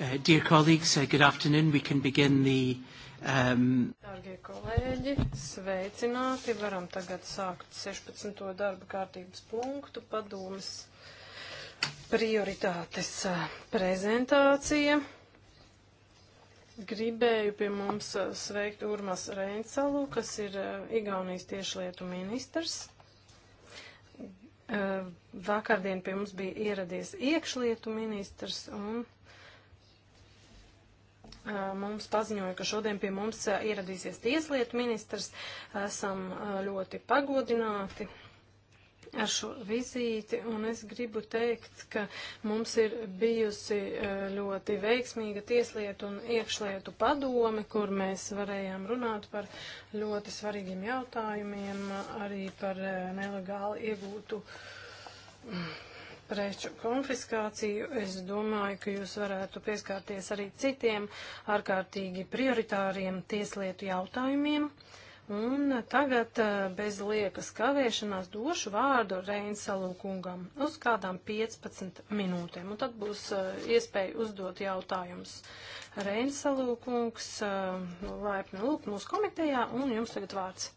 Uh, dear colleagues, uh, good afternoon. We can begin the. Um... Dargie kolēģi, sveicināti. Varam tagad sākt 16. darba kārtības punktu padomas prioritātes uh, prezentācija. Gribēju pie mums uh, sveikt Urmas Reinsalu, kas ir uh, Igaunijas tiešlietu ministrs. Vakardien pie mums bija ieradies iekšlietu ministrs un mums paziņoja, ka šodien pie mums ieradīsies tieslietu ministrs. Esam ļoti pagodināti ar šo vizīti, un es gribu teikt, ka mums ir bijusi ļoti veiksmīga tieslietu un iekšlietu padome, kur mēs varējām runāt par ļoti svarīgiem jautājumiem, arī par nelegāli iegūtu preču konfiskāciju. Es domāju, ka jūs varētu pieskārties arī citiem ārkārtīgi prioritāriem tieslietu jautājumiem. Un tagad eh, bez liekas kavēšanās došu vārdu Reinsalu kungam uz kādām 15 minūtēm. Un tad būs eh, iespēja uzdot jautājumus. Reinsalu kungs eh, nu, laipni lūk mūsu komitejā un jums tagad vārds.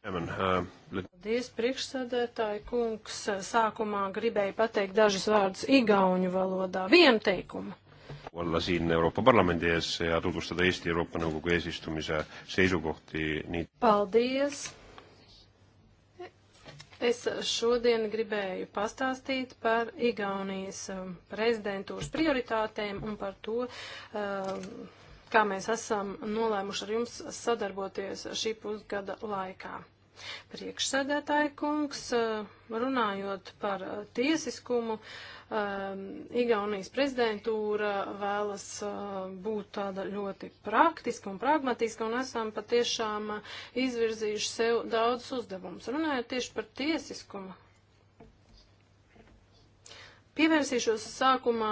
Uh, Paldies, priekšsēdētāji kungs. Sākumā gribēju pateikt dažus vārdus igauņu valodā. Vienu teikumu. olla siin Euroopa Parlamendi ees ja tutvustada Eesti Euroopa Nõukogu eesistumise seisukohti nii. Paldies. Es šodien gribēju pastāstīt par Igaunijas um, prezidentūras prioritātēm un par to, um, kā mēs esam nolēmuši ar jums sadarboties šī pusgada laikā. Priekšsēdētāja kungs, eh, runājot par eh, tiesiskumu, eh, Igaunijas prezidentūra vēlas būt tāda ļoti praktiska un pragmatiska, un esam patiešām izvirzījuši sev daudz uzdevumus. Runājot tieši par tiesiskumu. Pievērsīšos sākumā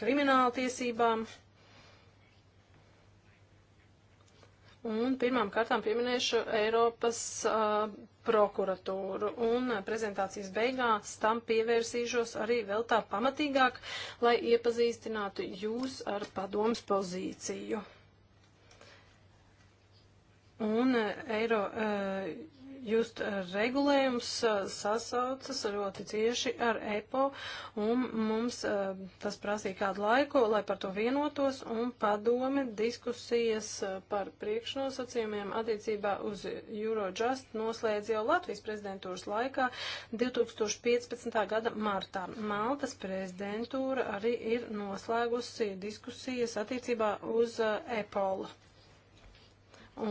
krimināla tiesībām. Uh, Un pirmām kārtām pieminēšu Eiropas uh, prokuratūru. Un prezentācijas beigās tam pievērsīšos arī vēl tā pamatīgāk, lai iepazīstinātu jūs ar padomas pozīciju. Un uh, Eiro. Uh, just regulējums uh, sasaucas ļoti cieši ar EPO, un mums uh, tas prasīja kādu laiku, lai par to vienotos, un padome diskusijas uh, par priekšnosacījumiem attiecībā uz Eurojust noslēdz jau Latvijas prezidentūras laikā 2015. gada martā. Maltas prezidentūra arī ir noslēgusi diskusijas attiecībā uz EPOLu.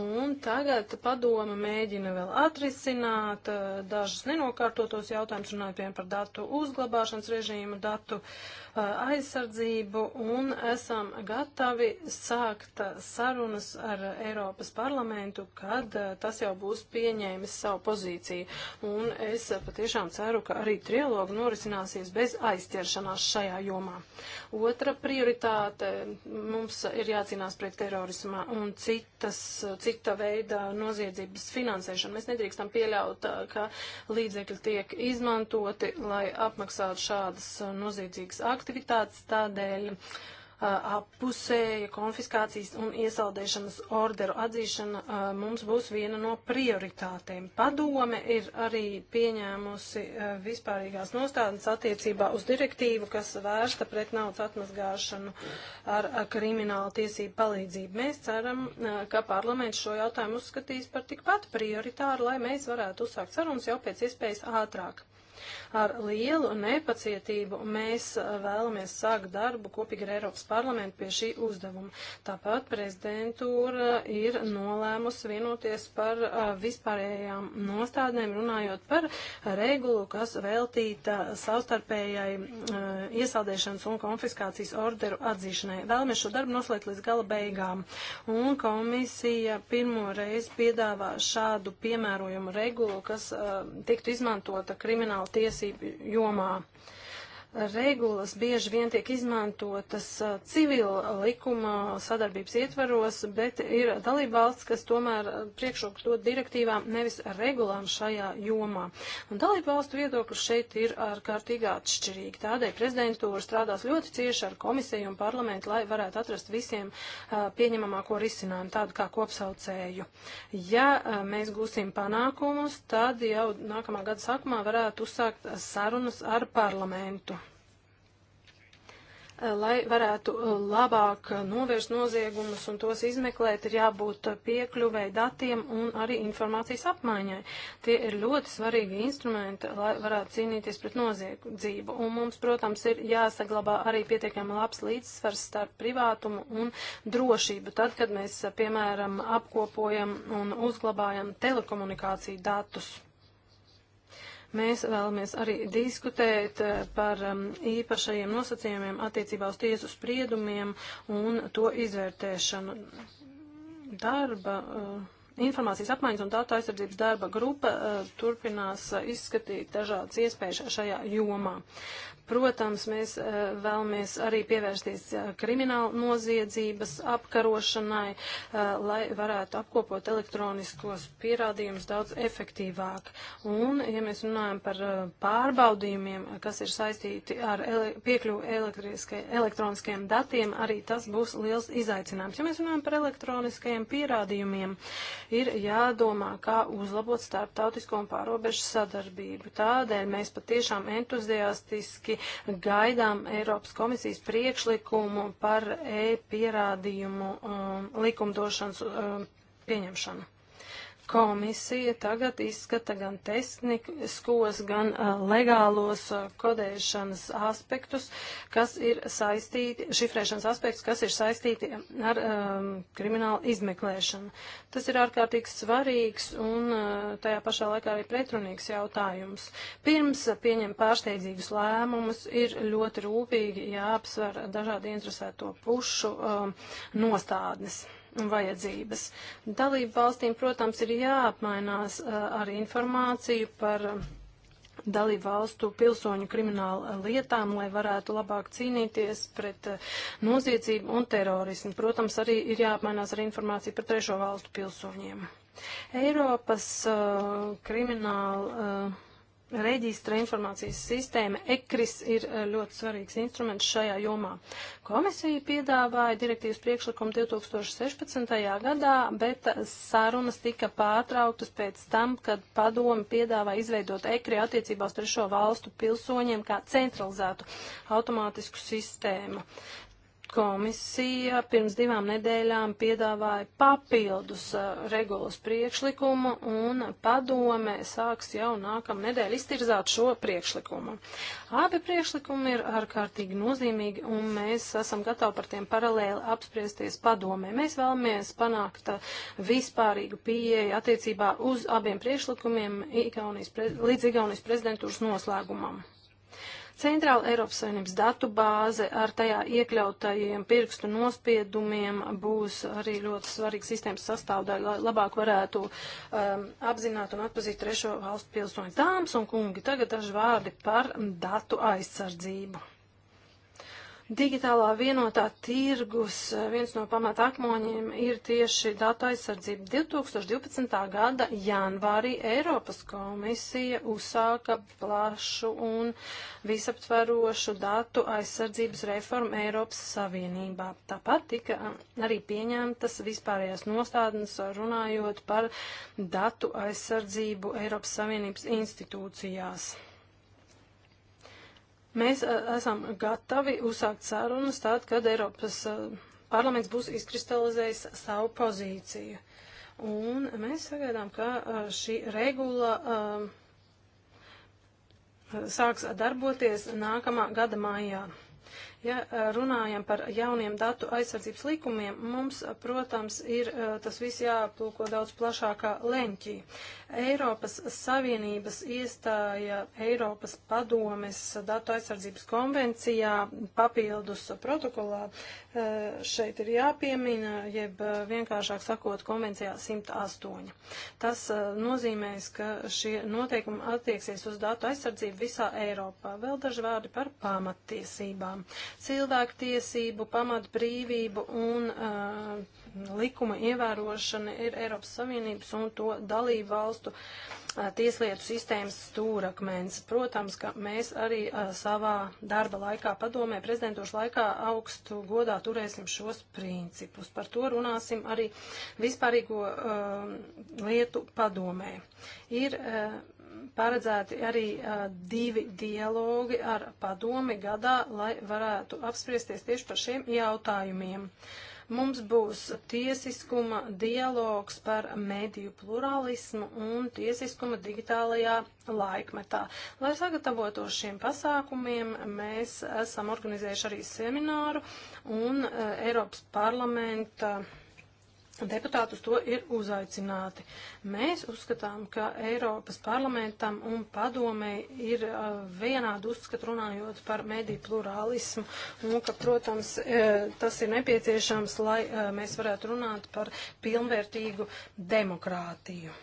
Un tagad padoma mēģina vēl atrisināt eh, dažus nenokārtotos jautājumus, runājot piemēram par datu uzglabāšanas režīmu, datu uh, Uh, aizsardzību un esam gatavi sākt sarunas ar Eiropas parlamentu, kad uh, tas jau būs pieņēmis savu pozīciju. Un es uh, patiešām ceru, ka arī trialogi norisināsies bez aizķeršanās šajā jomā. Otra prioritāte mums ir jācīnās pret terorismu un citas, cita veida noziedzības finansēšanu. Mēs nedrīkstam pieļaut, ka līdzekļi tiek izmantoti, lai apmaksātu šādas noziedzīgas akcijas aktivitātes tādēļ appusēja konfiskācijas un iesaldēšanas orderu atzīšana a, mums būs viena no prioritātēm. Padome ir arī pieņēmusi a, vispārīgās nostādnes attiecībā uz direktīvu, kas vērsta pret naudas atmazgāšanu ar a, kriminālu tiesību palīdzību. Mēs ceram, ka parlaments šo jautājumu uzskatīs par tikpat prioritāru, lai mēs varētu uzsākt sarunas jau pēc iespējas ātrāk. Ar lielu nepacietību mēs uh, vēlamies sākt darbu kopīgi ar Eiropas parlamentu pie šī uzdevuma. Tāpat prezidentūra ir nolēmusi vienoties par uh, vispārējām nostādnēm, runājot par regulu, kas veltīta savstarpējai uh, iesaldēšanas un konfiskācijas orderu atzīšanai. Vēlamies šo darbu noslēgt līdz gala beigām. Un komisija pirmo reizi piedāvā šādu piemērojumu regulu, kas uh, tiktu izmantota krimināla tiesību jomā regulas bieži vien tiek izmantotas civila likuma sadarbības ietvaros, bet ir dalībvalsts, kas tomēr priekšroku dod direktīvām, nevis regulām šajā jomā. Un dalībvalstu viedokļi šeit ir ārkārtīgi atšķirīgi. Tādēļ prezidentūra strādās ļoti cieši ar komisiju un parlamentu, lai varētu atrast visiem uh, pieņemamāko risinājumu, tādu kā kopsaucēju. Ja uh, mēs gūsim panākumus, tad jau nākamā gada sākumā varētu uzsākt sarunas ar parlamentu lai varētu uh, labāk uh, novērst noziegumus un tos izmeklēt, ir jābūt uh, piekļuvēji datiem un arī informācijas apmaiņai. Tie ir ļoti svarīgi instrumenti, lai varētu cīnīties pret noziedzību. Un mums, protams, ir jāsaglabā arī pietiekami labs līdzsvars starp privātumu un drošību. Tad, kad mēs, piemēram, apkopojam un uzglabājam telekomunikāciju datus. Mēs vēlamies arī diskutēt eh, par um, īpašajiem nosacījumiem attiecībā uz tiesu spriedumiem un to izvērtēšanu darba. Uh, Informācijas apmaiņas un datu aizsardzības darba grupa uh, turpinās uh, izskatīt dažādas iespējas šajā jomā. Protams, mēs uh, vēlamies arī pievērsties krimināla noziedzības apkarošanai, lai varētu apkopot elektroniskos pierādījumus daudz efektīvāk. Un, ja mēs runājam par pārbaudījumiem, kas ir saistīti ar ele piekļuvu elektroniskajiem datiem, arī tas būs liels izaicinājums. Ja mēs runājam par elektroniskajiem pierādījumiem, ir jādomā, kā uzlabot starptautisko un pārobežu sadarbību. Tādēļ mēs patiešām entuziastiski gaidām Eiropas komisijas priekšlikumu par e-pierādījumu um, likumdošanas um, pieņemšanu komisija tagad izskata gan tehniskos, gan uh, legālos uh, kodēšanas aspektus, kas ir saistīti, šifrēšanas aspektus, kas ir saistīti ar um, kriminālu izmeklēšanu. Tas ir ārkārtīgi svarīgs un uh, tajā pašā laikā arī pretrunīgs jautājums. Pirms pieņem pārsteidzīgus lēmumus, ir ļoti rūpīgi jāapsver dažādi interesēto pušu um, nostādnes vajadzības. Dalību valstīm, protams, ir jāapmainās uh, ar informāciju par um, dalību valstu pilsoņu krimināla uh, lietām, lai varētu labāk cīnīties pret uh, noziedzību un terorismu. Protams, arī ir jāapmainās ar informāciju par trešo valstu pilsoņiem. Eiropas uh, krimināla. Uh, reģistra informācijas sistēma ECRIS ir eh, ļoti svarīgs instruments šajā jomā. Komisija piedāvāja direktīvas priekšlikumu 2016. gadā, bet eh, sarunas tika pārtrauktas pēc tam, kad padomi piedāvāja izveidot ECRI attiecībā uz trešo valstu pilsoņiem kā centralizētu automātisku sistēmu komisija pirms divām nedēļām piedāvāja papildus regulas priekšlikumu un padome sāks jau nākam nedēļ iztirzāt šo priekšlikumu. Abi priekšlikumi ir ārkārtīgi nozīmīgi un mēs esam gatavi par tiem paralēli apspriesties padomē. Mēs vēlamies panākt vispārīgu pieeju attiecībā uz abiem priekšlikumiem Igaunijas, līdz Igaunijas prezidentūras noslēgumam. Centrāla Eiropas Savienības datu bāze ar tajā iekļautajiem pirkstu nospiedumiem būs arī ļoti svarīga sistēmas sastāvdaļa, lai labāk varētu um, apzināt un atpazīt trešo valstu pilsoņu dāmas un kungi. Tagad daži vārdi par datu aizsardzību. Digitālā vienotā tirgus eh, viens no pamata akmoņiem ir tieši datu aizsardzība. 2012. gada janvārī Eiropas komisija uzsāka plašu un visaptverošu datu aizsardzības reformu Eiropas Savienībā. Tāpat tika eh, arī pieņemtas vispārējās nostādnes runājot par datu aizsardzību Eiropas Savienības institūcijās. Mēs a, esam gatavi uzsākt sarunas tad, kad Eiropas a, parlaments būs izkristalizējis savu pozīciju. Un mēs sagaidām, ka a, šī regula sāks darboties nākamā gada maijā. Ja eh, runājam par jauniem datu aizsardzības likumiem, mums, eh, protams, ir eh, tas viss jāplūko daudz plašākā leņķī. Eiropas Savienības iestāja Eiropas padomes datu aizsardzības konvencijā papildus protokolā Eh, šeit ir jāpiemina, jeb eh, vienkāršāk sakot, konvencijā 108. Tas eh, nozīmēs, ka šie noteikumi attieksies uz datu aizsardzību visā Eiropā. Vēl daži vārdi par pamattiesībām. Cilvēktiesību, pamatbrīvību un uh, likuma ievērošana ir Eiropas Savienības un to dalību valstu uh, tieslietu sistēmas stūrakmens. Protams, ka mēs arī uh, savā darba laikā padomē prezidentūšu laikā augstu godā turēsim šos principus. Par to runāsim arī vispārīgo uh, lietu padomē. Ir uh, paredzēti arī uh, divi dialogi ar padomi gadā, lai varētu apspriesties tieši par šiem jautājumiem. Uh, Mums būs tiesiskuma dialogs par mediju pluralismu un tiesiskuma digitālajā laikmetā. Lai sagatavotos šiem pasākumiem, mēs esam organizējuši arī semināru un eh, Eiropas parlamenta. Uh, deputāti uz to ir uzaicināti. Mēs uzskatām, ka Eiropas parlamentam un padomei ir uh, vienādi uzskati runājot par mediju plurālismu un ka, protams, uh, tas ir nepieciešams, lai uh, mēs varētu runāt par pilnvērtīgu demokrātiju.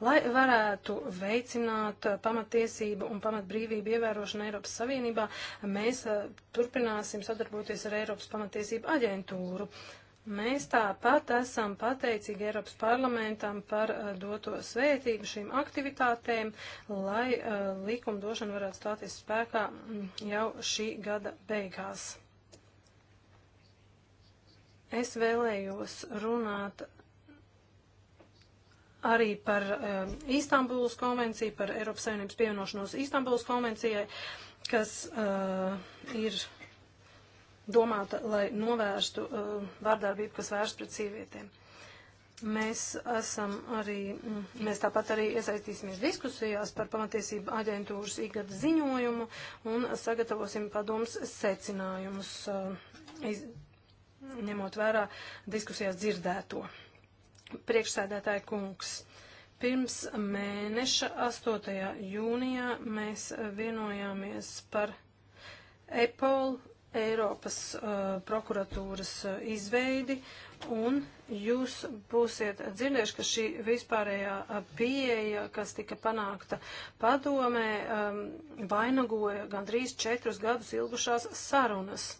Lai varētu veicināt uh, pamatiesību un pamatbrīvību ievērošanu Eiropas Savienībā, mēs uh, turpināsim sadarboties ar Eiropas pamatiesību aģentūru. Mēs tāpat esam pateicīgi Eiropas parlamentam par uh, doto svētību šīm aktivitātēm, lai uh, likumdošana varētu stāties spēkā mm, jau šī gada beigās. Es vēlējos runāt arī par um, Istanbulas konvenciju, par Eiropas Savienības pievienošanos Istanbulas konvencijai, kas uh, ir domāta, lai novērstu uh, vārdarbību, kas vērst pret sievietēm. Mēs esam arī, mm, mēs tāpat arī iesaistīsimies diskusijās par pamatiesību aģentūras ikgada ziņojumu un sagatavosim padoms secinājumus, uh, iz, ņemot vērā diskusijās dzirdēto. Priekšsēdētāja kungs. Pirms mēneša 8. jūnijā mēs vienojāmies par EPOL Eiropas uh, prokuratūras uh, izveidi, un jūs būsiet dzirdējuši, ka šī vispārējā uh, pieeja, kas tika panākta padomē, um, vainagoja gandrīz četrus gadus ilgušās sarunas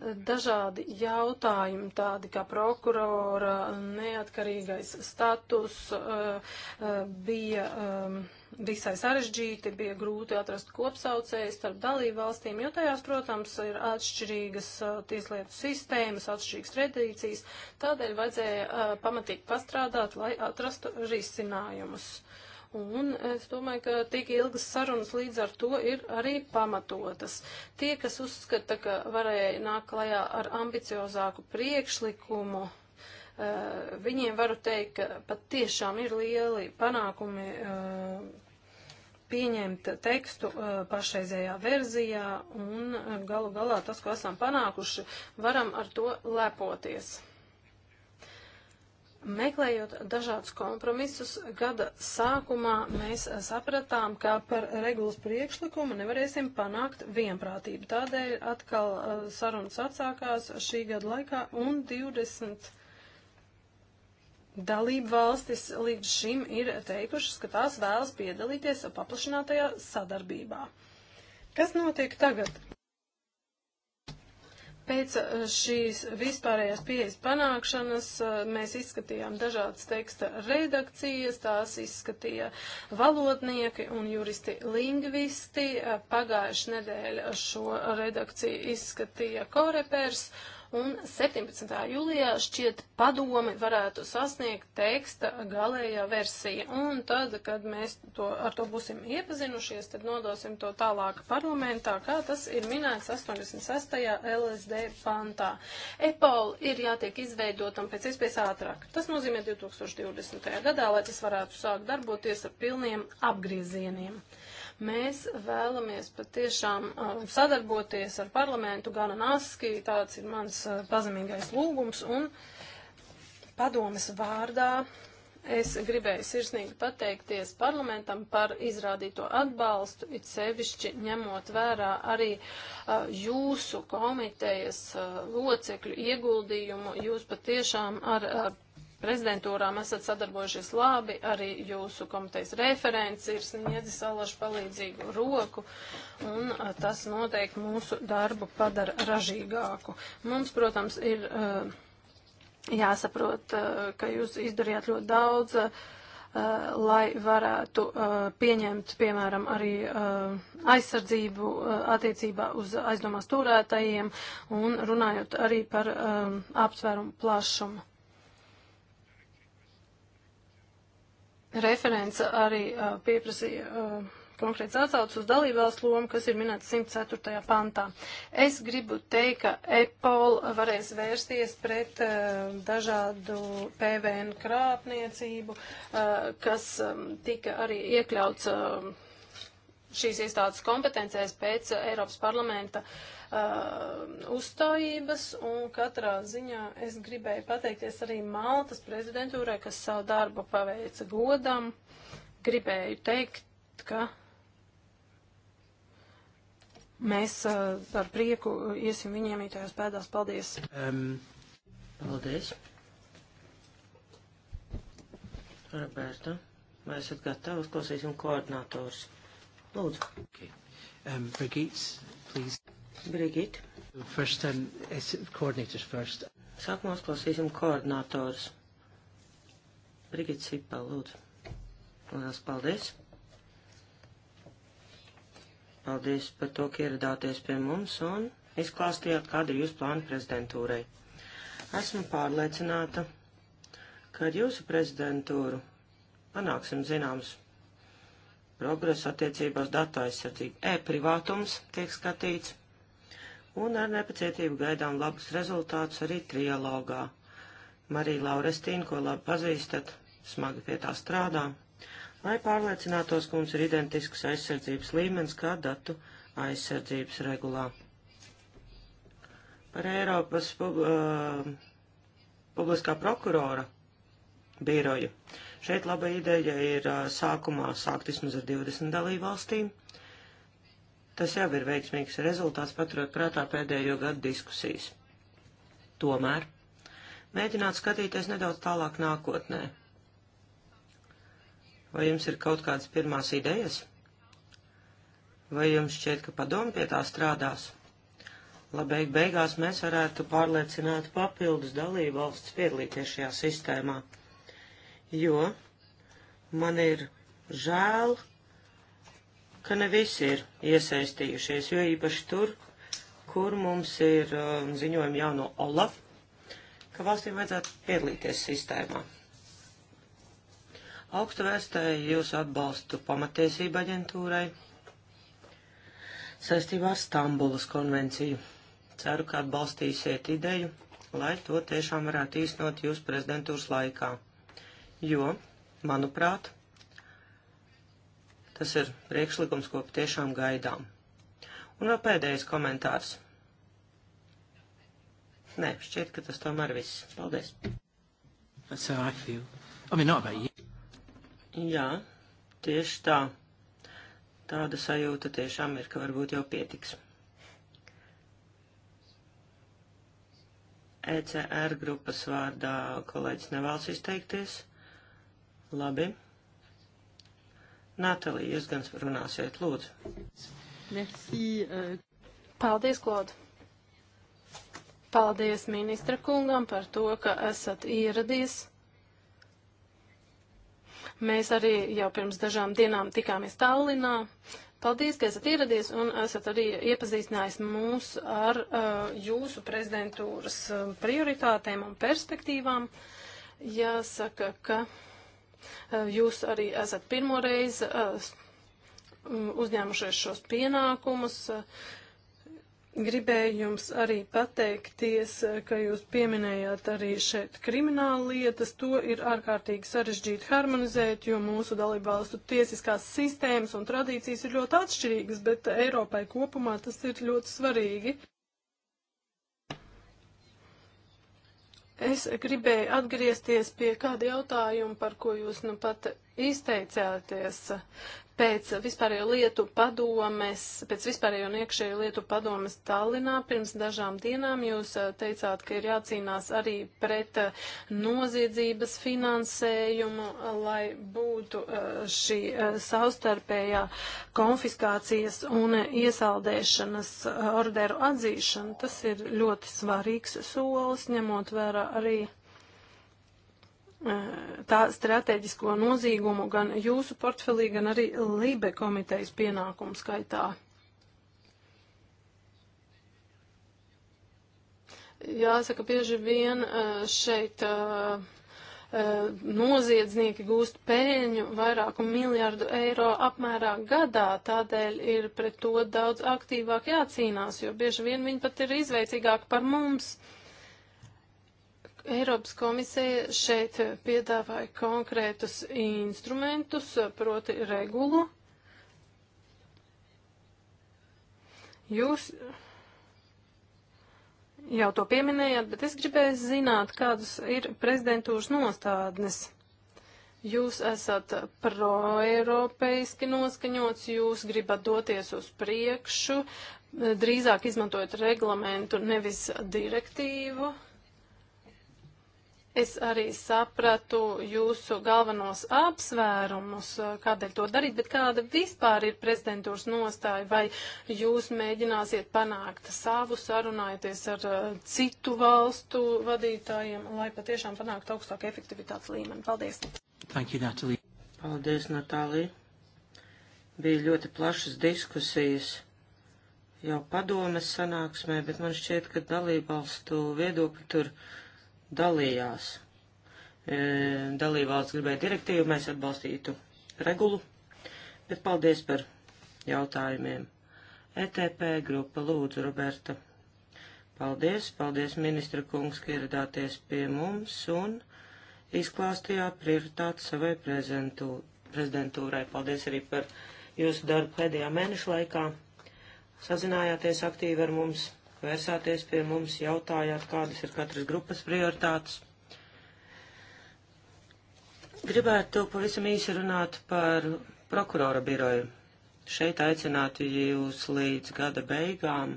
dažādi jautājumi, tādi kā prokurora neatkarīgais status, eh, eh, bija eh, visai sarežģīti, bija grūti atrast kopsaucēju starp dalību valstīm, jo tajās, protams, ir atšķirīgas tieslietu sistēmas, atšķirīgas tradīcijas, tādēļ vajadzēja pamatīgi pastrādāt, lai atrastu risinājumus. Uh, Un es domāju, ka tik ilgas sarunas līdz ar to ir arī pamatotas. Tie, kas uzskata, ka varēja nākt klajā ar ambiciozāku priekšlikumu, eh, viņiem varu teikt, ka pat tiešām ir lieli panākumi eh, pieņemt tekstu uh, pašreizējā verzijā un galu galā tas, ko esam panākuši, varam ar to lepoties. Meklējot dažādus kompromisus, gada sākumā mēs sapratām, ka par regulas priekšlikumu nevarēsim panākt vienprātību. Tādēļ atkal uh, sarunas atsākās šī gada laikā un 20 dalību valstis līdz šim ir teikušas, ka tās vēlas piedalīties paplašinātajā sadarbībā. Kas notiek tagad? Pēc uh, šīs vispārējās pieejas panākšanas uh, mēs izskatījām dažādas teksta redakcijas, tās izskatīja valodnieki un juristi lingvisti. Uh, pagājuši nedēļa šo redakciju izskatīja korepers un 17. jūlijā šķiet padomi varētu sasniegt teksta galējā versija. Un tad, kad mēs to, ar to būsim iepazinušies, tad nodosim to tālāk parlamentā, kā tas ir minēts 86. LSD pantā. EPOL ir jātiek izveidotam pēc iespējas ātrāk. Tas nozīmē 2020. gadā, lai tas varētu sākt darboties ar pilniem apgriezieniem. Mēs vēlamies patiešām uh, sadarboties ar parlamentu, gan Naski, tāds ir mans uh, pazemīgais lūgums, un padomes vārdā Es gribēju sirsnīgi pateikties parlamentam par izrādīto atbalstu, it sevišķi ņemot vērā arī uh, jūsu komitejas uh, locekļu ieguldījumu. Jūs patiešām ar uh, prezidentūrām esat sadarbojušies labi, arī jūsu komitejas referents ir sniedzis alašu palīdzīgu roku, un tas noteikti mūsu darbu padara ražīgāku. Mums, protams, ir jāsaprot, ka jūs izdarījāt ļoti daudz, lai varētu pieņemt, piemēram, arī aizsardzību attiecībā uz aizdomās turētajiem un runājot arī par aptvērumu plašumu. Referents arī uh, pieprasīja uh, konkrēts atsaucis uz dalībvalstu lomu, kas ir minēts 104. pantā. Es gribu teikt, ka EPOL varēs vērsties pret uh, dažādu PVN krāpniecību, uh, kas um, tika arī iekļauts uh, šīs iestādes kompetencēs pēc Eiropas parlamenta uh, uh, uzstājības, un katrā ziņā es gribēju pateikties arī Maltas prezidentūrai, kas savu darbu paveica godam. Gribēju teikt, ka mēs uh, ar prieku iesim viņiem ītajās pēdās. Paldies! Um, paldies! Roberta, vai esat gatavi uzklausīsim koordinātors? Lūdzu. Okay. Um, Brigitte, please. Brigit. First, um, coordinators first. Sākumā uzklausīsim koordinātors. Brigit Sipel, lūdzu. Lielas paldies. Paldies par to, ka ieradāties pie mums un izklāstījāt, kāda ir jūsu plāna prezidentūrai. Esmu pārliecināta, ka ar jūsu prezidentūru panāksim zināms progress attiecībās datu aizsardzību. E-privātums tiek skatīts un ar nepacietību gaidām labus rezultātus arī trialogā. Marija Laurestīna, ko labi pazīstat, smagi pie tā strādā, lai pārliecinātos, ka mums ir identisks aizsardzības līmenis kā datu aizsardzības regulā. Par Eiropas pub uh, publiskā prokurora biroju. Šeit laba ideja ir uh, sākumā sākt vismaz ar 20 dalību valstīm Tas jau ir veiksmīgs rezultāts, paturot prātā pēdējo gadu diskusijas. Tomēr mēģināt skatīties nedaudz tālāk nākotnē. Vai jums ir kaut kādas pirmās idejas? Vai jums šķiet, ka padomu pie tā strādās? Labeig beigās mēs varētu pārliecināt papildus dalību valsts piedalīties šajā sistēmā, jo man ir žēl, ka ne visi ir iesaistījušies, jo īpaši tur, kur mums ir um, ziņojumi jau no Olaf, ka valstīm vajadzētu piedalīties sistēmā. Augstu vērstēju jūsu atbalstu pamatiesība aģentūrai saistībā ar Stambulas konvenciju. Ceru, ka atbalstīsiet ideju, lai to tiešām varētu īstenot jūsu prezidentūras laikā, jo, manuprāt, Tas ir priekšlikums, ko patiešām gaidām. Un vēl pēdējais komentārs. Nē, šķiet, ka tas tomēr viss. Paldies. That's how I feel. I mean, not about you. Jā, tieši tā. Tāda sajūta tiešām ir, ka varbūt jau pietiks. ECR grupas vārdā kolēģis nevēlas izteikties. Labi. Natālija, jūs gan runāsiet, lūdzu. Merci. Uh. Paldies, Klaudu. Paldies ministra kungam par to, ka esat ieradies. Mēs arī jau pirms dažām dienām tikāmies Tallinā. Paldies, ka esat ieradies un esat arī iepazīstinājis mūs ar uh, jūsu prezidentūras um, prioritātēm un perspektīvām. Jāsaka, ka Eh, jūs arī esat pirmoreiz eh, uzņēmušies šos pienākumus. Gribēju jums arī pateikties, eh, ka jūs pieminējāt arī šeit kriminālu lietas. To ir ārkārtīgi sarežģīti harmonizēt, jo mūsu dalībvalstu tiesiskās sistēmas un tradīcijas ir ļoti atšķirīgas, bet Eiropai kopumā tas ir ļoti svarīgi. Es gribēju atgriezties pie kāda jautājuma, par ko jūs nu pat izteicāties. Pēc vispārējo lietu padomes, pēc vispārējo un iekšējo lietu padomes Tallinā pirms dažām dienām jūs eh, teicāt, ka ir jācīnās arī pret eh, noziedzības finansējumu, lai būtu eh, šī savstarpējā konfiskācijas un iesaldēšanas orderu atzīšana. Tas ir ļoti svarīgs solis, ņemot vērā arī tā strateģisko nozīgumu gan jūsu portfelī, gan arī Lībe komitejas pienākumu skaitā. Jāsaka, bieži vien šeit noziedznieki gūst pēļņu vairāku miljardu eiro apmērā gadā, tādēļ ir pret to daudz aktīvāk jācīnās, jo bieži vien viņi pat ir izveicīgāki par mums. Uh, Eiropas komisija šeit piedāvāja konkrētus instrumentus, proti regulu. Jūs jau to pieminējāt, bet es gribēju zināt, kādas ir prezidentūras nostādnes. Jūs esat proeiropeiski noskaņots, jūs gribat doties uz priekšu, drīzāk izmantojot reglamentu, nevis direktīvu. Es arī sapratu jūsu galvenos apsvērumus, eh, kādēļ to darīt, bet kāda vispār ir prezidentūras nostāja? Vai jūs mēģināsiet panākt savu, sarunājoties ar eh, citu valstu vadītājiem, lai patiešām panāktu augstāku efektivitātes līmeni? Paldies! Thank you, Natalie. Paldies, Natālija. Bija ļoti plašas diskusijas jau padomes sanāksmē, bet man šķiet, ka dalībvalstu viedokļi tur dalījās. E, dalībvalsts gribēja direktīvu, mēs atbalstītu regulu, bet paldies par jautājumiem. ETP grupa lūdzu, Roberta. Paldies, paldies, ministra kungs, ka ieradāties pie mums un izklāstījāt prioritāti savai prezidentūrai. Paldies arī par jūsu darbu pēdējā mēneša laikā. Sazinājāties aktīvi ar mums vērsāties pie mums, jautājāt, kādas ir katras grupas prioritātes. Gribētu pavisam īsi runāt par prokurora biroju. Šeit aicinātu jūs līdz gada beigām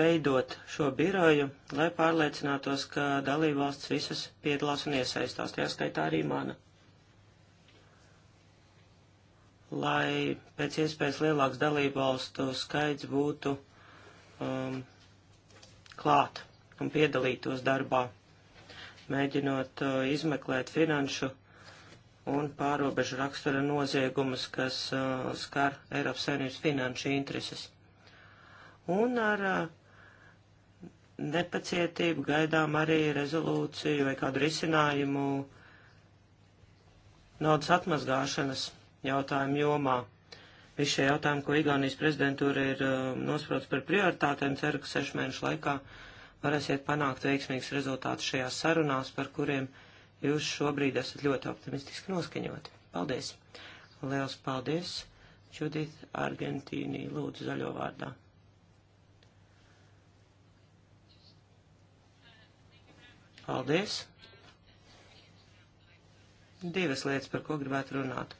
veidot šo biroju, lai pārliecinātos, ka dalībvalsts visas piedalās un iesaistās, tajā skaitā arī mana. Lai pēc iespējas lielāks dalībvalstu skaits būtu um, klāt un piedalītos darbā, mēģinot uh, izmeklēt finanšu un pārobežu rakstura noziegumus, kas uh, skar Eiropas Savienības finanšu intereses. Un ar uh, nepacietību gaidām arī rezolūciju vai kādu risinājumu naudas atmazgāšanas jautājumu jomā. Visi šie jautājumi, ko Igaunijas prezidentūra ir uh, nosprauc par prioritātēm, ceru, ka sešu mēnešu laikā varēsiet panākt veiksmīgus rezultātus šajās sarunās, par kuriem jūs šobrīd esat ļoti optimistiski noskaņoti. Paldies! Liels paldies! Čudīt Argentīnī lūdzu zaļo vārdā. Paldies! Divas lietas, par ko gribētu runāt.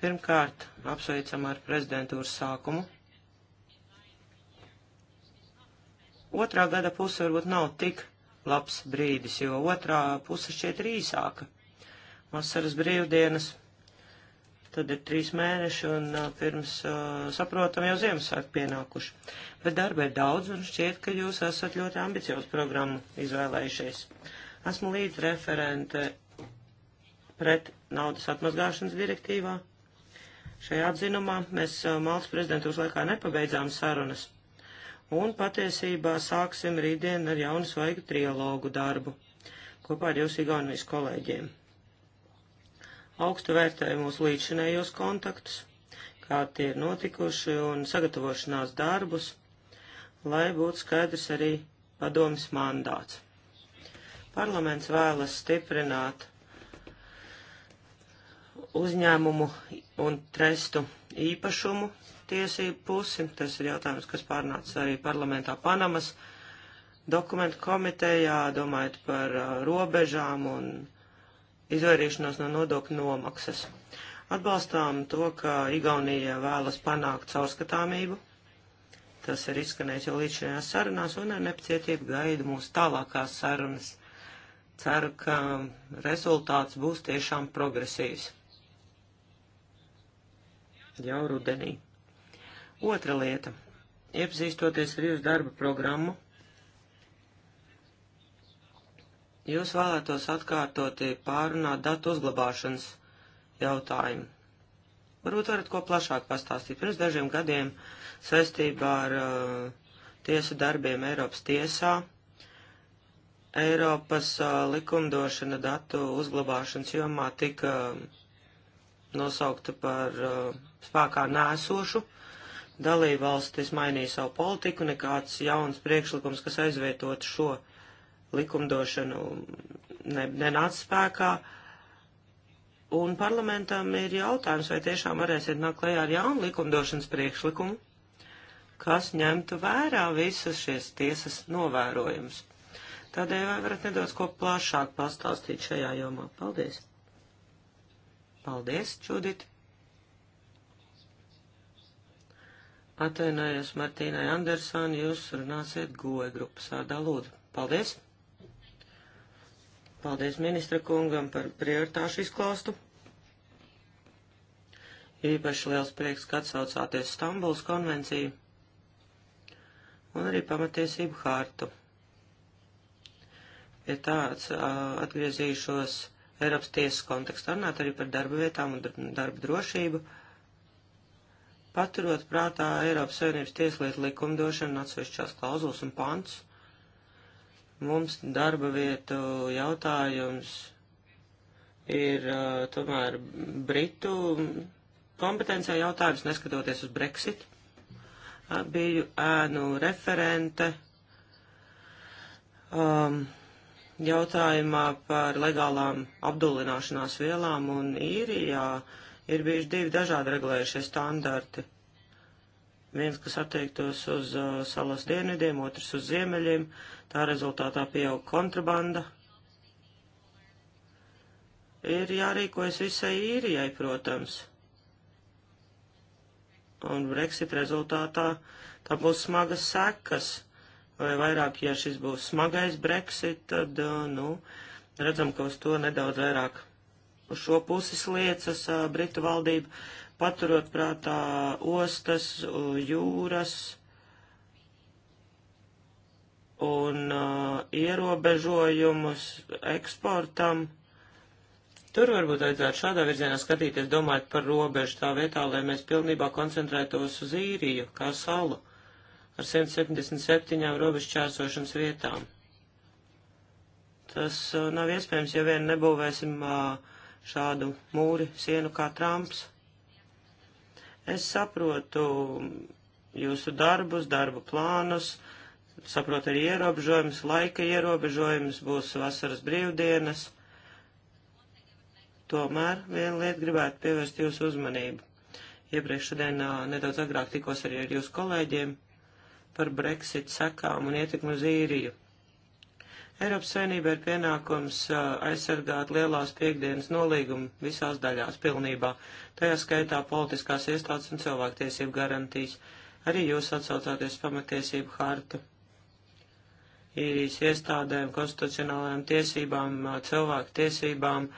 Pirmkārt, apsveicam ar prezidentūras sākumu. Otrā gada puse varbūt nav tik labs brīdis, jo otrā puse šķiet ir īsāka. Vasaras brīvdienas, tad ir trīs mēneši un pirms uh, saprotam jau Ziemassvētku pienākuši. Bet darba ir daudz un šķiet, ka jūs esat ļoti ambiciozu programmu izvēlējušies. Esmu līdz referente pret naudas atmazgāšanas direktīvā Šajā atzinumā mēs eh, Maltas prezidentūras laikā nepabeidzām sarunas. Un patiesībā sāksim rītdien ar jaunu svaigu trialogu darbu kopā ar jūsu Igaunijas kolēģiem. Augstu vērtēju mūsu līdzinējos kontaktus, kā tie ir notikuši un sagatavošanās darbus, lai būtu skaidrs arī padomas mandāts. Parlaments vēlas stiprināt uzņēmumu un trestu īpašumu tiesību pusi. Tas ir jautājums, kas pārnācis arī parlamentā Panamas dokumentu komitejā, domājot par uh, robežām un izvairīšanos no nodokļu nomaksas. Atbalstām to, ka Igaunija vēlas panākt caurskatāmību. Tas ir izskanējis jau līdz šajās sarunās un ar nepacietību gaidu mūsu tālākās sarunas. Ceru, ka um, rezultāts būs tiešām progresīvs jau rudenī. Otra lieta. Iepazīstoties ar jūsu darba programmu, jūs vēlētos atkārtoti pārunāt datu uzglabāšanas jautājumu. Varbūt varat ko plašāk pastāstīt. Pirms dažiem gadiem saistībā ar uh, tiesu darbiem Eiropas tiesā Eiropas uh, likumdošana datu uzglabāšanas jomā tika uh, nosaukta par uh, spēkā nēsošu. Dalībvalstis mainīja savu politiku, nekāds jauns priekšlikums, kas aizvietot šo likumdošanu, ne, nenāca spēkā. Un parlamentam ir jautājums, vai tiešām varēsiet nākt klajā ar jaunu likumdošanas priekšlikumu, kas ņemtu vērā visas šīs tiesas novērojumus. Tādēļ vai varat nedaudz ko plašāk pastāstīt šajā jomā? Paldies! Paldies, Čudita! Atvainojos Martīnai Andersoni, jūs runāsiet goja grupas vārdā lūdzu. Paldies! Paldies ministra kungam par prioritāšu izklāstu. Īpaši liels prieks, ka atsaucāties Stambuls konvenciju un arī pamatiesību hārtu. Pie ja tāds atgriezīšos Eiropas tiesas kontekstā runāt arī par darba vietām un darba drošību paturot prātā Eiropas Savienības tieslietu likumdošanu atsevišķās klauzulas un pants, mums darba vietu jautājums ir uh, tomēr Britu kompetencija jautājums, neskatoties uz Brexit. Uh, biju ēnu referente um, jautājumā par legālām apdullināšanās vielām un īrijā. Uh, Ir bijuši divi dažādi regulējušie standarti. Viens, kas attiektos uz uh, salas dienvidiem, otrs uz ziemeļiem. Tā rezultātā pieauga kontrabanda. Ir jārīkojas visai īrijai, protams. Un Brexit rezultātā tā būs smagas sekas vai vairāk, ja šis būs smagais Brexit, tad, uh, nu, redzam, ka uz to nedaudz vairāk uz šo puses liecas Britu valdība, paturot prātā ostas, jūras un uh, ierobežojumus eksportam. Tur varbūt vajadzētu šādā virzienā skatīties, domājot par robežu tā vietā, lai mēs pilnībā koncentrētos uz īriju kā salu ar 177 robežu čērsošanas vietām. Tas uh, nav iespējams, ja vien nebūvēsim uh, šādu mūri, sienu kā Trumps. Es saprotu jūsu darbus, darbu plānus, saprotu arī ierobežojumus, laika ierobežojumus, būs vasaras brīvdienas. Tomēr viena lieta gribētu pievērst jūsu uzmanību. Iepriekš šodienā nedaudz agrāk tikos arī ar jūsu kolēģiem par Brexit sekām un ietekmu uz īriju. Eiropas Savienība ir pienākums aizsargāt lielās piekdienas nolīgumu visās daļās pilnībā, tajā skaitā politiskās iestādes un cilvēktiesību garantijas. Arī jūs atsaucāties pamatiesību hartu. Īrijas iestādēm, konstitucionālajām tiesībām, cilvēku tiesībām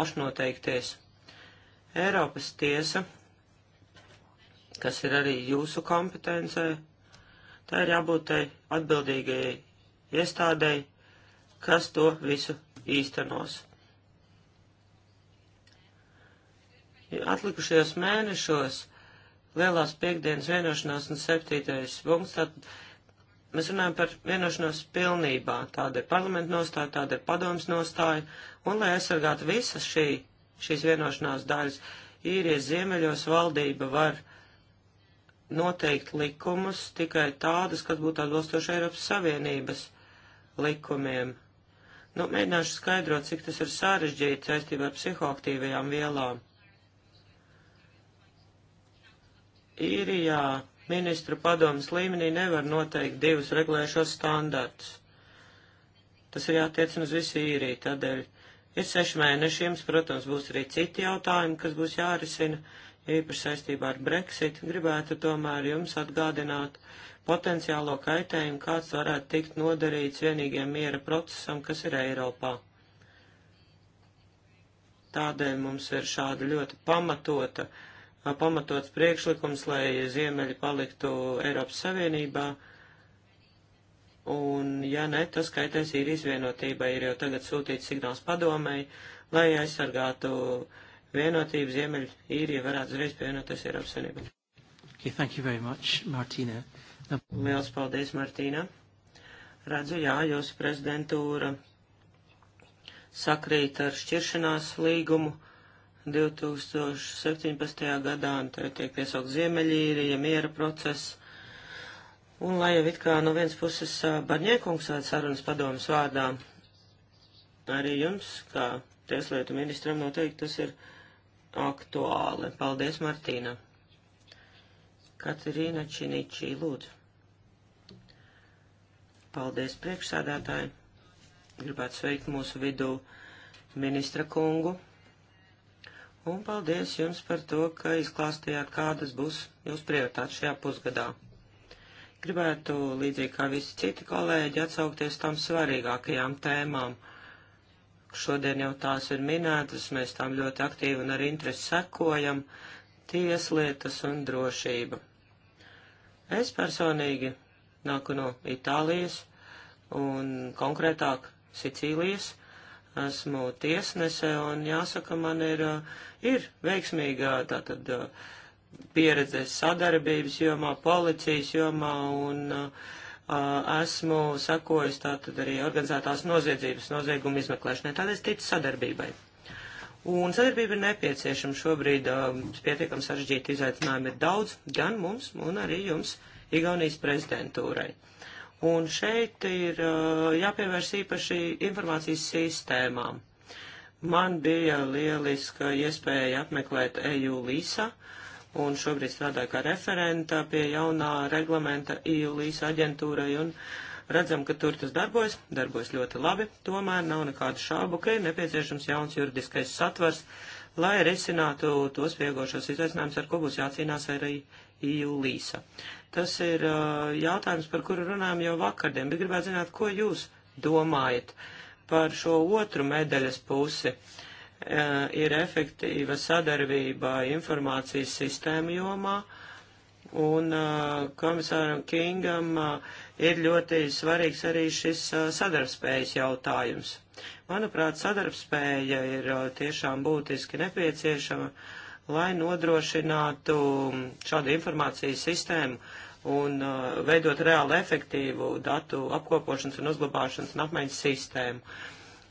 pašnoteikties. Eiropas tiesa, kas ir arī jūsu kompetencē, tā ir jābūt tai atbildīgai iestādēji, kas to visu īstenos. Atlikušajos mēnešos lielās piekdienas vienošanās un septītais punkts, tad mēs runājam par vienošanos pilnībā. Tāda ir parlamenta nostāja, tāda ir padomas nostāja, un lai aizsargātu visas šī, šīs vienošanās daļas, īrijas ziemeļos valdība var noteikt likumus tikai tādas, kas būtu atbilstoši Eiropas Savienības likumiem. Nu, mēģināšu skaidrot, cik tas ir sarežģīti saistībā ar psihoaktīvajām vielām. Īrijā ministru padomas līmenī nevar noteikt divus regulējušos standartus. Tas ir jātiecina uz visu īriju, tādēļ ir seši mēneši, jums, protams, būs arī citi jautājumi, kas būs jārisina, īpaši saistībā ar Brexit. Gribētu tomēr jums atgādināt, uh, potenciālo kaitējumu, kāds varētu tikt nodarīts vienīgiem miera procesam, kas ir Eiropā. Tādēļ mums ir šāda ļoti pamatota, pamatots priekšlikums, lai ziemeļi paliktu Eiropas Savienībā, un ja ne, tas kaitēs ir izvienotībai, ir jau tagad sūtīts signāls padomēji, lai aizsargātu vienotību ziemeļi īrija varētu uzreiz pievienoties Eiropas Savienībai. Okay, thank you very much, Martina. Nu, liels paldies, Martīna. Redzu, jā, jūsu prezidentūra sakrīt ar šķiršanās līgumu 2017. gadā, un te tiek piesaukt Ziemeļīrija, miera process. Un lai jau it kā no vienas puses Barņēkungs vēd sarunas padomas vārdā, arī jums, kā tieslietu ministram, noteikti tas ir aktuāli. Paldies, Martīna. Katrīna Činičī, lūdzu. Paldies priekšsādātāji. Gribētu sveikt mūsu vidū ministra kungu. Un paldies jums par to, ka izklāstījāt, kādas būs jūsu prioritātes šajā pusgadā. Gribētu, līdzīgi kā visi citi kolēģi, atsaukties tam svarīgākajām tēmām. Šodien jau tās ir minētas, mēs tām ļoti aktīvi un ar interesi sekojam - tieslietas un drošība. Es personīgi nāku no Itālijas un konkrētāk Sicīlijas. Esmu tiesnese un jāsaka, man ir, ir veiksmīga tātad pieredze sadarbības jomā, policijas jomā un uh, esmu sakojis tātad arī organizētās noziedzības noziegumu izmeklēšanai, tādēļ es ticu sadarbībai. Un sadarbība ir nepieciešama šobrīd, um, pietiekam sarežģīti izaicinājumi ir daudz, gan mums, un arī jums Igaunijas prezidentūrai. Un šeit ir uh, jāpievērš īpaši informācijas sistēmām. Man bija lieliska iespēja apmeklēt EU Lisa un šobrīd strādāju kā referenta pie jaunā reglamenta EU Lisa aģentūrai un redzam, ka tur tas darbojas, darbojas ļoti labi, tomēr nav nekādu šābu, ka ir nepieciešams jauns juridiskais satvers, lai risinātu tos pieaugošos izaicinājumus, ar ko būs jācīnās arī EU Līsa. Tas ir uh, jautājums, par kuru runājam jau vakardien, bet gribētu zināt, ko jūs domājat par šo otru medaļas pusi. Uh, ir efektīva sadarbība informācijas sistēmu jomā, un uh, komisāram Kingam ir ļoti svarīgs arī šis sadarbspējas jautājums. Manuprāt, sadarbspēja ir tiešām būtiski nepieciešama lai nodrošinātu šādu informācijas sistēmu un uh, veidot reāli efektīvu datu apkopošanas un uzglabāšanas un apmaiņas sistēmu.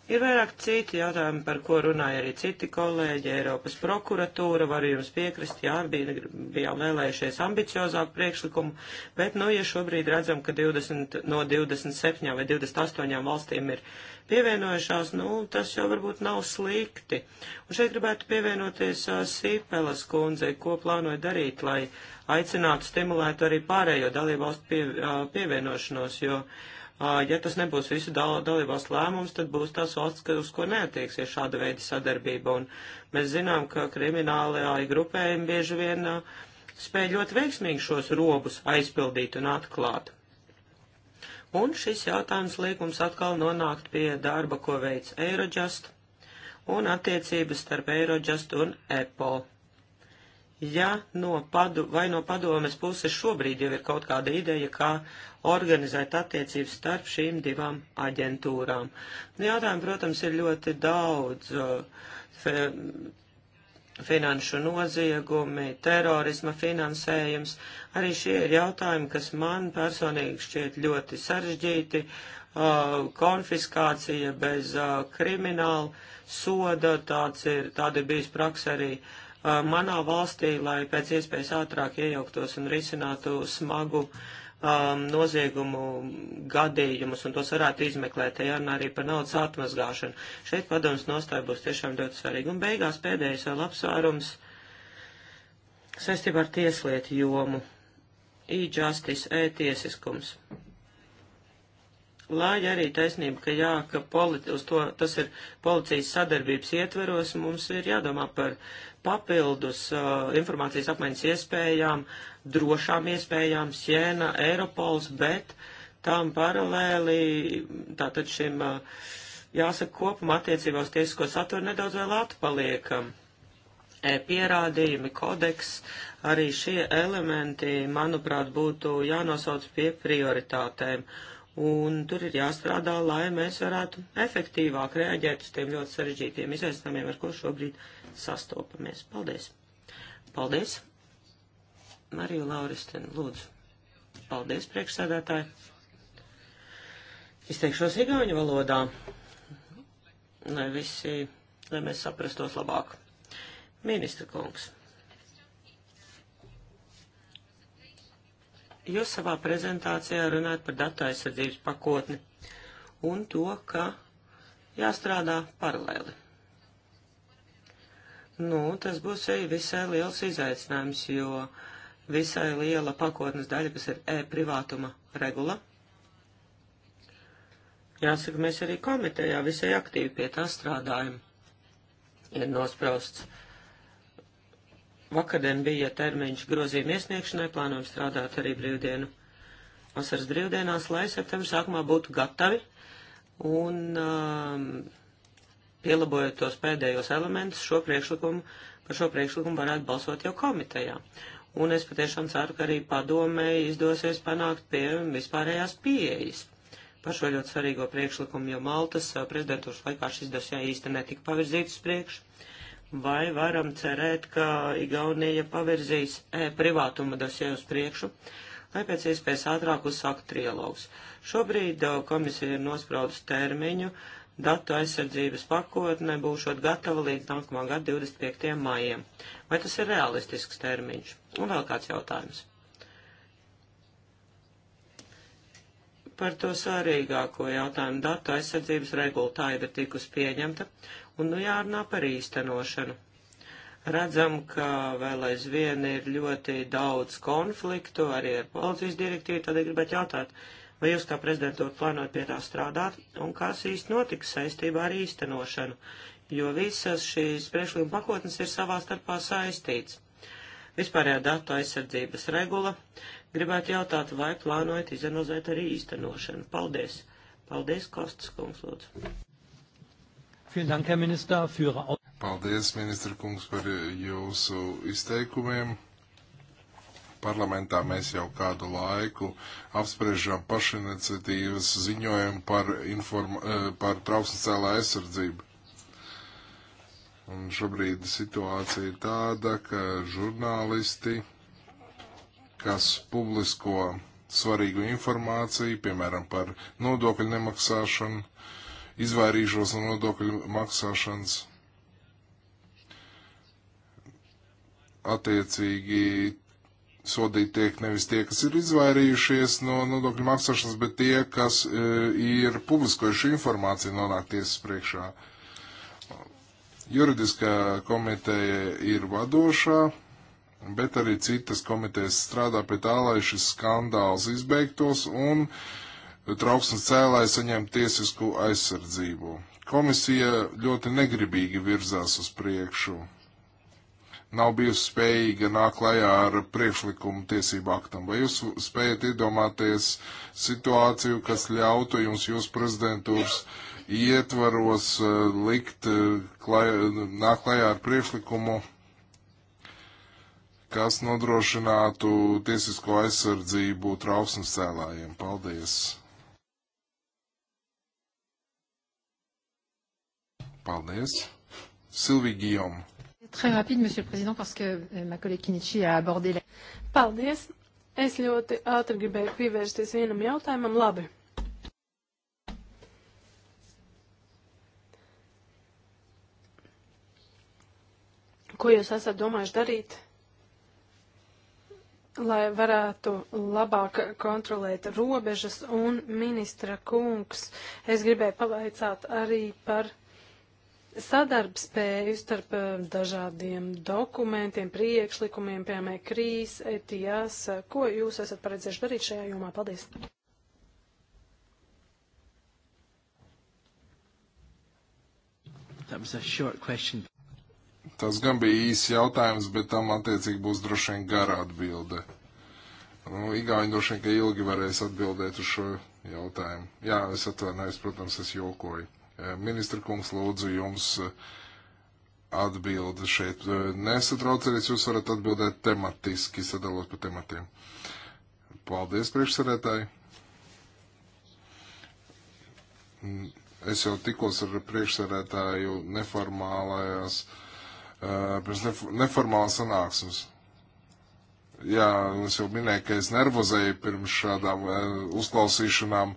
Ir vairāk citi jautājumi, par ko runāja arī citi kolēģi. Eiropas prokuratūra var jums piekrist, jā, bija, bijām vēlējušies ambiciozāku priekšlikumu, bet, nu, ja šobrīd redzam, ka 20, no 27 vai 28 valstīm ir pievienojušās, nu, tas jau varbūt nav slikti. Un šeit gribētu pievienoties uh, Sīpelas kundzei, ko plānoja darīt, lai aicinātu, stimulētu arī pārējo dalībvalstu pie, uh, pievienošanos, jo, uh, ja tas nebūs visu dal, dalībvalstu lēmums, tad būs tās valsts, uz ko neatieksies šāda veida sadarbība. Un mēs zinām, ka kriminālajai grupējumi bieži vien uh, spēj ļoti veiksmīgi šos robus aizpildīt un atklāt. Un šis jautājums līgums atkal nonākt pie darba, ko veids Eirodžast un attiecības starp Eirodžast un EPO. Ja no padu, vai no padomes puses šobrīd jau ir kaut kāda ideja, kā organizēt attiecības starp šīm divām aģentūrām. Jautājumu, protams, ir ļoti daudz. Uh, finanšu noziegumi, terorisma finansējums. Arī šie ir jautājumi, kas man personīgi šķiet ļoti sarežģīti. Uh, konfiskācija bez uh, krimināla soda, tāds ir, tāda ir bijis praksa arī uh, manā valstī, lai pēc iespējas ātrāk iejauktos un risinātu smagu uh, um, noziegumu gadījumus, un tos varētu izmeklēt, ja runā arī par naudas atmazgāšanu. Šeit padomas nostāja būs tiešām ļoti svarīga. Un beigās pēdējais vēl apsvērums saistībā ar tieslietu jomu. E-justice, e-tiesiskums. Lai arī taisnība, ka jā, ka politi, uz to tas ir policijas sadarbības ietveros, mums ir jādomā par uh, papildus uh, informācijas apmaiņas iespējām, drošām iespējām, Siena, Eiropols, bet tam paralēli tātad šim uh, jāsaka kopumā attiecībā uz tiesisko saturu nedaudz vēl atpaliekam. E pierādījumi, kodeks, arī šie elementi, manuprāt, būtu jānosauc pie prioritātēm. Un tur ir jāstrādā, lai mēs varētu efektīvāk reaģēt uz tiem ļoti sarežģītiem izaicinājumiem, ar ko šobrīd sastopamies. Paldies! Paldies! Mariju Lauristenu, lūdzu. Paldies, priekšsēdētāji. Izteikšos igauņu valodā, lai visi, lai mēs saprastos labāk. Ministra kungs, jūs savā prezentācijā runājat par datu aizsardzības pakotni un to, ka jāstrādā paralēli. Nu, tas būs arī visai liels izaicinājums, jo visai liela pakotnes daļa, kas ir e-privātuma regula. Jāsaka, mēs arī komitejā visai aktīvi pie tā strādājam. Ir nosprausts. Vakardien bija termiņš grozījuma iesniegšanai, plānojam strādāt arī brīvdienu. Vasaras brīvdienās, lai septembra sākumā būtu gatavi un um, pielabojot tos pēdējos elementus, šo priekšlikumu, par šo priekšlikumu varētu balsot jau komitejā. Un es patiešām ceru, ka arī padomēji izdosies panākt pie vispārējās pieejas par šo ļoti svarīgo priekšlikumu, jo Maltas eh, prezidentūras laikā šis dosjā īsti netika pavirzīts uz priekšu. Vai varam cerēt, ka Igaunija pavirzīs e privātuma dosjē uz priekšu? lai pēc iespējas ātrāk uzsāktu trilogus. Šobrīd o, eh, komisija ir nospraudusi termiņu datu aizsardzības pakotne būšot gatava līdz nākamā gada 25. maijiem. Vai tas ir realistisks termiņš? Un vēl kāds jautājums. Par to svarīgāko jautājumu datu aizsardzības regula tā jau ir tikus pieņemta, un nu jārunā par īstenošanu. Redzam, ka vēl aizvien ir ļoti daudz konfliktu arī ar policijas direktīvu, tad gribētu jautāt, uh, Vai jūs kā prezidentūra plānojat pie tā strādāt, un kas īsti notiks saistībā ar īstenošanu, jo visas šīs priekšlikuma pakotnes ir savā starpā saistīts. Vispārējā datu aizsardzības regula. Gribētu jautāt, vai plānojat izanalizēt arī īstenošanu. Paldies! Paldies, Kostas kungs, lūdzu! Paldies, ministra kungs, par jūsu izteikumiem. Parlamentā mēs jau kādu laiku apspriežam pašiniciatīvas ziņojumu par, inform, eh, par trauksmes cēlā aizsardzību. Un šobrīd situācija ir tāda, ka žurnālisti, kas publisko svarīgu informāciju, piemēram, par nodokļu nemaksāšanu, izvairīšos no nodokļu maksāšanas. Attiecīgi sodīt tiek nevis tie, kas ir izvairījušies no nodokļu maksāšanas, bet tie, kas e, ir publiskojuši informāciju nonāk tiesas priekšā. Juridiskā komiteja ir vadošā, bet arī citas komitejas strādā pie tā, lai šis skandāls izbeigtos un trauksmes cēlāji saņemtu tiesisku aizsardzību. Komisija ļoti negribīgi virzās uz priekšu nav bijusi spējīga nāk klajā ar priekšlikumu tiesību aktam. Vai jūs spējat iedomāties situāciju, kas ļautu jums jūs prezidentūras ietvaros eh, likt eh, klajā, nāk klajā ar priekšlikumu, kas nodrošinātu tiesisko aizsardzību trauksmes cēlājiem? Paldies! Paldies! Silvija Gijoma. Très rapide, Monsieur le Président, parce que euh, ma collègue Kinichi a abordé la... Paldies! Es ļoti ātri gribēju pievērsties vienam jautājumam. Labi. Ko jūs esat domājuši darīt, lai varētu labāk kontrolēt robežas un ministra kungs? Es gribēju pavaicāt arī par sadarbspēju starp eh, dažādiem dokumentiem, priekšlikumiem, piemēram, krīs, etijās. Ko jūs esat paredzējuši darīt šajā jomā? Paldies! Tas gan bija īsts jautājums, bet tam attiecīgi būs droši vien gara atbilde. Nu, Igauņi droši vien, ka ilgi varēs atbildēt uz šo jautājumu. Jā, es atvainojos, protams, es jokoju. Eh, ministra kungs, lūdzu jums eh, atbildi šeit. Eh, nesatraucieties, jūs varat atbildēt tematiski, sadalot pa tematiem. Paldies, priekšsarētāji. Mm, es jau tikos ar priekšsarētāju neformālajās, pirms nef neformālās sanāksmes. Jā, es jau minēju, ka es nervozēju pirms šādām uzklausīšanām.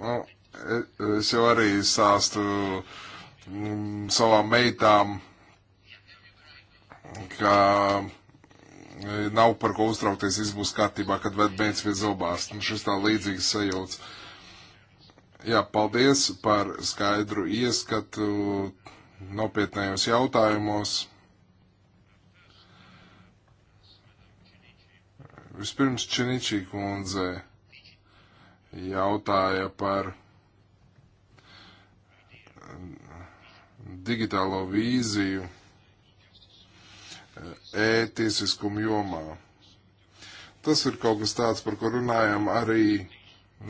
Nu, Es jau arī stāstu mm, savām meitām, ka mm, nav par ko uztraukties, viss būs kārtībā, kad ved bērns pie zobārsta. Nu, šis tā līdzīgs sajūts. Jā, paldies par skaidru ieskatu nopietnējos jautājumos. Vispirms Činičī kundze jautāja par digitālo vīziju eh, ētisiskumu e jomā. Tas ir kaut kas tāds, par ko runājam arī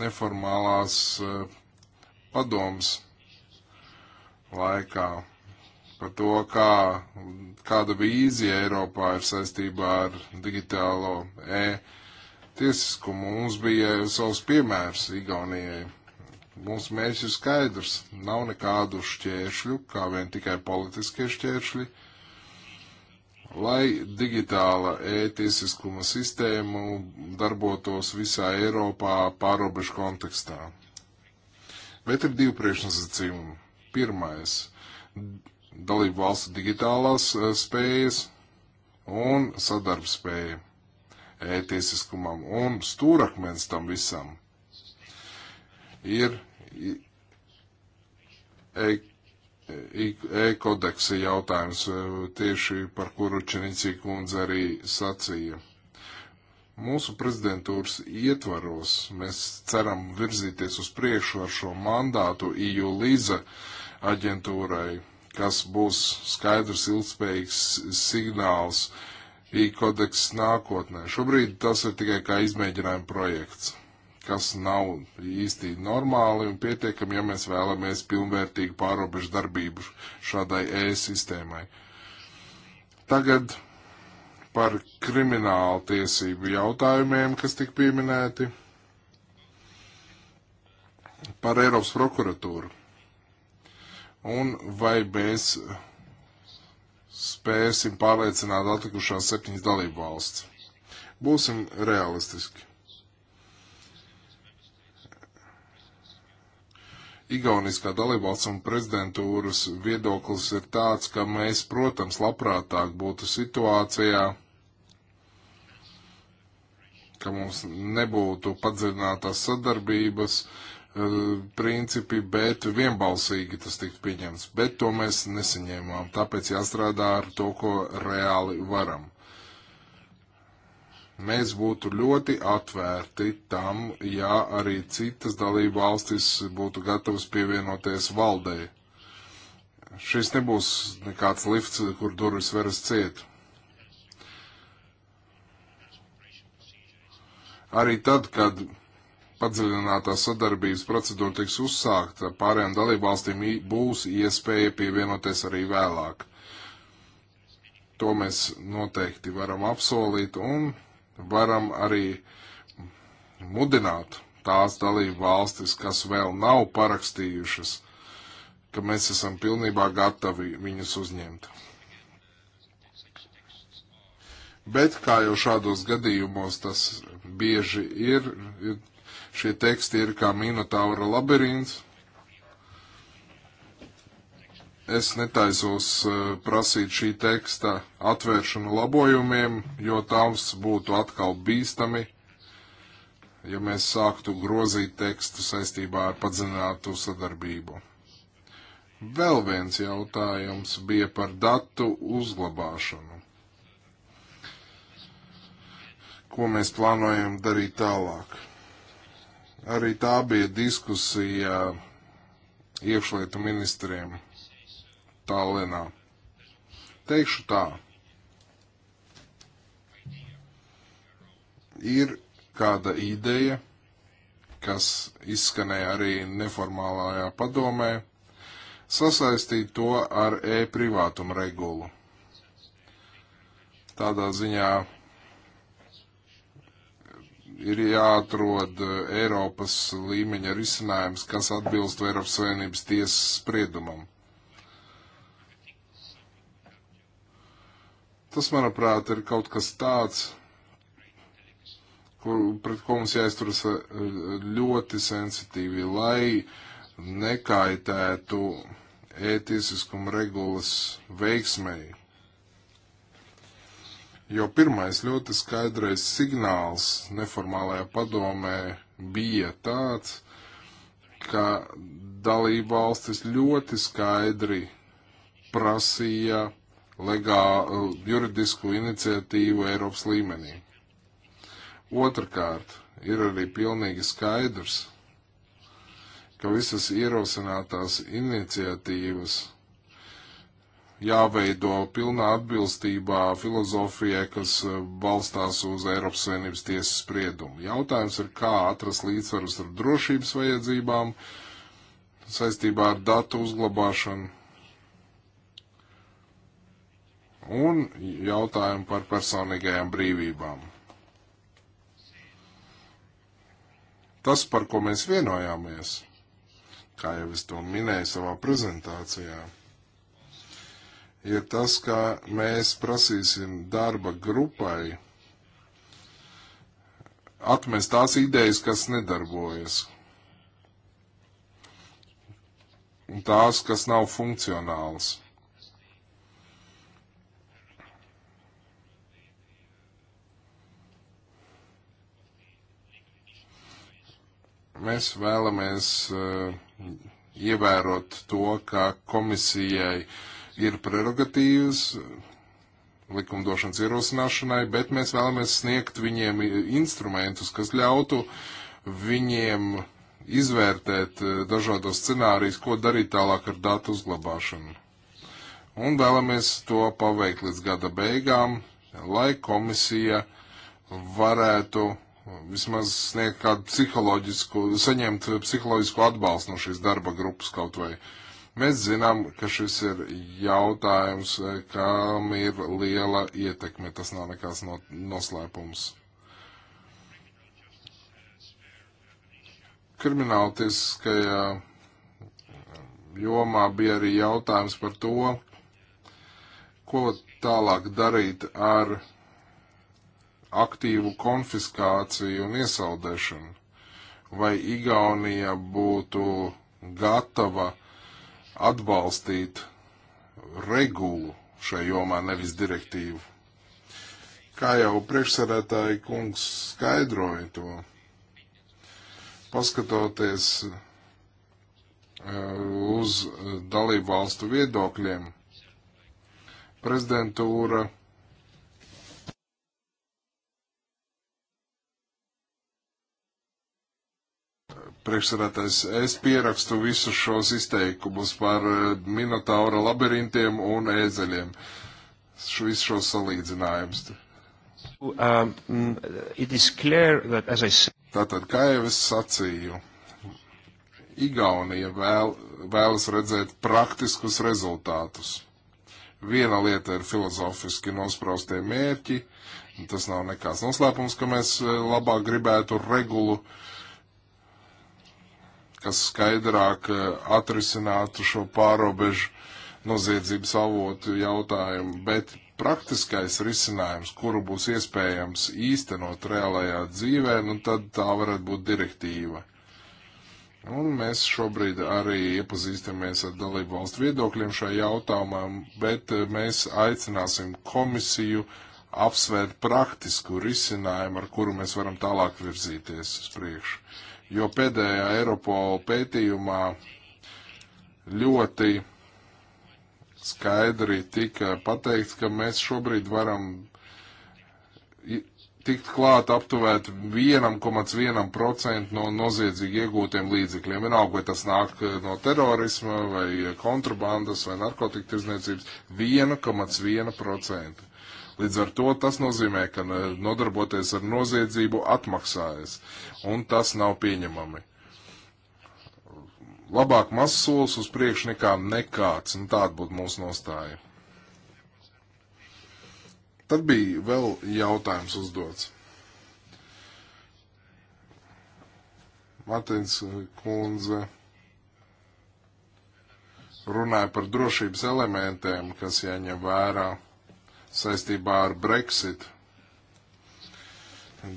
neformālās eh, padoms laikā par to, kā, kāda vīzija Eiropā ir saistībā ar digitālo e-tiesiskumu. Eh, Mums bija savs piemērs Igaunijai Mums mērķis ir skaidrs. Nav nekādu šķēršļu, kā vien tikai politiskie šķēršļi, lai digitāla ētiesiskuma e sistēma darbotos visā Eiropā pārobežu kontekstā. Bet ir divi priekšnosacījumi. Pirmais - dalību valsts digitālās e, spējas un sadarbspēja ētiesiskumam e un stūrakmens tam visam ir e-kodeksa e e jautājums, e, tieši par kuru Čenicī kundze arī sacīja. Mūsu prezidentūras ietvaros mēs ceram virzīties uz priekšu ar šo mandātu EU Līza aģentūrai, kas būs skaidrs, ilgspējīgs signāls e-kodeks nākotnē. Šobrīd tas ir tikai kā izmēģinājuma projekts kas nav īsti normāli un pietiekami, ja mēs vēlamies pilnvērtīgu pārobežu darbību šādai e-sistēmai. Tagad par kriminālu tiesību jautājumiem, kas tik pieminēti, par Eiropas prokuratūru. Un vai mēs spēsim pārliecināt atlikušās septiņas dalību valsts? Būsim realistiski Igaunijas kā dalībvalsts un prezidentūras viedoklis ir tāds, ka mēs, protams, labprātāk būtu situācijā, ka mums nebūtu padziļinātās sadarbības e, principi, bet vienbalsīgi tas tiktu pieņemts. Bet to mēs nesaņēmām, tāpēc jāstrādā ar to, ko reāli varam mēs būtu ļoti atvērti tam, ja arī citas dalība valstis būtu gatavas pievienoties valdei. Šis nebūs nekāds lifts, kur durvis veras ciet. Arī tad, kad padziļinātā sadarbības procedūra tiks uzsākta, pārējām dalībvalstīm būs iespēja pievienoties arī vēlāk. To mēs noteikti varam apsolīt, un varam arī mudināt tās dalību valstis, kas vēl nav parakstījušas, ka mēs esam pilnībā gatavi viņus uzņemt. Bet, kā jau šādos gadījumos tas bieži ir, šie teksti ir kā minotaura labirints, es netaisos e, prasīt šī teksta atvēršanu labojumiem, jo tās būtu atkal bīstami, ja mēs sāktu grozīt tekstu saistībā ar padzinātu sadarbību. Vēl viens jautājums bija par datu uzglabāšanu. Ko mēs plānojam darīt tālāk? Arī tā bija diskusija iekšlietu ministriem Tallinā. Teikšu tā. Ir kāda ideja, kas izskanēja arī neformālajā padomē, sasaistīt to ar e-privātumu regulu. Tādā ziņā ir jāatrod Eiropas līmeņa risinājums, kas atbilst Eiropas Savienības tiesas spriedumam. Tas, manuprāt, ir kaut kas tāds, kur, pret ko mums jāizturas eh, ļoti sensitīvi, lai nekaitētu ētiskuma regulas veiksmēji. Jo pirmais ļoti skaidrais signāls neformālajā padomē bija tāds, ka dalība valstis ļoti skaidri prasīja legālu uh, juridisku iniciatīvu Eiropas līmenī. Otrakārt, ir arī pilnīgi skaidrs, ka visas ierosinātās iniciatīvas jāveido pilnā atbilstībā filozofijai, kas uh, balstās uz Eiropas Savienības tiesas spriedumu. Jautājums ir, kā atrast līdzsvarus ar drošības vajadzībām saistībā ar datu uzglabāšanu un jautājumu par personīgajām brīvībām. Tas, par ko mēs vienojāmies, kā jau es to minēju savā prezentācijā, ir tas, ka mēs prasīsim darba grupai atmest tās idejas, kas nedarbojas, un tās, kas nav funkcionāls. Mēs vēlamies eh, ievērot to, ka komisijai ir prerogatīvas likumdošanas ierosināšanai, bet mēs vēlamies sniegt viņiem instrumentus, kas ļautu viņiem izvērtēt eh, dažādos scenārijus, ko darīt tālāk ar datu uzglabāšanu. Un vēlamies to paveikt līdz gada beigām, lai komisija varētu vismaz sniegt kādu psiholoģisku, saņemt psiholoģisku atbalstu no šīs darba grupas kaut vai. Mēs zinām, ka šis ir jautājums, kam ir liela ietekme, tas nav nekāds no, noslēpums. Krimināltiskajā jomā bija arī jautājums par to, ko tālāk darīt ar aktīvu konfiskāciju un iesaldēšanu. Vai Igaunija būtu gatava atbalstīt regulu šai jomā, nevis direktīvu? Kā jau priekšsarētāji kungs skaidroja to, paskatoties e, uz dalību valstu viedokļiem, prezidentūra Priekšsēdētājs, es pierakstu visus šos izteikumus par eh, minotaura labirintiem un ēdzeļiem. Šo, visu šos salīdzinājumus. Um, said... Tātad, kā jau es sacīju, Igaunija vēl, vēlas redzēt praktiskus rezultātus. Viena lieta ir filozofiski nospraustie mērķi, tas nav nekāds noslēpums, ka mēs eh, labāk gribētu regulu uh, kas skaidrāk eh, atrisinātu šo pārobežu noziedzības avotu jautājumu, bet praktiskais risinājums, kuru būs iespējams īstenot reālajā dzīvē, nu tad tā varētu būt direktīva. Un mēs šobrīd arī iepazīstamies ar dalību valstu viedokļiem šajā jautājumā, bet eh, mēs aicināsim komisiju apsvērt praktisku risinājumu, ar kuru mēs varam tālāk virzīties uz priekšu jo pēdējā Eiropola pētījumā ļoti skaidri tika pateikts, ka mēs šobrīd varam tikt klāt aptuvēt 1,1% no noziedzīgi iegūtiem līdzekļiem. Vienalga, vai tas nāk no terorisma, vai kontrabandas, vai narkotika tirzniecības, 1,1%. Līdz ar to tas nozīmē, ka nodarboties ar noziedzību atmaksājas, un tas nav pieņemami. Labāk maz solis uz priekšu nekā nekāds, un tāda būtu mūsu nostāja. Tad bija vēl jautājums uzdots. Matins kundze runāja par drošības elementiem, kas jāņem vērā. Ja saistībā ar Brexit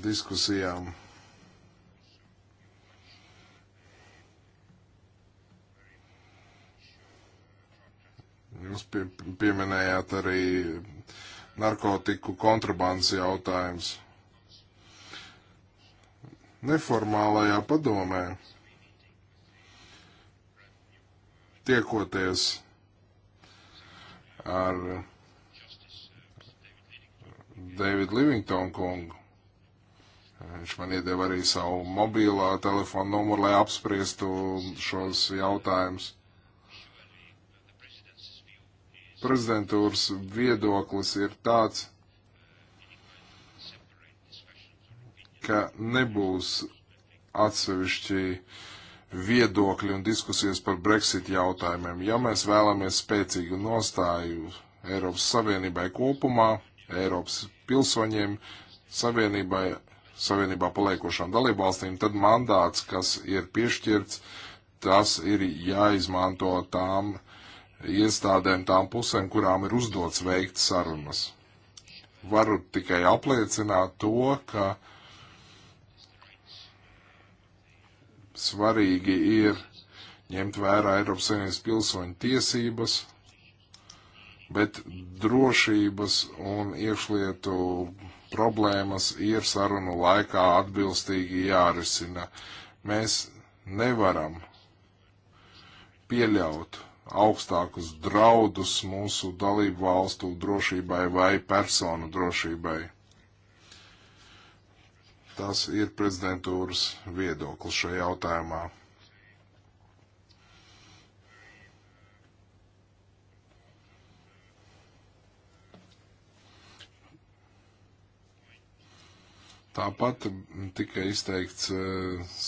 diskusijām. Jūs pie, pieminējāt arī narkotiku kontrabandas jautājums. Neformālajā padomē tiekoties ar Davidu Livingtonu kungu. Viņš man iedeva arī savu mobilā telefonu numuru, lai apspriestu šos jautājumus. Prezidentūras viedoklis ir tāds, ka nebūs atsevišķi viedokļi un diskusijas par Brexit jautājumiem. Ja mēs vēlamies spēcīgu nostāju Eiropas Savienībai kopumā, Eiropas pilsoņiem, savienībai, savienībā paliekošām dalībvalstīm, tad mandāts, kas ir piešķirts, tas ir jāizmanto tām iestādēm, tām pusēm, kurām ir uzdots veikt sarunas. Varu tikai apliecināt to, ka svarīgi ir ņemt vērā Eiropas Savienības pilsoņu tiesības bet drošības un iekšlietu problēmas ir sarunu laikā atbilstīgi jārisina. Mēs nevaram pieļaut augstākus draudus mūsu dalību valstu drošībai vai personu drošībai. Tas ir prezidentūras viedoklis šajā jautājumā. Tāpat mm, tika izteikts eh,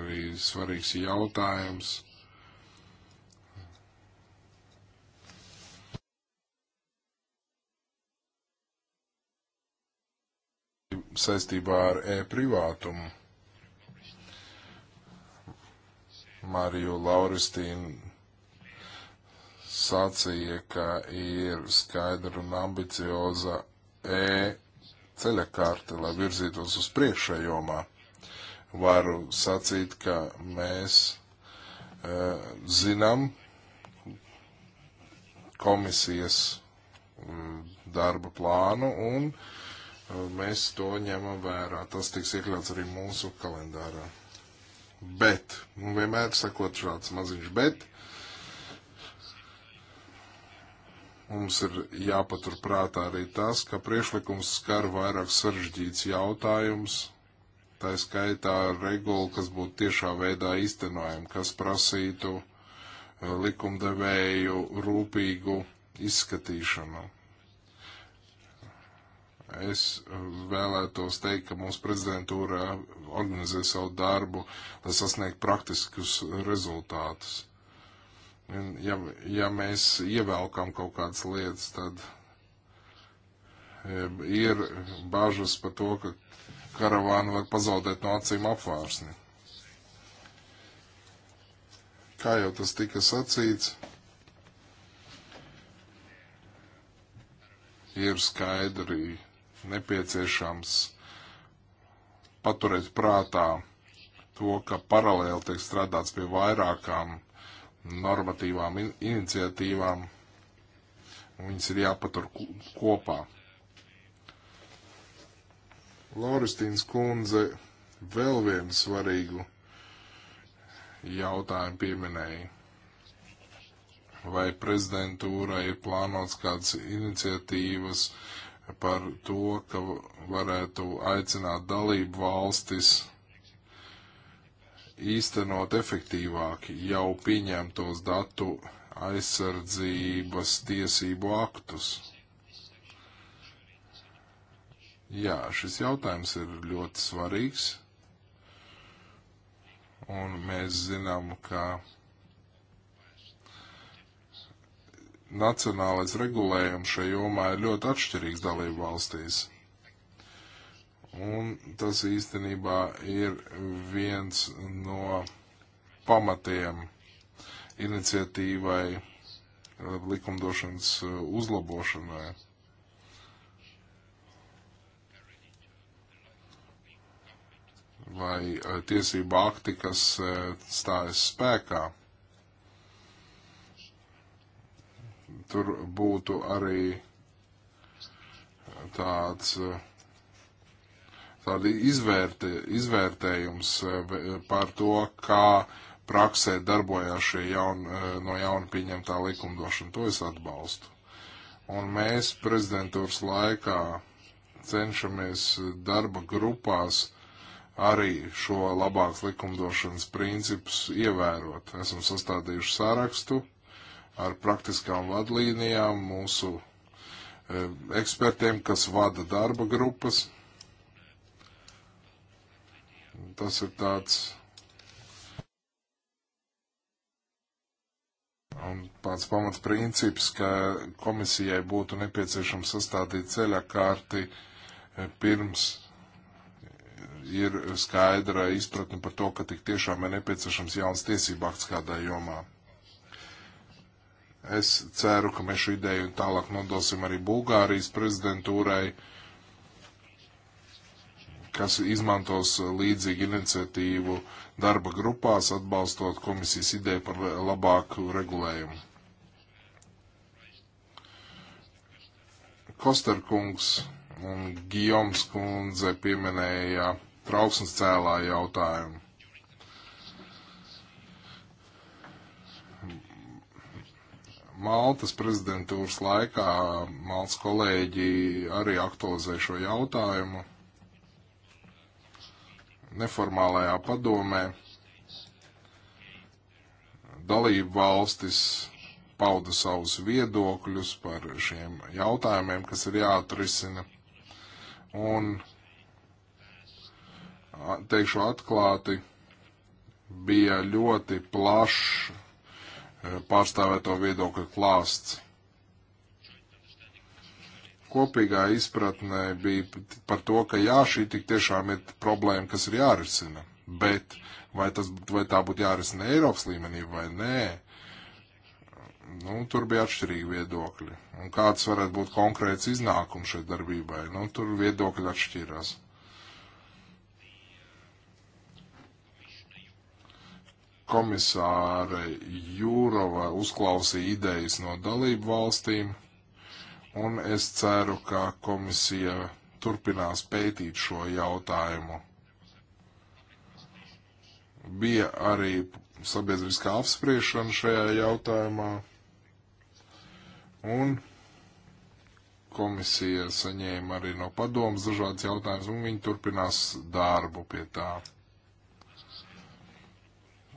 arī svarīgs jautājums. saistībā ar e-privātumu. Mariju Lauristīnu sacīja, ka ir skaidra un ambicioza e ceļa kārta, lai virzītos uz priekšējomā. Varu sacīt, ka mēs uh, zinām komisijas um, darba plānu un uh, mēs to ņemam vērā. Tas tiks iekļauts arī mūsu kalendārā. Bet, nu, vienmēr sakot šāds maziņš bet, Mums ir jāpaturprātā arī tas, ka priešlikums skar vairāk sarežģīts jautājums, tā skaitā regula, kas būtu tiešā veidā iztenojama, kas prasītu e, likumdevēju rūpīgu izskatīšanu. Es e, vēlētos teikt, ka mūsu prezidentūra organizē savu darbu, lai sasniegtu praktiskus rezultātus. Ja, ja mēs ievelkam kaut kādas lietas, tad eh, ir bažas par to, ka karavānu var pazaudēt no acīm apvārsni. Kā jau tas tika sacīts, ir skaidri nepieciešams paturēt prātā to, ka paralēli tiek strādāts pie vairākām normatīvām in iniciatīvām, un viņas ir jāpatur kopā. Lauristīnas kundze vēl vienu svarīgu jautājumu pieminēja. Vai prezidentūra ir plānots kādas iniciatīvas par to, ka varētu aicināt dalību valstis īstenot efektīvāk jau pieņemtos datu aizsardzības tiesību aktus. Jā, šis jautājums ir ļoti svarīgs, un mēs zinām, ka nacionālais regulējums šajā jomā ir ļoti atšķirīgs dalību valstīs. Un tas īstenībā ir viens no pamatiem iniciatīvai eh, likumdošanas eh, uzlabošanai. vai eh, tiesība akti, kas stājas spēkā. Tur būtu arī tāds uh, tādi izvērte, izvērtējums eh, par to, kā praksē darbojās šie jaun, eh, no jauna pieņemtā likumdošana. To es atbalstu. Un mēs prezidentūras laikā cenšamies darba grupās arī šo labāks likumdošanas principus ievērot. Esam sastādījuši sārakstu ar praktiskām vadlīnijām mūsu eh, ekspertiem, kas vada darba grupas, Tas ir tāds. Un pats pamatprincips, ka komisijai būtu nepieciešams sastādīt ceļa kārti eh, pirms ir skaidra izpratne par to, ka tik tiešām ir nepieciešams jauns tiesību akts kādā jomā. Es ceru, ka mēs šo ideju tālāk nodosim arī Bulgārijas prezidentūrai kas izmantos uh, līdzīgu iniciatīvu darba grupās, atbalstot komisijas ideju par labāku regulējumu. Kosterkungs un Gijoms kundze pieminēja trauksmes cēlā jautājumu. Maltas prezidentūras laikā Maltas kolēģi arī aktualizē šo jautājumu neformālajā padomē dalību valstis pauda savus viedokļus par šiem jautājumiem, kas ir jāatrisina. Un teikšu atklāti, bija ļoti plašs e, pārstāvēto viedokļu klāsts kopīgā izpratnē bija par to, ka jā, šī tik tiešām ir problēma, kas ir jārisina, bet vai, tas, vai tā būtu jārisina Eiropas līmenī vai nē, nu, tur bija atšķirīgi viedokļi. Un kāds varētu būt konkrēts iznākums šai darbībai, nu, tur viedokļi atšķirās. Komisāre Jūrova uzklausīja idejas no dalību valstīm un es ceru, ka komisija turpinās pētīt šo jautājumu. Bija arī sabiedriskā apspriešana šajā jautājumā, un komisija saņēma arī no padomas dažādas jautājumas, un viņi turpinās darbu pie tā.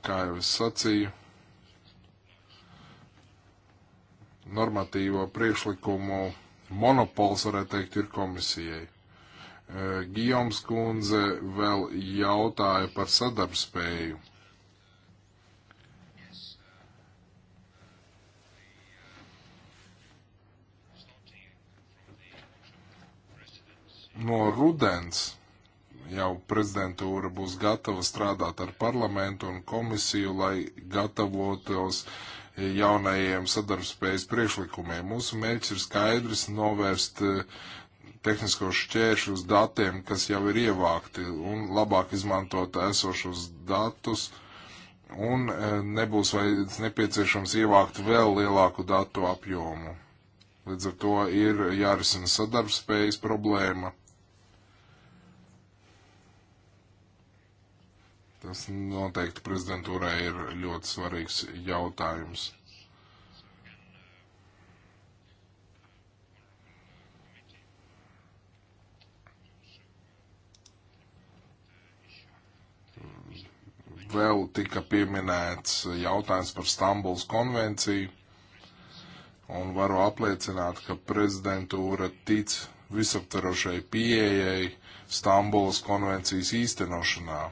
Kā jau es sacīju, normatīvo priekšlikumu monopols, varētu teikt, ir komisijai. E, Gijoms kundze vēl jautāja par sadarbspēju. No rudens jau prezidentūra būs gatava strādāt ar parlamentu un komisiju, lai gatavotos uh, jaunajiem sadarbspējas priekšlikumiem. Mūsu mērķis ir skaidrs novērst eh, tehniskos šķēršļus datiem, kas jau ir ievākti, un labāk izmantot esošos datus, un eh, nebūs vairs nepieciešams ievākt vēl lielāku datu apjomu. Līdz ar to ir jārisina sadarbspējas problēma Tas noteikti prezidentūrai ir ļoti svarīgs jautājums. Vēl tika pieminēts jautājums par Stambuls konvenciju, un varu apliecināt, ka prezidentūra tic visaptverošai pieejai Stambulas konvencijas īstenošanā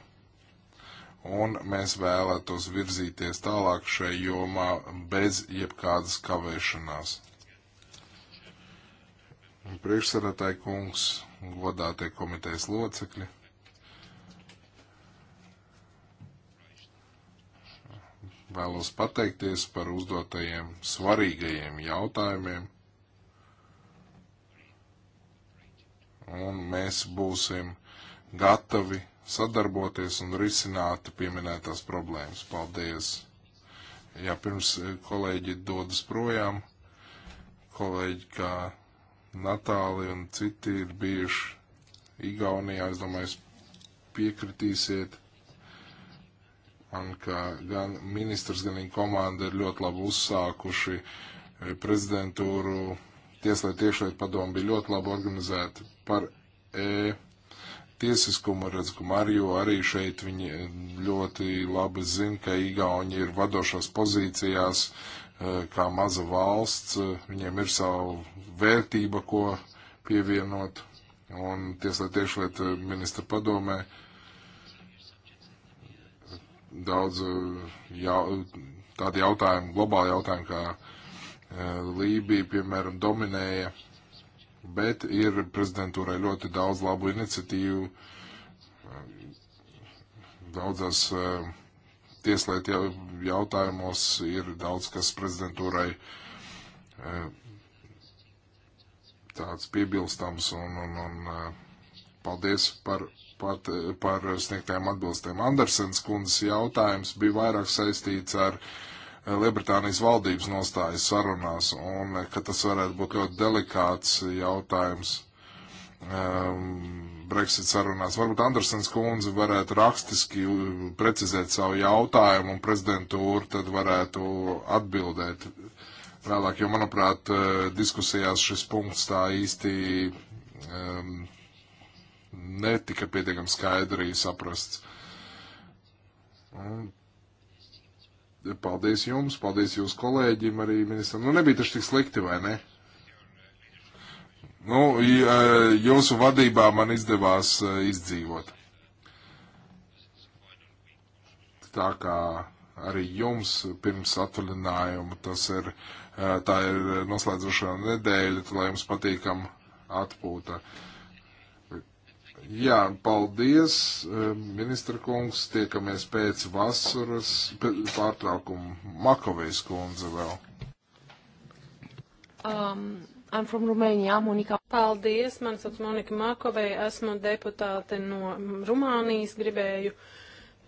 un mēs vēlētos virzīties tālāk šajā jomā bez jebkādas kavēšanās. Priekšsēdētāji kungs, godātie komitejas locekļi. Vēlos pateikties par uzdotajiem svarīgajiem jautājumiem. Un mēs būsim gatavi sadarboties un risināt pieminētās problēmas. Paldies! Jā, pirms eh, kolēģi dodas projām, kolēģi kā Natāli un citi ir bijuši Igaunijā, es domāju, piekritīsiet man, ka gan ministrs, gan viņa komanda ir ļoti labi uzsākuši eh, prezidentūru. Tieslietu iekšlietu padomu bija ļoti labi organizēta par e tiesiskumu, redz, ka Mario arī šeit viņi eh, ļoti labi zina, ka Igauni ir vadošās pozīcijās, eh, kā maza valsts, eh, viņiem ir savu vērtība, ko pievienot, un tieslietu tiešlietu ministra padomē daudz jau, tādu jautājumu, globālu jautājumu, kā Lībija, piemēram, dominēja bet ir prezidentūrai ļoti daudz labu iniciatīvu daudzās eh, tieslietu jautājumos ir daudz, kas prezidentūrai eh, tāds piebilstams un, un, un eh, paldies par, pat, par sniegtajām atbilstēm. Andersens kundzes jautājums bija vairāk saistīts ar uh, Lielbritānijas valdības nostājas sarunās un eh, ka tas varētu būt ļoti delikāts jautājums um, Brexit sarunās. Varbūt Andersens kundze varētu rakstiski precizēt savu jautājumu un prezidentūra tad varētu atbildēt vēlāk, jo manuprāt eh, diskusijās šis punkts tā īsti um, netika pietiekami skaidri saprasts. Un Paldies jums, paldies jūsu kolēģim, arī ministram. Nu, nebija tas tik slikti, vai ne? Nu, e, jūsu vadībā man izdevās e, izdzīvot. Tā kā arī jums pirms atvaļinājuma tas ir, e, tā ir noslēdzošā nedēļa, lai jums patīkam atpūta. Jā, paldies, eh, ministra kungs, tiekamies pēc vasaras pārtraukuma. Makovejs kundze vēl. Um. I'm from Romania, Monika. Paldies, man sauc Monika Makovei, esmu deputāte no Rumānijas, gribēju uh,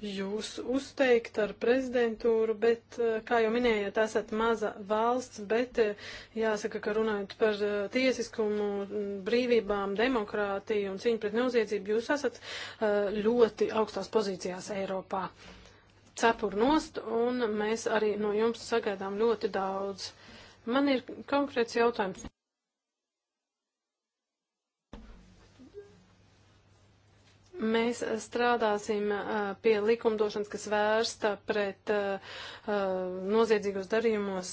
jūs uzteikt ar prezidentūru, bet, eh, kā jau minējāt, esat maza valsts, bet eh, jāsaka, ka runājot par eh, tiesiskumu, mm, brīvībām, demokrātiju un cīņu pret noziedzību, jūs esat ļoti augstās pozīcijās Eiropā. Cepur nost, un mēs arī no jums sagaidām ļoti daudz. Man ir konkrēts jautājums. Mēs eh, strādāsim eh, pie likumdošanas, kas vērsta pret eh, noziedzīgos darījumos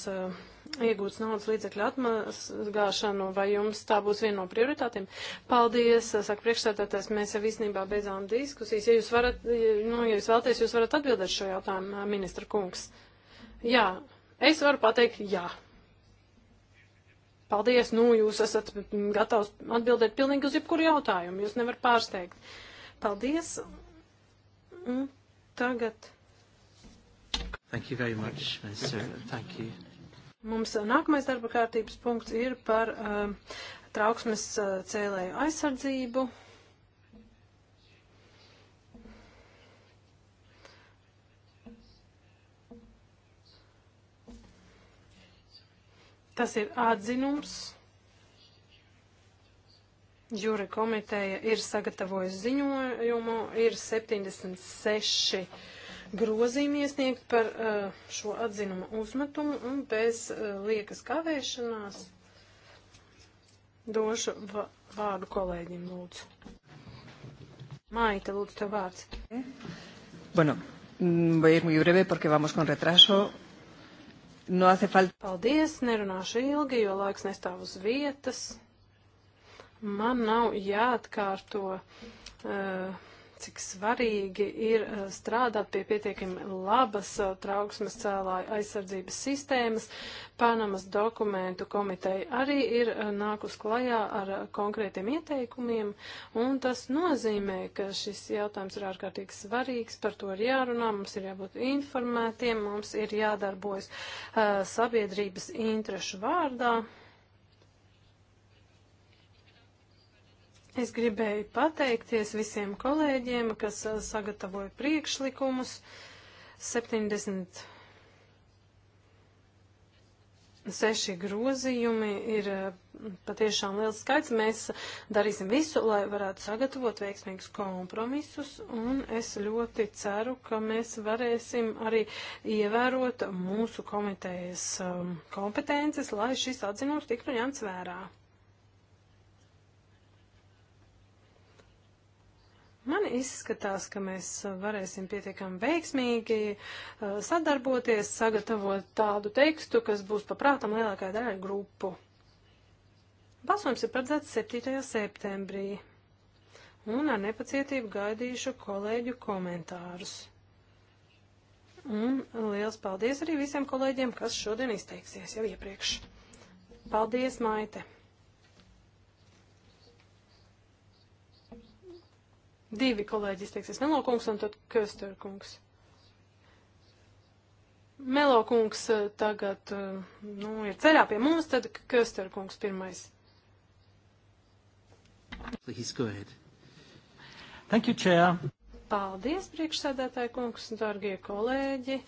iegūtas naudas līdzekļu atmazgāšanu, vai jums tā būs viena no prioritātēm? Paldies, saka priekšsēdētājs, mēs jau īstenībā beidzām diskusijas. Ja jūs varat, nu, ja jūs vēlaties, jūs varat atbildēt šo jautājumu, ministra kungs. Jā, es varu pateikt jā. Paldies, nu, jūs esat mm, gatavs atbildēt pilnīgi uz jebkuru jautājumu, jūs nevar pārsteigt. Uh, Paldies. Un tagad. Thank you very much, Minister. Thank you. Mums nākamais darba kārtības punkts ir par uh, trauksmes uh, cēlēju aizsardzību. Tas ir atzinums. Jūra komiteja ir sagatavojusi ziņojumu, ir 76 grozījumi iesniegt par uh, šo atzinumu uzmetumu un bez uh, liekas kavēšanās došu vārdu kolēģim lūdzu. Maita, lūdzu, tev vārds. Bueno, mm, voy a ir muy breve porque vamos con retraso. No hace falta. Paldies, nerunāšu ilgi, jo laiks nestāv uz vietas. Man nav jāatkārto, eh, cik svarīgi ir eh, strādāt pie pietiekami labas eh, trauksmes cēlāju aizsardzības sistēmas. Panamas dokumentu komiteja arī ir nākus klajā ar konkrētiem ieteikumiem, un tas nozīmē, ka šis jautājums ir ārkārtīgi svarīgs, par to ir jārunā, mums ir jābūt informētiem, mums ir jādarbojas sabiedrības interešu vārdā. Es gribēju pateikties visiem kolēģiem, kas eh, sagatavoja priekšlikumus. 76 grozījumi ir eh, patiešām liels skaits. Mēs darīsim visu, lai varētu sagatavot veiksmīgus kompromisus, un es ļoti ceru, ka mēs varēsim arī ievērot mūsu komitejas eh, kompetences, lai šis atzinums tiktu ņemts vērā. Man izskatās, ka mēs varēsim pietiekami veiksmīgi uh, sadarboties, sagatavot tādu tekstu, kas būs paprātam lielākajai daļai grupu. Balsojums ir paredzēts 7. septembrī, un ar nepacietību gaidīšu kolēģu komentārus. Un liels paldies arī visiem kolēģiem, kas šodien izteiksies jau iepriekš. Paldies, Maite! Divi kolēģi izteiksies Melo kungs un tad Köster kungs. Melo kungs eh, tagad eh, nu, ir ceļā pie mums, tad Köster kungs pirmais. Please go ahead. Thank you, Chair. Paldies, priekšsēdētāji kungs, dārgie kolēģi.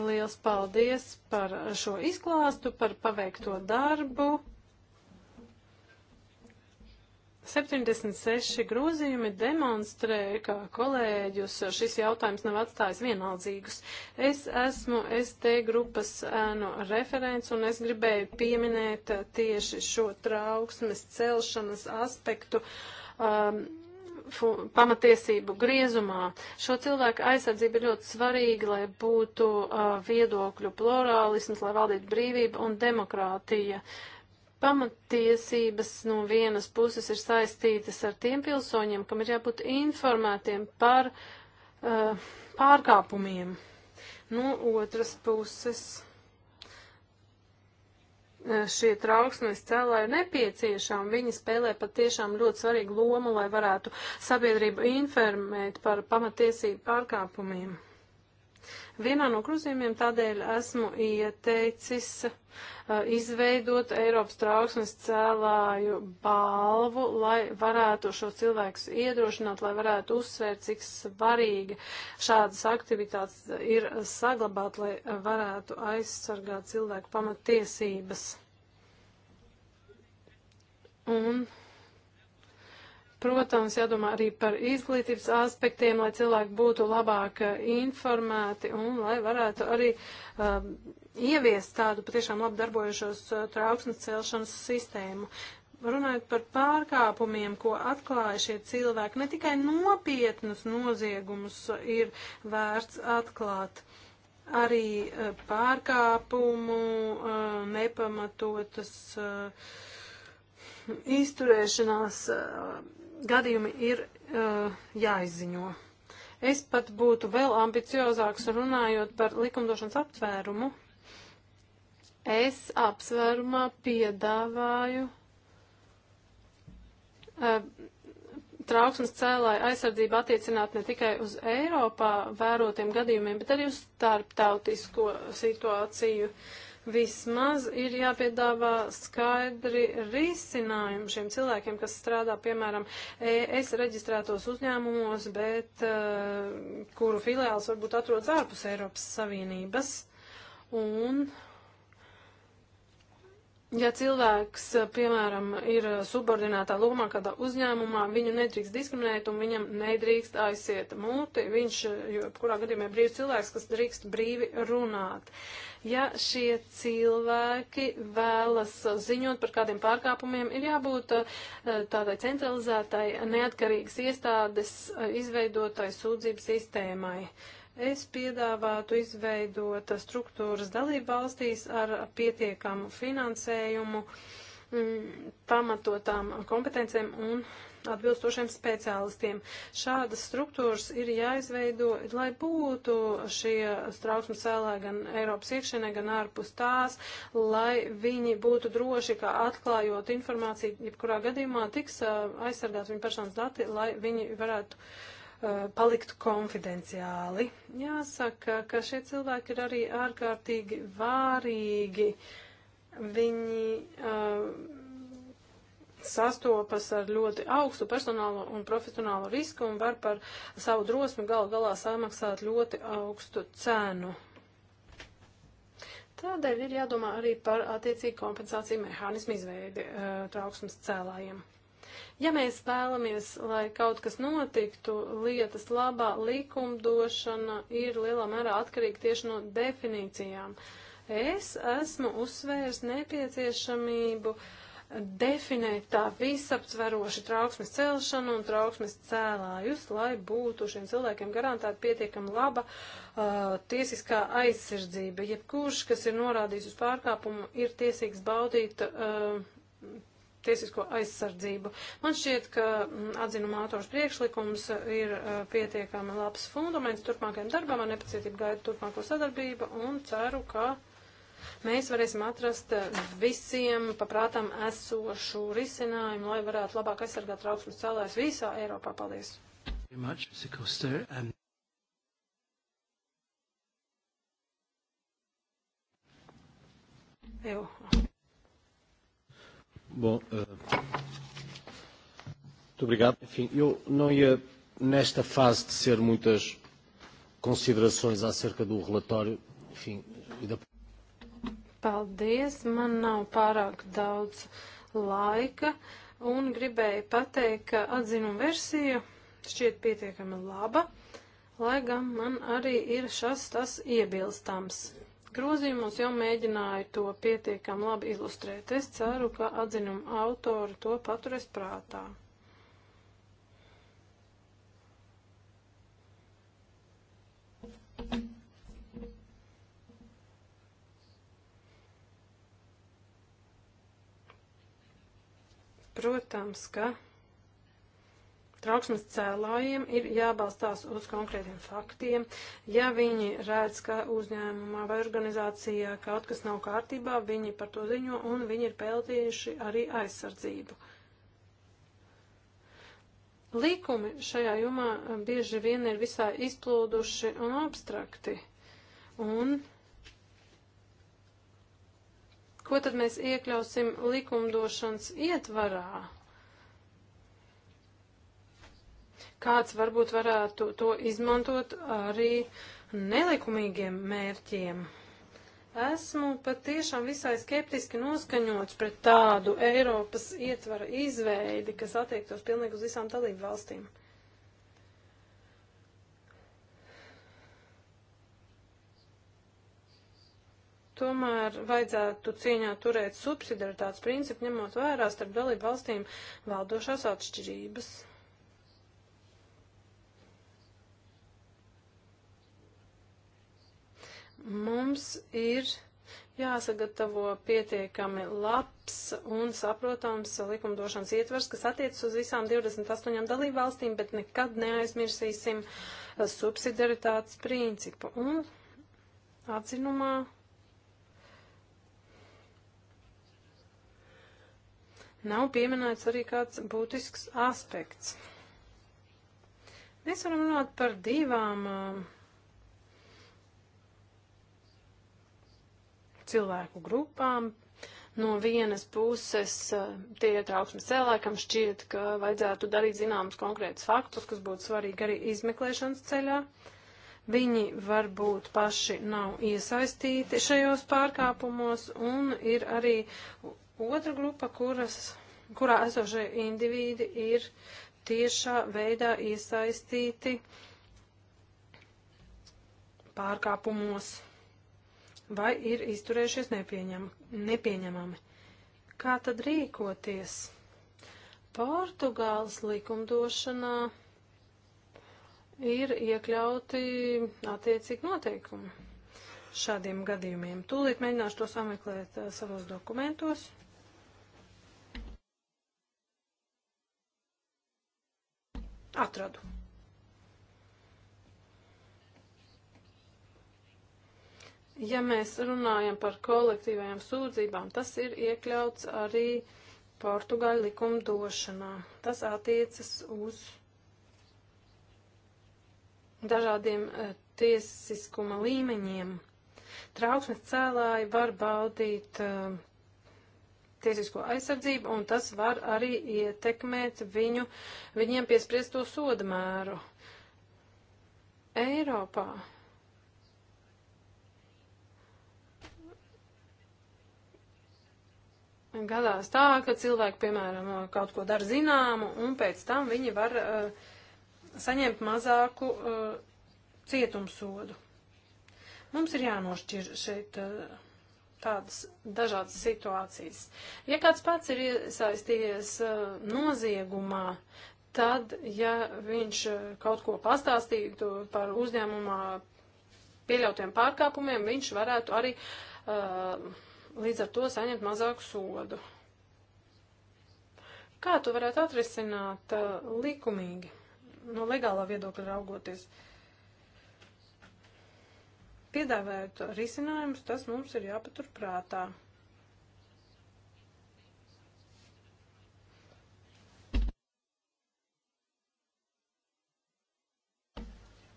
Liels paldies par šo izklāstu, par paveikto darbu. 76 grozījumi demonstrē, ka kolēģus šis jautājums nav atstājis vienaldzīgus. Es esmu ST grupas ēnu referents un es gribēju pieminēt tieši šo trauksmes celšanas aspektu. Um, pamatiesību griezumā. Šo cilvēku aizsardzība ir ļoti svarīga, lai būtu uh, viedokļu plurālisms, lai valdītu brīvība un demokrātija. Uh, Pamatiesības no vienas puses ir saistītas ar tiem pilsoņiem, kam ir jābūt informētiem par uh, pārkāpumiem. No otras puses eh, šie trauksmes cēlāji nepieciešami. Viņi spēlē patiešām ļoti svarīgu lomu, lai varētu sabiedrību informēt par pamatiesību pārkāpumiem. Vienā no kruzījumiem tādēļ esmu ieteicis uh, izveidot Eiropas trauksmes cēlāju balvu, lai varētu šo cilvēkus iedrošināt, lai varētu uzsvērt, cik svarīgi šādas aktivitātes ir saglabāt, lai varētu aizsargāt cilvēku pamatiesības. Un Protams, jādomā arī par izglītības aspektiem, lai cilvēki būtu labāk eh, informēti un lai varētu arī um, ieviest tādu patiešām labi darbojušos uh, trauksmes celšanas sistēmu runājot par pārkāpumiem, ko atklāja šie cilvēki, ne tikai nopietnus noziegumus ir vērts atklāt, arī pārkāpumu nepamatotas izturēšanās gadījumi ir uh, jāizziņo. Es pat būtu vēl ambiciozāks runājot par likumdošanas aptvērumu. Es apsvērumā piedāvāju uh, trauksmes cēlāja aizsardzību attiecināt ne tikai uz Eiropā vērotiem gadījumiem, bet arī uz starptautisko situāciju. Uh, Vismaz ir jāpiedāvā skaidri risinājumi šiem cilvēkiem, kas strādā, piemēram, es reģistrētos uzņēmumos, bet uh, kuru filiāls varbūt atrodas ārpus Eiropas Savienības. Un uh, Ja cilvēks, eh, piemēram, ir eh, subordinātā lomā kādā uzņēmumā, viņu nedrīkst diskriminēt un viņam nedrīkst aiziet mūti. Viņš, eh, jo, kurā gadījumā, ir brīvs cilvēks, kas drīkst brīvi runāt. Ja šie cilvēki vēlas ziņot par kādiem pārkāpumiem, ir jābūt tādai centralizētai, neatkarīgas iestādes izveidotai sūdzības sistēmai. Uh, Es piedāvātu izveidot struktūras dalību valstīs ar pietiekamu finansējumu, m, mm, pamatotām kompetencēm un atbilstošiem speciālistiem. Šādas struktūras ir jāizveido, lai būtu šie strauksmes cēlē gan Eiropas iekšienē, gan ārpus tās, lai viņi būtu droši, ka atklājot informāciju, jebkurā gadījumā tiks aizsargāt viņu personas dati, lai viņi varētu uh, Uh, paliktu konfidenciāli. Jāsaka, ka šie cilvēki ir arī ārkārtīgi vārīgi. Viņi uh, sastopas ar ļoti augstu personālo un profesionālo risku un var par savu drosmi gal galā samaksāt ļoti augstu cenu. Tādēļ ir jādomā arī par attiecīgu kompensāciju mehānismu izveidi uh, trauksmes cēlājiem. Ja mēs vēlamies, lai kaut kas notiktu, lietas labā likumdošana ir lielā mērā atkarīga tieši no definīcijām. Es esmu uzsvērs nepieciešamību definēt tā visaptveroši trauksmes celšanu un trauksmes cēlājus, lai būtu šiem cilvēkiem garantēta pietiekama laba uh, tiesiskā aizsardzība. Jebkurš, kas ir norādījis uz pārkāpumu, ir tiesīgs baudīt uh, tiesisko aizsardzību. Man šķiet, ka mm, atzinuma autors priekšlikums uh, ir uh, pietiekami labs fundaments turpmākajam darbam, ar nepacietību gaidu turpmāko sadarbību un ceru, ka mēs varēsim atrast uh, visiem paprātam esošu risinājumu, lai varētu labāk aizsargāt trauksmes cēlājus visā Eiropā. Paldies! Much, Mr. Coster. Um... Evo. Bom, uh, muito obrigado. Enfim, eu não ia, nesta fase de ser muitas considerações acerca do relatório, enfim, e da... Paldies, man nav pārāk daudz laika un gribēju pateikt, ka atzinuma versija šķiet pietiekami laba, lai gan man arī ir šas tas iebilstams grozījumos jau mēģināju to pietiekam labi ilustrēt. Es ceru, ka atzinuma autori to paturēs prātā. Protams, ka trauksmes cēlājiem ir jābalstās uz konkrētiem faktiem. Ja viņi redz, ka uzņēmumā vai organizācijā kaut kas nav kārtībā, viņi par to ziņo un viņi ir peltījuši arī aizsardzību. Likumi šajā jomā eh, bieži vien ir visai izplūduši un abstrakti. Un ko tad mēs iekļausim likumdošanas ietvarā? kāds varbūt varētu to izmantot arī nelikumīgiem mērķiem. Esmu patiešām visai skeptiski noskaņots pret tādu Eiropas ietvara izveidi, kas attiektos pilnīgi uz visām dalību valstīm. tomēr vajadzētu cieņā turēt subsidiaritātes principu, ņemot vērā starp dalību valstīm valdošās atšķirības. Mums ir jāsagatavo pietiekami labs un saprotams likumdošanas ietvers, kas attiecas uz visām 28 dalībvalstīm, bet nekad neaizmirsīsim eh, subsidiaritātes principu. Un atzinumā nav pieminēts arī kāds būtisks aspekts. Mēs varam runāt par divām uh, cilvēku grupām. No vienas puses eh, tie trauksmes cilvēkam šķiet, ka vajadzētu darīt zināmus konkrētus faktus, kas būtu svarīgi arī izmeklēšanas ceļā. Viņi varbūt paši nav iesaistīti šajos pārkāpumos, un ir arī otra grupa, kuras, kurā esošie indivīdi ir tiešā veidā iesaistīti pārkāpumos vai ir izturējušies nepieņem, nepieņemami. Kā tad rīkoties? Portugāles likumdošanā ir iekļauti attiecīgi noteikumi šādiem gadījumiem. Tūlīt mēģināšu to sameklēt uh, savos dokumentos. Atradu. Ja mēs runājam par kolektīvajām sūdzībām, tas ir iekļauts arī Portugāļu likumdošanā. Tas attiecas uz dažādiem eh, tiesiskuma līmeņiem. Trauksmes cēlāji var baudīt uh, tiesisko aizsardzību, un tas var arī ietekmēt viņu, viņiem piespriesto sodu mēru. Eiropā gadās tā, ka cilvēki, piemēram, kaut ko dara zināmu, un pēc tam viņi var uh, saņemt mazāku uh, cietumsodu. Mums ir jānošķir šeit uh, tādas dažādas situācijas. Ja kāds pats ir iesaistījies uh, noziegumā, tad, ja viņš uh, kaut ko pastāstītu par uzņēmumā pieļautiem pārkāpumiem, viņš varētu arī uh, līdz ar to saņemt mazāku sodu. Kā to varētu atrisināt uh, likumīgi, no legālā viedokļa raugoties? Piedāvājot risinājumus, tas mums ir jāpatur prātā.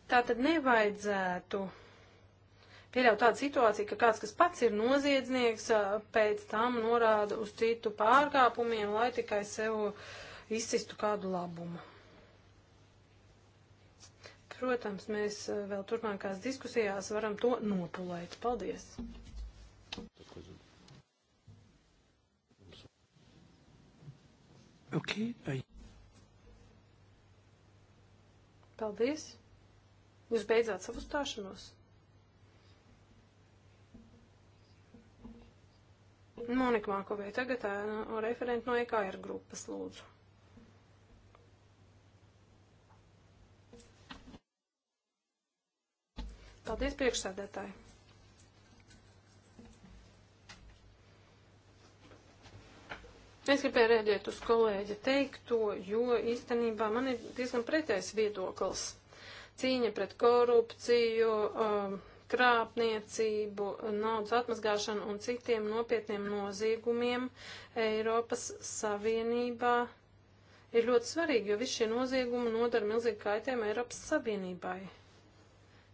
Tā tad nevajadzētu pieļaut tādu situāciju, ka kāds, kas pats ir noziedznieks, pēc tam norāda uz citu pārkāpumiem, lai tikai sev izcistu kādu labumu. Protams, mēs vēl turpmākās diskusijās varam to nopulēt. Paldies! Okay, I... Paldies! Jūs beidzāt savu stāšanos! Monika Mākovie, tagad no referenti no EKR grupas lūdzu. Paldies priekšsēdētāji. Es gribēju rēģēt uz kolēģa teikto, jo īstenībā man ir diezgan pretējs viedoklis. Cīņa pret korupciju, uh, krāpniecību, naudas atmazgāšanu un citiem nopietniem noziegumiem Eiropas Savienībā ir ļoti svarīgi, jo visi šie noziegumi nodara milzīgu kaitējumu Eiropas Savienībai.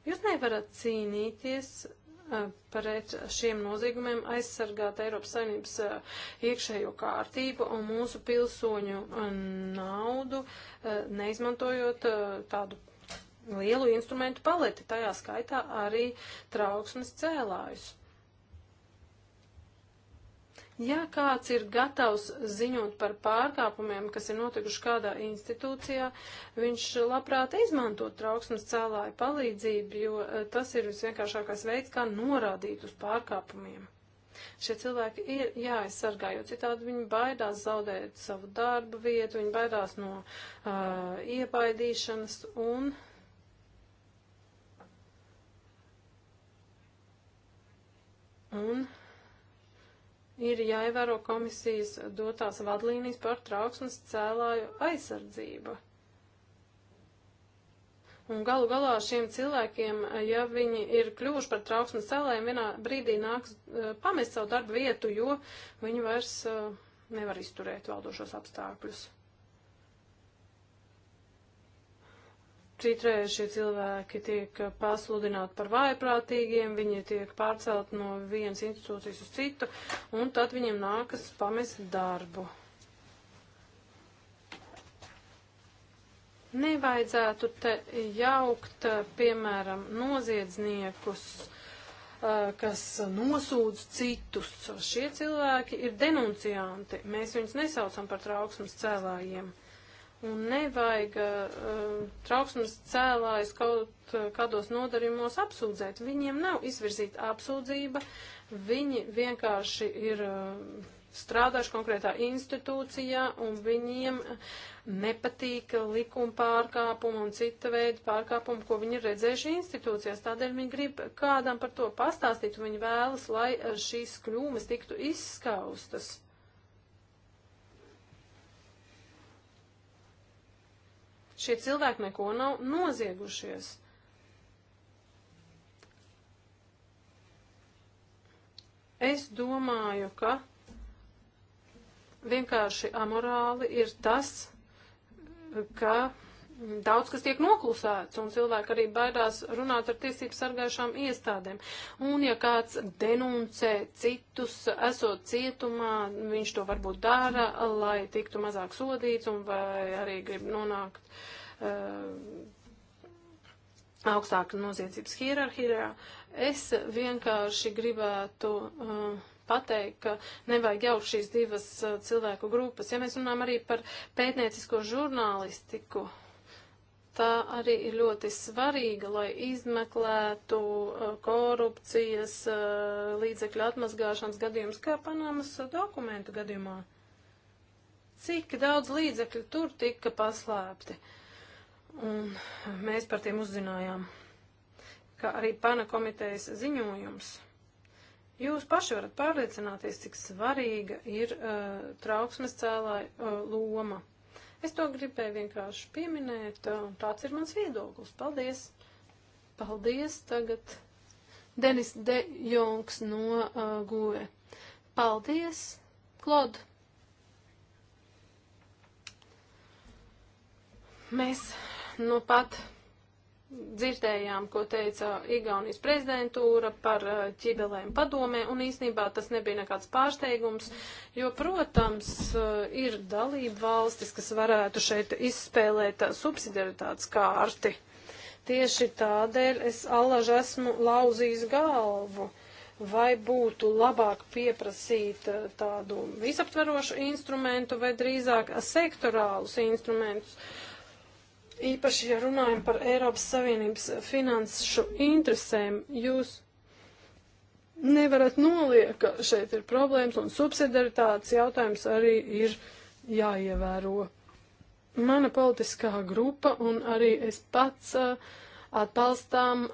Jūs nevarat cīnīties eh, pret šiem noziegumiem aizsargāt Eiropas Savienības eh, iekšējo kārtību un mūsu pilsoņu eh, naudu, neizmantojot tādu lielu instrumentu paleti, tajā skaitā arī trauksmes cēlājus. Ja kāds ir gatavs ziņot par pārkāpumiem, kas ir notikuši kādā institūcijā, viņš labprāt izmanto trauksmes cēlāju palīdzību, jo eh, tas ir visvienkāršākais veids, kā norādīt uz pārkāpumiem. Šie cilvēki ir jāaizsargā, jo citādi viņi baidās zaudēt savu darbu vietu, viņi baidās no uh, iebaidīšanas un Un ir jāievēro komisijas dotās vadlīnijas par trauksmes cēlāju aizsardzību. Un galu galā šiem cilvēkiem, ja viņi ir kļuvuši par trauksmes cēlājiem, vienā brīdī nāks uh, pamest savu darbu vietu, jo viņi vairs uh, nevar izturēt valdošos apstākļus. Citrējušie cilvēki tiek pasludināti par vājprātīgiem, viņi tiek pārcelt no vienas institūcijas uz citu, un tad viņiem nākas pamest darbu. Nevajadzētu te jaukt, piemēram, noziedzniekus, kas nosūdz citus. Šie cilvēki ir denuncianti. Mēs viņus nesaucam par trauksmes cēlājiem. Un nevajag uh, trauksmes cēlājus kaut uh, kādos nodarījumos apsūdzēt. Viņiem nav izvirzīta apsūdzība, viņi vienkārši ir uh, strādājuši konkrētā institūcijā un viņiem nepatīk likuma pārkāpuma un cita veida pārkāpuma, ko viņi ir redzējuši institūcijās. Tādēļ viņi grib kādam par to pastāstīt, viņi vēlas, lai uh, šīs kļūmes tiktu izskaustas. Šie cilvēki neko nav noziegušies. Es domāju, ka vienkārši amorāli ir tas, ka daudz kas tiek noklusēts, un cilvēki arī baidās runāt ar tiesību sargājušām iestādēm. Un ja kāds denuncē citus, esot cietumā, viņš to varbūt dara, lai tiktu mazāk sodīts, un vai arī grib nonākt uh, eh, augstāk noziedzības hierarhijā. Es vienkārši gribētu. Uh, pateikt, ka nevajag jaukt šīs divas eh, cilvēku grupas. Ja mēs runājam arī par pētniecisko žurnālistiku, tā arī ir ļoti svarīga, lai izmeklētu uh, korupcijas, uh, līdzekļu atmazgāšanas gadījumus, kā Panamas dokumentu gadījumā. Cik daudz līdzekļu tur tika paslēpti. Un mēs par tiem uzzinājām, kā arī Pana komitejas ziņojums. Jūs paši varat pārliecināties, cik svarīga ir uh, trauksmes cēlāja uh, loma. Es to gribēju vienkārši pieminēt, un tāds ir mans viedoklis. Paldies! Paldies tagad! Denis De Jongs no uh, Guve. Paldies, Klod! Mēs nu pat dzirdējām, ko teica Igaunijas prezidentūra par uh, ķibelēm padomē, un īsnībā tas nebija nekāds pārsteigums, jo, protams, uh, ir dalība valstis, kas varētu šeit izspēlēt uh, subsidiaritātes kārti. Tieši tādēļ es allaž esmu lauzījis galvu, vai būtu labāk pieprasīt tādu visaptverošu instrumentu vai drīzāk sektorālus instrumentus. Uh, īpaši, ja runājam par Eiropas Savienības finanšu interesēm, jūs nevarat noliekt, ka šeit ir problēmas un subsidiaritātes jautājums arī ir jāievēro. Mana politiskā grupa un arī es pats uh, atbalstām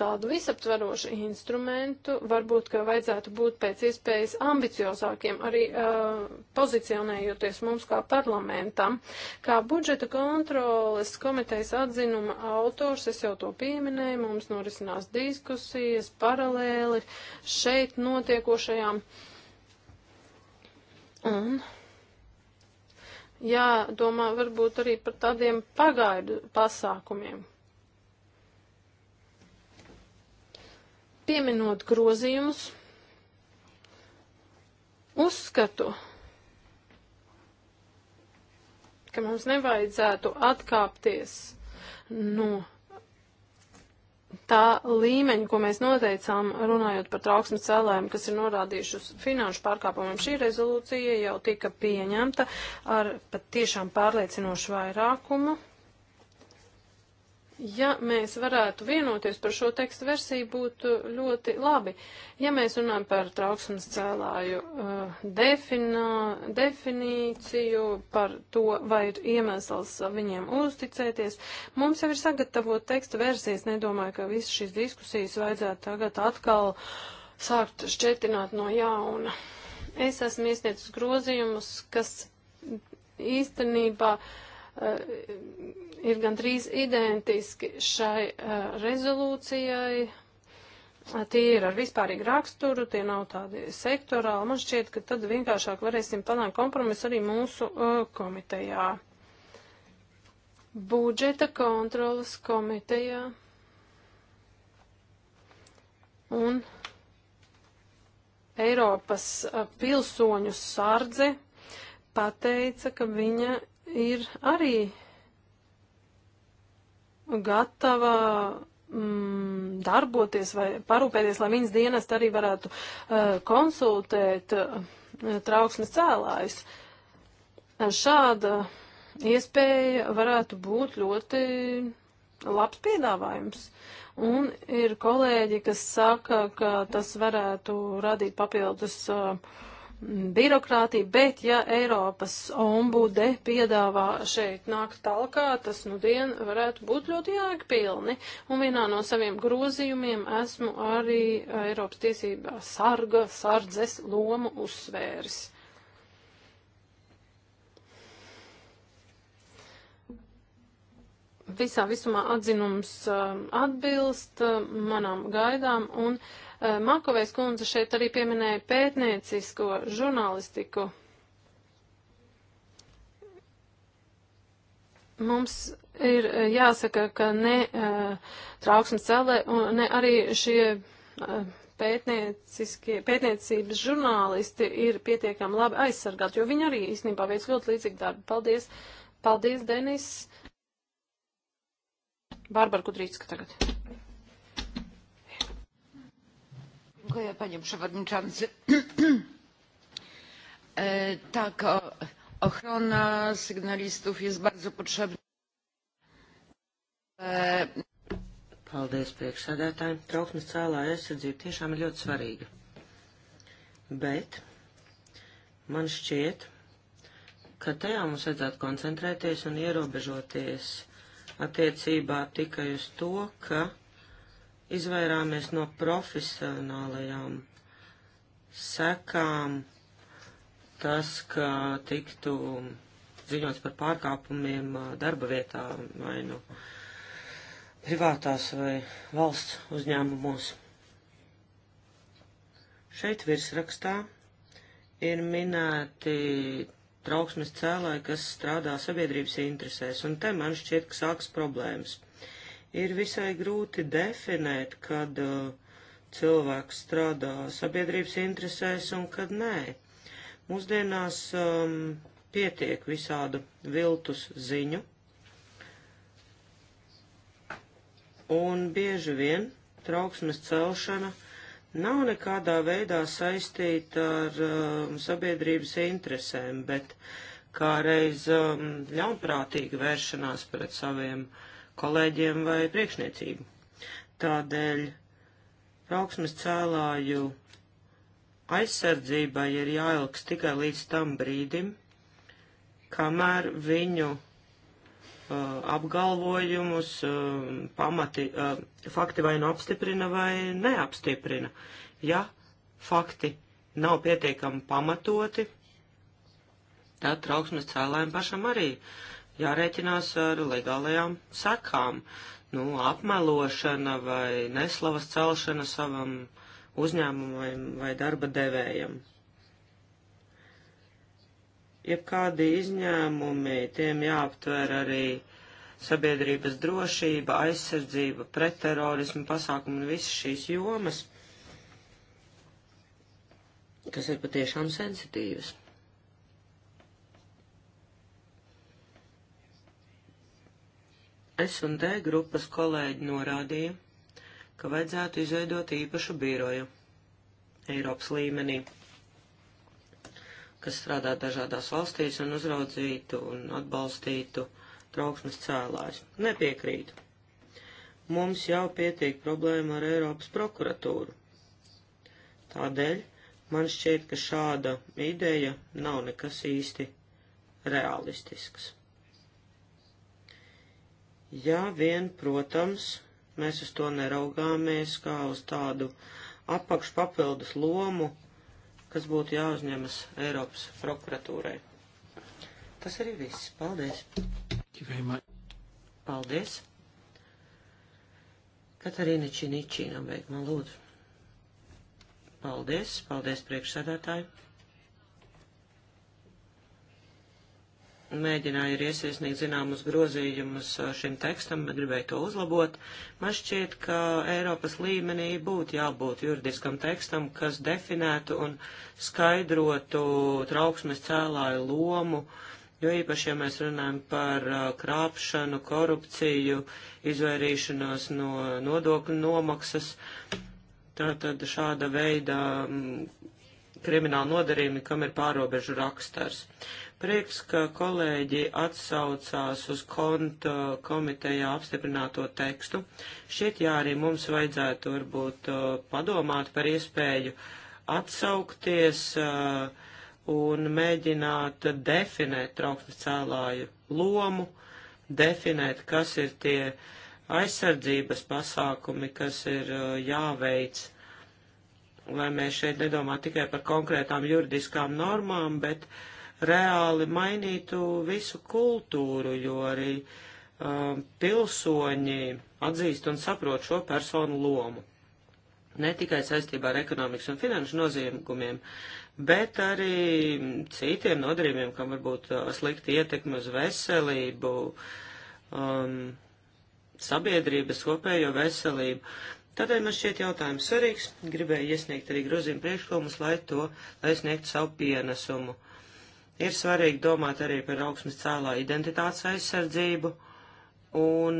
tādu visaptverošu instrumentu, varbūt, ka vajadzētu būt pēc iespējas ambiciozākiem, arī uh, pozicionējoties mums kā parlamentam. Kā budžeta kontroles komitejas atzinuma autors, es jau to pieminēju, mums norisinās diskusijas paralēli šeit notiekošajām. Un jādomā varbūt arī par tādiem pagaidu pasākumiem, pieminot grozījumus, uzskatu, ka mums nevajadzētu atkāpties no tā līmeņa, ko mēs noteicām, runājot par trauksmes cēlēm, kas ir norādījuši uz finanšu pārkāpumiem. Šī rezolūcija jau tika pieņemta ar pat tiešām pārliecinošu vairākumu. Ja mēs varētu vienoties par šo tekstu versiju, būtu ļoti labi. Ja mēs runājam par trauksmes cēlāju uh, eh, definā, definīciju, par to, vai ir iemesls viņiem uzticēties, mums jau ir sagatavot tekstu versijas. Nedomāju, ka visas šīs diskusijas vajadzētu tagad atkal sākt šķetināt no jauna. Es esmu iesniedzis grozījumus, kas īstenībā uh, Eh, ir gandrīz identiski šai eh, rezolūcijai. Eh, tie ir ar vispārīgu raksturu, tie nav tādi sektorāli. Man šķiet, ka tad vienkāršāk varēsim panākt kompromisu arī mūsu uh, komitejā. Budžeta kontrolas komitejā. Un Eiropas pilsoņu sardze pateica, ka viņa ir arī gatava mm, darboties vai parūpēties, lai viņas dienest arī varētu uh, konsultēt uh, trauksmes cēlājus. Šāda iespēja varētu būt ļoti labs piedāvājums. Un ir kolēģi, kas saka, ka tas varētu radīt papildus uh, birokrātiju, bet ja Eiropas ombude piedāvā šeit nākt talkā, tas nu dien varētu būt ļoti jēgpilni. Un vienā no saviem grozījumiem esmu arī Eiropas tiesībā sarga, sardzes lomu uzsvēris. visā visumā atzinums um, atbilst um, manām gaidām, un Eh, Makovejs kundze šeit arī pieminēja pētniecisko žurnālistiku. Mums ir eh, jāsaka, ka ne uh, trauksmes cēlē, ne arī šie uh, pētniecības žurnālisti ir pietiekami labi aizsargāti, jo viņi arī īstenībā veic ļoti līdzīgu darbu. Paldies! Paldies, Denis! Bārbara Kudrītska tagad. Dziękuję, panie przewodniczący. E, tak, ochrona sygnalistów jest bardzo potrzebna. E, Paldies priekšsēdētājiem. Trauksmes cēlāja aizsardzība tiešām ir ļoti svarīga. Bet man šķiet, ka tajā mums vajadzētu koncentrēties un ierobežoties attiecībā tikai uz to, ka izvairāmies no profesionālajām sekām, tas, ka tiktu ziņots par pārkāpumiem darba vietā vai nu privātās vai valsts uzņēmumos. Šeit virsrakstā ir minēti trauksmes cēlāji, kas strādā sabiedrības interesēs, un te man šķiet, ka sāks problēmas ir visai grūti definēt, kad uh, cilvēks strādā sabiedrības interesēs un kad nē. Mūsdienās um, pietiek visādu viltus ziņu, un bieži vien trauksmes celšana nav nekādā veidā saistīta ar um, sabiedrības interesēm, bet kā reiz um, ļaunprātīga vēršanās pret saviem uh, kolēģiem vai priekšniecību. Tādēļ trauksmes cēlāju aizsardzībai ir jāilgs tikai līdz tam brīdim, kamēr viņu uh, apgalvojumus uh, pamati, uh, fakti vai nu apstiprina vai neapstiprina. Ja fakti nav pietiekami pamatoti, tad trauksmes cēlājiem pašam arī uh, jārēķinās ar legālajām sakām. Nu, apmelošana vai neslavas celšana savam uzņēmumam vai darba devējam jebkādi izņēmumi, tiem jāaptver arī sabiedrības drošība, aizsardzība, pretterorismu pasākumi un visas šīs jomas, kas ir patiešām sensitīvas. S&D grupas kolēģi norādīja, ka vajadzētu izveidot īpašu biroju Eiropas līmenī, kas strādā dažādās valstīs un uzraudzītu un atbalstītu trauksmes cēlājs. Nepiekrītu. Mums jau pietiek problēma ar Eiropas prokuratūru. Tādēļ man šķiet, ka šāda ideja nav nekas īsti realistisks. Ja vien, protams, mēs uz to neraugāmies kā uz tādu apakšpapildus lomu, kas būtu jāuzņemas Eiropas prokuratūrai. Tas arī viss. Paldies! Paldies! Katarīna Činičīna, beig man lūdzu. Paldies, paldies priekšsēdētāji! mēģināju arī iesniegt zināmus grozījumus uh, šim tekstam, bet gribēju to uzlabot. Man šķiet, ka Eiropas līmenī būtu jābūt juridiskam tekstam, kas definētu un skaidrotu trauksmes cēlāju lomu, jo īpaši, ja mēs runājam par uh, krāpšanu, korupciju, izvairīšanos no nodokļu nomaksas, tātad šāda veida mm, krimināla nodarījumi, kam ir pārobežu rakstars. Uh, Prieks, ka kolēģi atsaucās uz konta komitejā apstiprināto tekstu. Šķiet, jā, arī mums vajadzētu varbūt uh, padomāt par iespēju atsaukties uh, un mēģināt definēt trauksmes cēlāju lomu, definēt, kas ir tie aizsardzības pasākumi, kas ir uh, jāveic lai mēs šeit nedomātu tikai par konkrētām juridiskām normām, bet uh, reāli mainītu visu kultūru, jo arī um, pilsoņi atzīst un saprot šo personu lomu. Ne tikai saistībā ar ekonomikas un finanšu noziegumiem, bet arī citiem nodarījumiem, kam varbūt uh, slikti ietekmi uz veselību, um, sabiedrības kopējo veselību. Tādēļ man šķiet jautājums svarīgs, gribēju iesniegt arī grozījumu priekšlikumus, lai to, lai sniegtu savu pienesumu. Uh, Ir svarīgi domāt arī par augsmes cēlā identitātes aizsardzību un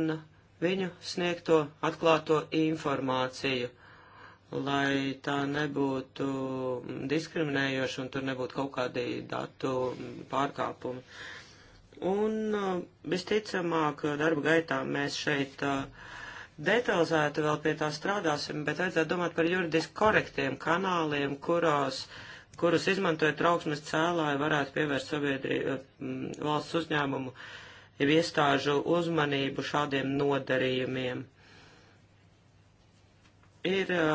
viņu sniegto atklāto informāciju, lai tā nebūtu diskriminējoša un tur nebūtu kaut kādi datu pārkāpumi. Un uh, visticamāk, darba gaitā mēs šeit uh, detalizēti vēl pie tā strādāsim, bet vajadzētu domāt par juridiski korektiem kanāliem, kuros uh, kurus izmantojot trauksmes cēlāji varētu pievērst sabiedrību eh, valsts uzņēmumu jau iestāžu uzmanību šādiem nodarījumiem. Ir eh,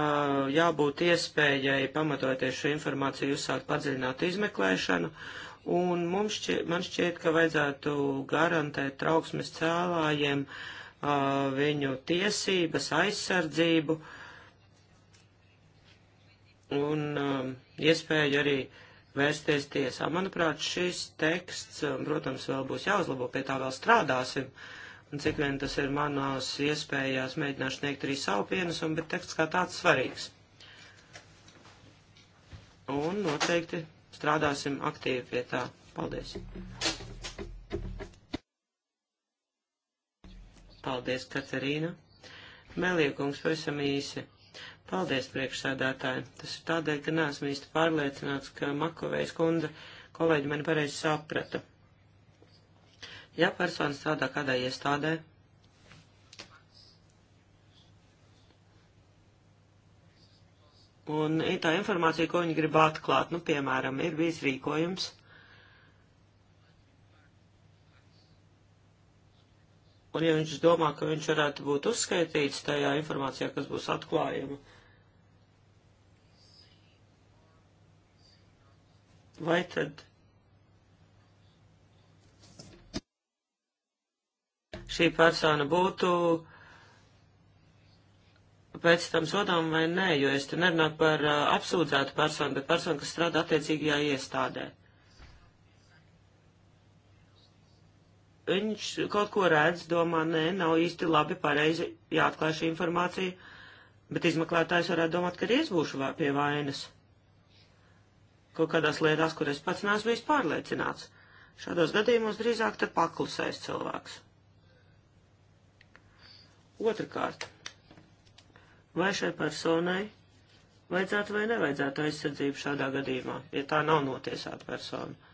jābūt iespējai pamatoties šo informāciju uzsākt padziļinātu izmeklēšanu, un mums šķiet, man šķiet, ka vajadzētu garantēt trauksmes cēlājiem uh, viņu tiesības, aizsardzību, uh, un um, iespēju arī vērsties tiesā. Manuprāt, šis teksts, um, protams, vēl būs jāuzlabo, pie tā vēl strādāsim. Un cik vien tas ir manās iespējās, mēģināšu sniegt arī savu pienesumu, bet teksts kā tāds svarīgs. Un noteikti strādāsim aktīvi pie tā. Paldies! Paldies, Katerīna! Meliekungs, pavisam īsi. Paldies, priekšsēdētāji. Tas ir tādēļ, ka neesmu īsti pārliecināts, ka Makovejs kunda kolēģi mani pareizi saprata. Ja persona strādā kādā iestādē, un ir tā informācija, ko viņi grib atklāt, nu, piemēram, ir bijis rīkojums, un ja viņš domā, ka viņš varētu būt uzskaitīts tajā informācijā, kas būs atklājama, Vai tad šī persona būtu pēc tam sodām vai nē, jo es te nerunāju par uh, apsūdzētu personu, bet personu, kas strādā attiecīgajā iestādē. Viņš kaut ko redz, domā, nē, nav īsti labi, pareizi jāatklāj šī informācija, bet izmeklētājs varētu domāt, ka arī es būšu pie vainas kaut kādās lietās, kur es pats neesmu bijis pārliecināts. Šādos gadījumos drīzāk te paklusēs cilvēks. Otrakārt, vai šai personai vajadzētu vai nevajadzētu aizsardzību šādā gadījumā, ja tā nav notiesāta persona?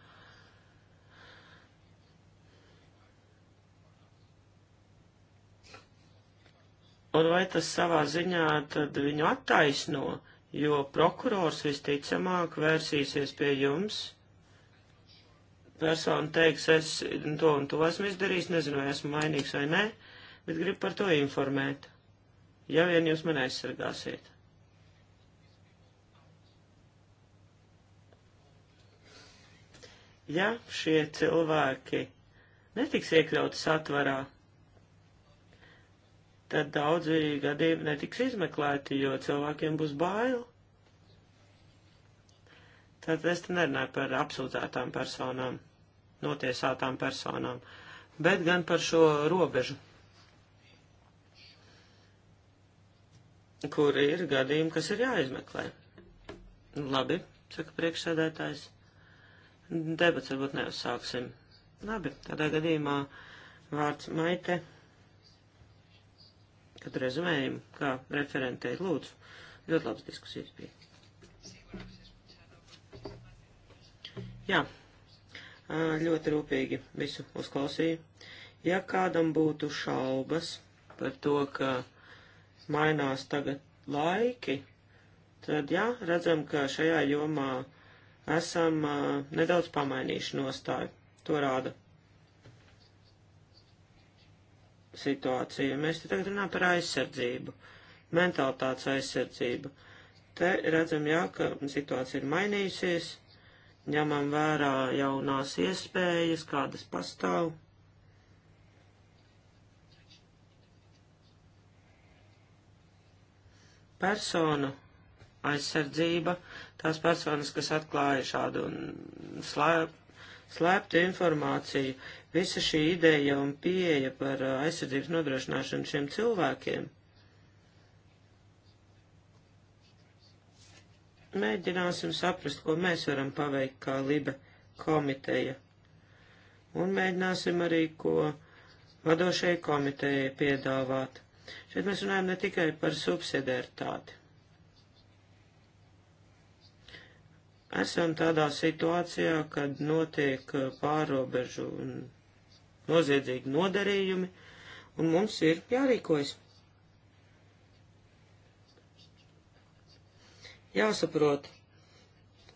Un vai tas savā ziņā tad viņu attaisno? No jo prokurors visticamāk vērsīsies pie jums. Persona teiks, es to un to esmu izdarījis, nezinu, vai esmu mainīgs vai nē, bet gribu par to informēt, ja vien jūs mani aizsargāsiet. Ja šie cilvēki netiks iekļauti satvarā, tad daudzi gadījumi netiks izmeklēti, jo cilvēkiem būs bail. Tad es te nerunāju par apsūdzētām personām, notiesātām personām, bet gan par šo robežu, kur ir gadījumi, kas ir jāizmeklē. Labi, saka priekšsēdētājs. Debats varbūt neuzsāksim. Labi, tādā gadījumā vārds maite tad rezumējumu, kā referentei lūdzu. Ļoti labas diskusijas bija. Jā, ļoti rūpīgi visu uzklausīju. Ja kādam būtu šaubas par to, ka mainās tagad laiki, tad jā, redzam, ka šajā jomā esam nedaudz pamainījuši nostāju. To rāda situāciju. Mēs te tagad runājam par aizsardzību, mentalitātes aizsardzību. Te redzam, jā, ka situācija ir mainījusies, ņemam vērā jaunās iespējas, kādas pastāv. Personu aizsardzība, tās personas, kas atklāja šādu slēptu informāciju, Visa šī ideja un pieeja par uh, aizsardzības nodrošināšanu šiem cilvēkiem mēģināsim saprast, ko mēs varam paveikt kā Libe komiteja. Un mēģināsim arī, ko vadošai komitejai piedāvāt. Šeit mēs runājam ne tikai par subsidiaritāti. Esam tādā situācijā, kad notiek uh, pārobežu un noziedzīgi nodarījumi, un mums ir jārīkojas. Jāsaprot,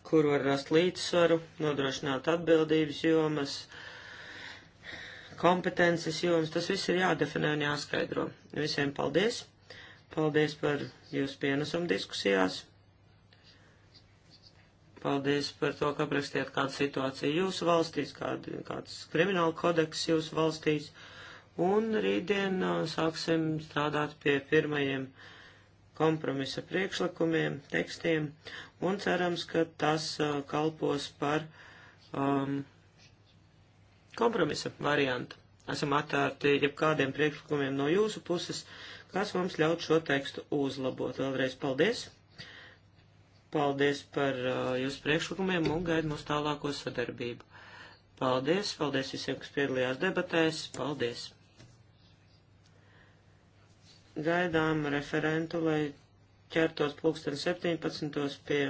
kur var rast līdzsvaru, nodrošināt atbildības jomas, kompetences jomas, tas viss ir jādefinē un jāskaidro. Visiem paldies! Paldies par jūsu pienesumu diskusijās! Paldies par to, ka aprakstījāt kādu situāciju jūsu valstīs, kādu, kāds krimināla kodeks jūsu valstīs. Un rītdien uh, sāksim strādāt pie pirmajiem kompromisa priekšlikumiem, tekstiem, un cerams, ka tas uh, kalpos par um, kompromisa variantu. Esam atvērti jebkādiem priekšlikumiem no jūsu puses, kas mums ļaut šo tekstu uzlabot. Vēlreiz paldies! Paldies par uh, jūsu priekšlikumiem un gaidu mūsu tālāko sadarbību. Paldies, paldies visiem, kas piedalījās debatēs. Paldies! Gaidām referentu, lai ķertos pulksten 17. pie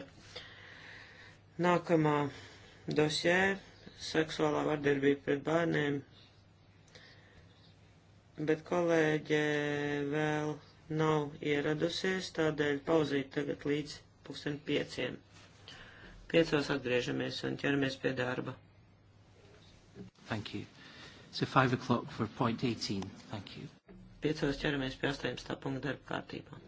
nākamā dosjē seksuālā vardarbība pret bērniem, bet kolēģe vēl nav ieradusies, tādēļ pauzīt tagad līdz pusdien pieciem. Piecos atgriežamies un ķeramies pie darba. Thank you. So five o'clock for point 18. Thank you. Piecos ķeramies pie 18. punkta darba kārtībā.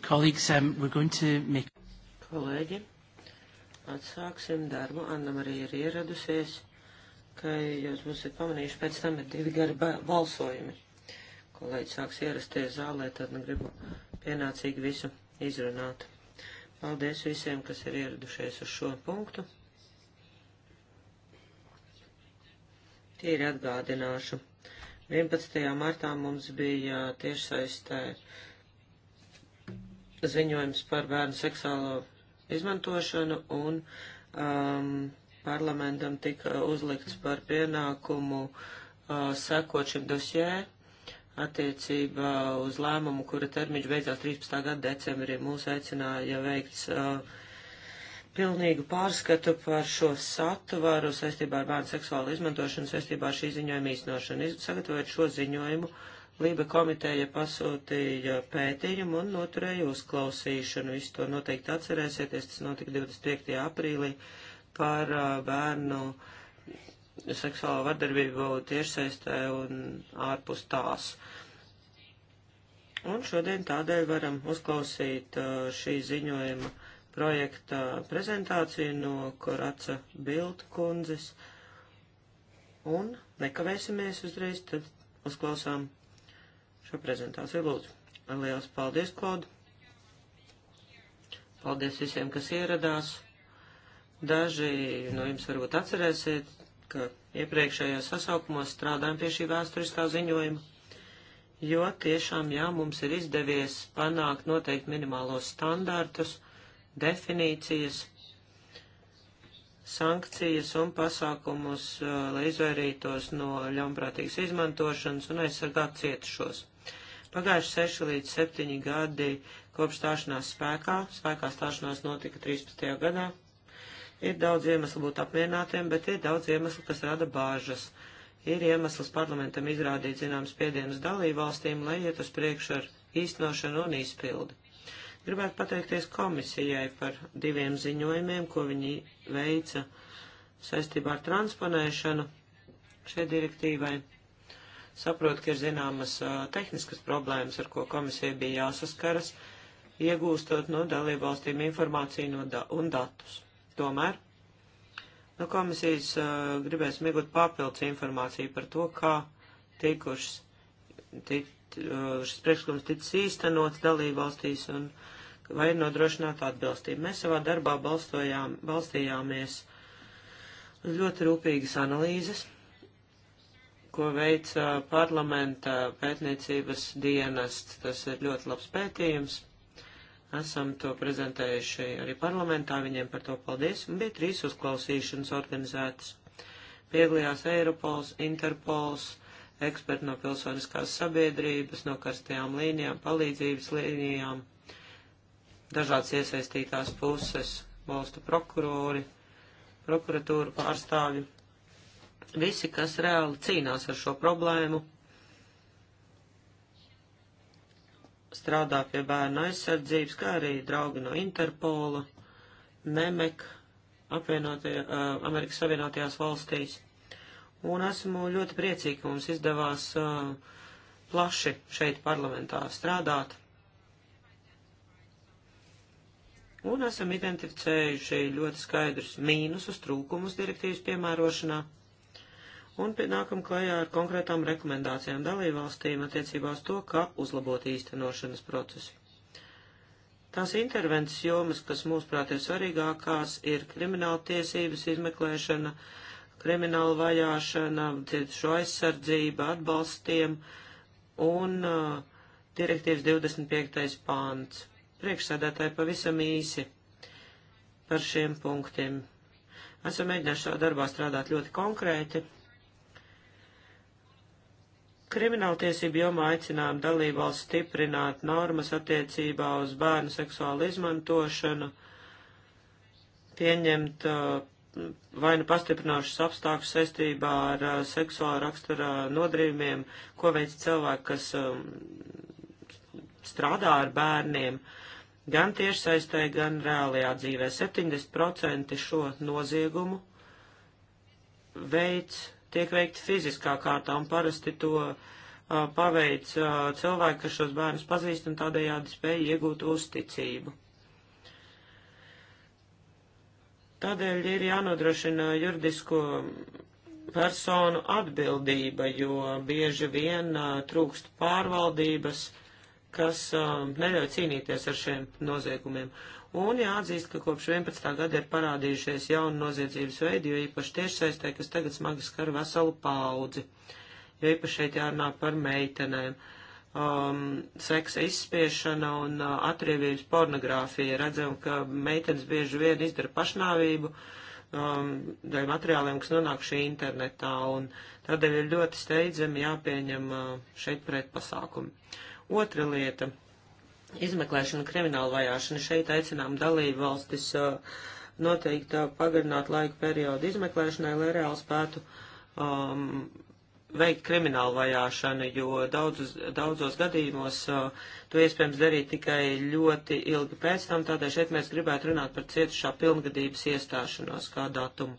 Colleagues, um, we're going to make... Kolēģi, atsāksim darbu. Anna Marija ir ieradusies, ka jūs būsiet pamanījuši, pēc tam ir divi gari balsojumi. Kolēģi sāks ierasties zālē, tad nu gribu pienācīgi visu izrunāt. Paldies visiem, kas ir ieradušies uz šo punktu. Tīri atgādināšu. 11. martā mums bija uh, tiešsaistē. Uh, ziņojums par bērnu seksuālo izmantošanu un um, parlamentam tika uzlikts par pienākumu uh, sekot šim dosjē attiecībā uz lēmumu, kura termiņš beidzās 13. gada decembrī. Mūs aicināja veikts uh, pilnīgu pārskatu par šo satvaru saistībā ar bērnu seksuālu izmantošanu, saistībā ar šī ziņojuma īstenošanu. Sagatavojot šo ziņojumu, uh, Lība komiteja pasūtīja pētījumu un noturēja uzklausīšanu. Visu to noteikti atcerēsieties, tas notika 25. aprīlī par uh, bērnu seksuālo vardarbību tiešsaistē un ārpus tās. Un šodien tādēļ varam uzklausīt uh, šī ziņojuma projekta prezentāciju no Koraca Bild kundzes. Un nekavēsimies uzreiz, tad uzklausām šo prezentāciju. Lūdzu, liels paldies, Klaudu. Paldies visiem, kas ieradās. Daži no jums varbūt atcerēsiet, ka iepriekšējos sasaukumos strādājam pie šī vēsturiskā ziņojuma, jo tiešām, jā, mums ir izdevies panākt noteikti minimālos standartus, definīcijas, sankcijas un pasākumus, eh, lai izvairītos no ļaunprātīgas izmantošanas un aizsargātu cietušos. Pagājuši 6 līdz 7 gadi kopš stāšanās spēkā, spēkā stāšanās notika 13. gadā. Ir daudz iemeslu būt apmierinātiem, bet ir daudz iemeslu, kas rada bāžas. Ir iemesls parlamentam izrādīt zināms spiedienus dalībvalstīm, lai iet uz priekšu ar īstenošanu un izpildi. Gribētu pateikties komisijai par diviem ziņojumiem, ko viņi veica saistībā ar transponēšanu šai direktīvai. Saprotu, ka ir zināmas tehniskas problēmas, ar ko komisija bija jāsaskaras, iegūstot no dalībvalstīm informāciju no da un datus. Tomēr no nu, komisijas gribēsim iegūt papildus informāciju par to, kā tikušas, tik, šis priekšlikums ticis īstenots dalībvalstīs un vai ir nodrošināta atbilstība. Mēs savā darbā balstojām, balstījāmies ļoti rūpīgas analīzes ko veica parlamenta pētniecības dienests. Tas ir ļoti labs pētījums. Esam to prezentējuši arī parlamentā, viņiem par to paldies. Un bija trīs uzklausīšanas organizētas. Piedalījās Eiropols, Interpols, eksperti no pilsoniskās sabiedrības, no karstajām līnijām, palīdzības līnijām, dažādas iesaistītās puses, valstu prokurori, prokuratūru pārstāvju visi, kas reāli cīnās ar šo problēmu, strādā pie bērnu aizsardzības, kā arī draugi no Interpola, Nemek, apvienotajā, uh, Amerikas Savienotajās valstīs. Un esmu ļoti priecīgi, ka mums izdevās uh, plaši šeit parlamentā strādāt. Un esam identificējuši ļoti skaidrus mīnusus, trūkumus direktīvas piemērošanā un pienākam klajā ar konkrētām rekomendācijām dalībvalstīm attiecībā uz to, kā uzlabot īstenošanas procesu. Tās intervences jomas, kas mūsuprāt ir svarīgākās, ir krimināla tiesības izmeklēšana, krimināla vajāšana, cietušo aizsardzība, atbalstiem un uh, direktīvas 25. pāns. Priekšsēdētāji pavisam īsi par šiem punktiem. Esam mēģinājuši savā darbā strādāt ļoti konkrēti Krimināltiesību jomā aicinām dalībvalsts stiprināt normas attiecībā uz bērnu seksuālu izmantošanu, pieņemt uh, vai nu pastiprinošas apstākļus saistībā ar uh, seksuālu rakstura nodrīvumiem, ko veic cilvēki, kas um, strādā ar bērniem, gan tiešsaistē, gan reālajā dzīvē. 70% šo noziegumu veids tiek veikti fiziskā kārtā, un parasti to uh, paveic uh, cilvēki, kas šos bērnus pazīst, un tādējādi spēj iegūt uzticību. Tādēļ ir jānodrošina juridisko personu atbildība, jo bieži vien uh, trūkst pārvaldības, kas uh, neļauj cīnīties ar šiem noziegumiem. Un jāatzīst, ka kopš 11. gada ir parādījušies jauni noziedzības veidi, jo īpaši tiešsaistē, kas tagad smagi skar veselu paudzi. Jo īpaši šeit jārunā par meitenēm. Um, seksa izspiešana un uh, atriebības pornogrāfija. Redzam, ka meitenes bieži vien izdara pašnāvību, uh, um, vai materiāliem, kas nonāk šī internetā, un tādēļ ir ļoti steidzami jāpieņem uh, šeit pretpasākumi. Otra lieta izmeklēšana, krimināla vajāšana. Šeit aicinām dalību valstis noteikti pagarināt laika periodu izmeklēšanai, lai reāli spētu um, veikt kriminālu vajāšanu, jo daudzus, daudzos gadījumos uh, to iespējams darīt tikai ļoti ilgi pēc tam, tādēļ šeit mēs gribētu runāt par cietušā pilngadības iestāšanos kā datumu.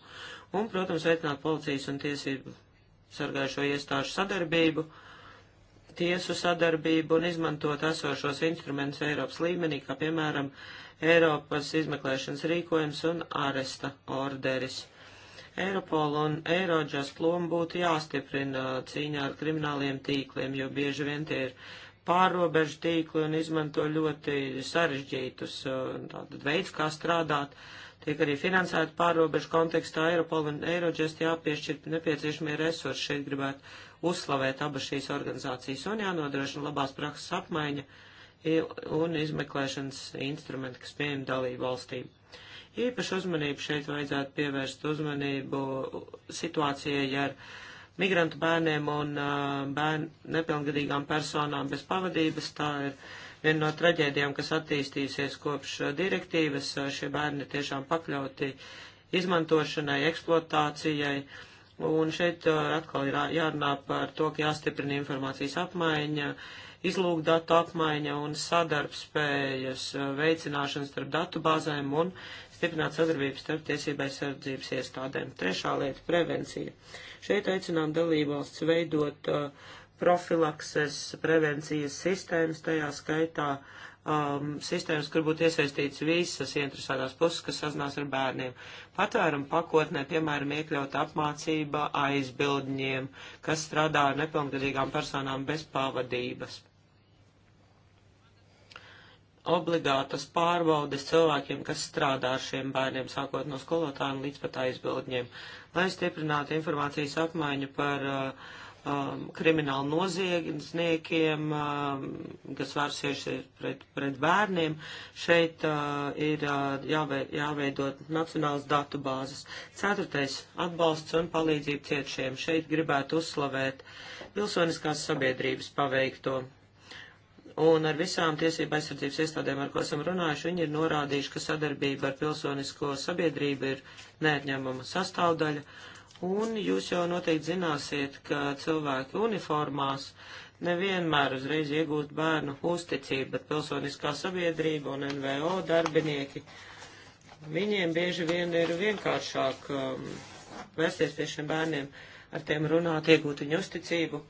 Un, protams, veicināt policijas un tiesību sargājušo iestāžu sadarbību, tiesu sadarbību un izmantot esošos instrumentus Eiropas līmenī, kā piemēram Eiropas izmeklēšanas rīkojums un aresta orderis. Eiropol un Eirodžas ploma būtu jāstiprina cīņā ar krimināliem tīkliem, jo bieži vien tie ir pārobežu tīkli un izmanto ļoti sarežģītus veidus, kā strādāt. Tiek arī finansēta pārobežu kontekstā Eiropola un Eirodžest jāpiešķir nepieciešamie resursi. Šeit gribētu uzslavēt abas šīs organizācijas un jānodrošina labās prakses apmaiņa un izmeklēšanas instrumenti, kas pieejami dalību valstīm. Īpaši uzmanību šeit vajadzētu pievērst uzmanību situācijai ar migrantu bērniem un bērnu nepilngadīgām personām bez pavadības. Tā ir viena no traģēdijām, kas attīstīsies kopš direktīvas. Šie bērni tiešām pakļauti izmantošanai, eksploatācijai Un šeit uh, atkal ir jārunā par to, ka jāstiprina informācijas apmaiņa, izlūkdatu apmaiņa un sadarbspējas uh, veicināšanas starp datubāzēm un stiprināt sadarbību starp tiesībai sardzības iestādēm. Trešā lieta - prevencija. Šeit aicinām dalībvalsts veidot uh, profilakses prevencijas sistēmas, tajā skaitā uh, um, sistēmas, kur būtu iesaistīts visas interesētās puses, kas sazinās ar bērniem. Patvērumu pakotnē, piemēram, iekļaut apmācība aizbildņiem, kas strādā ar nepilngadīgām personām bez pavadības obligātas pārbaudes cilvēkiem, kas strādā ar šiem bērniem, sākot no skolotājiem līdz pat aizbildņiem, lai stiprinātu informācijas apmaiņu par uh, um, kriminālu noziedzniekiem, um, kas vērsieši pret, pret bērniem. Šeit uh, ir uh, jāve, jāveidot nacionāls datu bāzes. Ceturtais - atbalsts un palīdzība ciešiem. Šeit gribētu uzslavēt pilsoniskās sabiedrības paveikto. Un ar visām tiesība aizsardzības iestādēm, ar ko esam runājuši, viņi ir norādījuši, ka sadarbība ar pilsonisko sabiedrību ir neatņemama sastāvdaļa. Uh, Un jūs jau noteikti zināsiet, ka cilvēki uniformās nevienmēr uzreiz iegūst bērnu uzticību, bet pilsoniskā sabiedrība un NVO darbinieki, viņiem bieži vien ir vienkāršāk um, vērsties pie šiem bērniem, ar tiem runāt, iegūt viņu uzticību,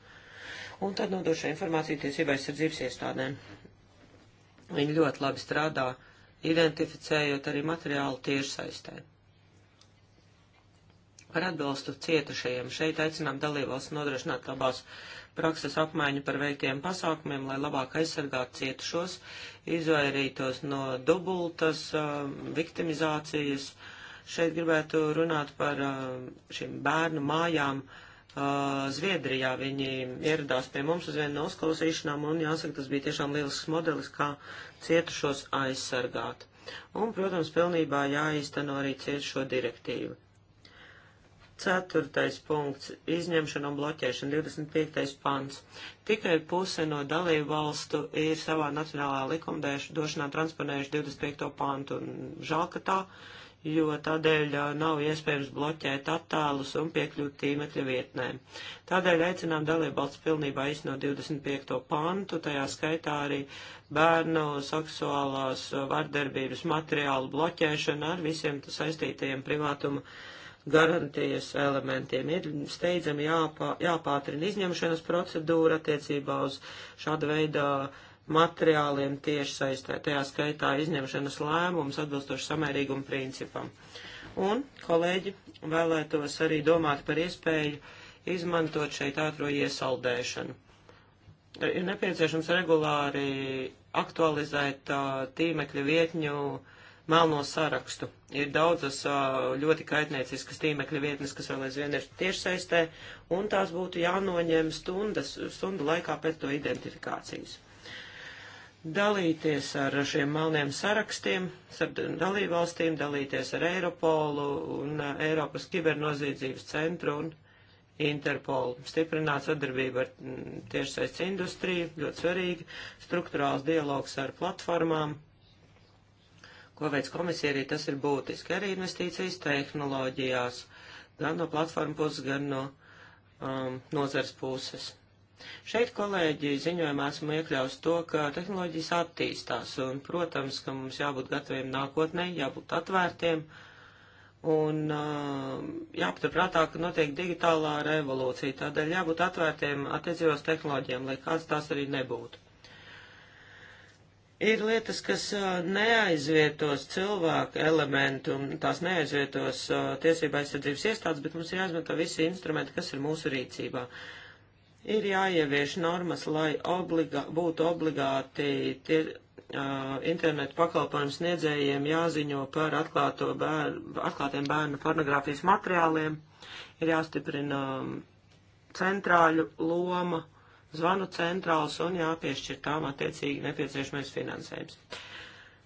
un tad nodot šo informāciju tiesībai sardzības iestādēm. Viņi ļoti labi strādā, identificējot arī materiālu tiešsaistē par atbalstu cietušajiem. Šeit aicinām dalībvalsts nodrošināt labās prakses apmaiņu par veiktiem pasākumiem, lai labāk aizsargātu cietušos, izvairītos no dubultas uh, viktimizācijas. Šeit gribētu runāt par uh, šīm bērnu mājām. Uh, Zviedrijā viņi ieradās pie mums uz vienu no uzklausīšanām, un jāsaka, tas bija tiešām lielisks modelis, kā cietušos aizsargāt. Un, protams, pilnībā jāīsteno arī cietušo direktīvu. Ceturtais punkts - izņemšana un bloķēšana, 25. pants. Tikai puse no dalību valstu ir savā nacionālā likumdošanā transponējuši 25. pantu, un žēl, ka tā, jo tādēļ nav iespējams bloķēt attēlus un piekļūt tīmekļa vietnēm. Tādēļ aicinām dalību valsts pilnībā izno 25. pantu, tajā skaitā arī bērnu seksuālās vardarbības materiālu bloķēšana ar visiem saistītajiem privātuma garantijas elementiem. Ir steidzami jāpā, jāpātrina izņemšanas procedūra attiecībā uz šāda veida materiāliem tieši saistē, tajā skaitā izņemšanas lēmums atbilstoši samērīguma principam. Un, kolēģi, vēlētos arī domāt par iespēju izmantot šeit ātro iesaldēšanu. Ir nepieciešams regulāri aktualizēt uh, tīmekļa vietņu uh, melno sarakstu. Ir daudzas ļoti kaitnieciskas tīmekļa vietnes, kas vēl aizvien ir tiešsaistē, un tās būtu jānoņem stundas, stundu laikā pēc to identifikācijas. Dalīties ar šiem melniem sarakstiem, ar dalībvalstīm, dalīties ar Eiropolu un Eiropas kibernozīdzības centru un Interpolu, stiprināt sadarbību ar tiešsaistes industriju, ļoti svarīgi, struktūrāls dialogs ar platformām, ko veids komisija, arī tas ir būtiski. Arī investīcijas tehnoloģijās, gan no platforma puses, gan no um, nozars puses. Šeit kolēģi ziņojumā esmu iekļaus to, ka tehnoloģijas attīstās, un, protams, ka mums jābūt gataviem nākotnē, jābūt atvērtiem, un uh, jāpaturprātā, ka notiek digitālā revolūcija, tādēļ jābūt atvērtiem attiecībos tehnoloģijām, lai kāds tās arī nebūtu ir lietas, kas neaizvietos cilvēku elementu, tās neaizvietos tiesībā aizsardzības iestādes, bet mums ir jāizmanto visi instrumenti, kas ir mūsu rīcībā. Ir jāievieš normas, lai obligā, būtu obligāti tie, uh, internetu pakalpojumu sniedzējiem jāziņo par bērnu, atklātiem bērnu pornogrāfijas materiāliem, ir jāstiprina centrāļu loma zvanu centrāls un jāpiešķir tām attiecīgi nepieciešamais finansējums.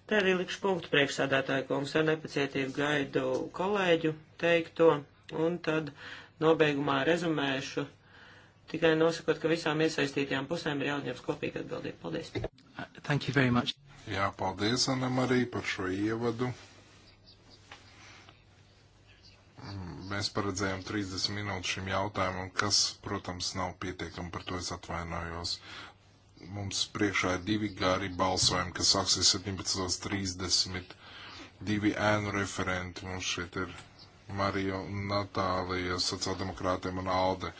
Te arī likšu punktu priekšsādātāju kungs ar nepacietību gaidu kolēģu teikto, un tad nobeigumā rezumēšu, tikai nosakot, ka visām iesaistītajām pusēm ir jāuzņems kopīgi atbildība. Paldies! Thank you very much. Jā, paldies, Anam, arī par šo ievadu. Mēs paredzējām 30 minūtes šim jautājumam, kas, protams, nav pietiekami, par to es atvainojos. Mums priekšā ir divi gari balsojumi, kas sāksies 17.30. Divi ēnu referenti mums šeit ir Marija un Natālija, sociāldemokrātiem un Alde.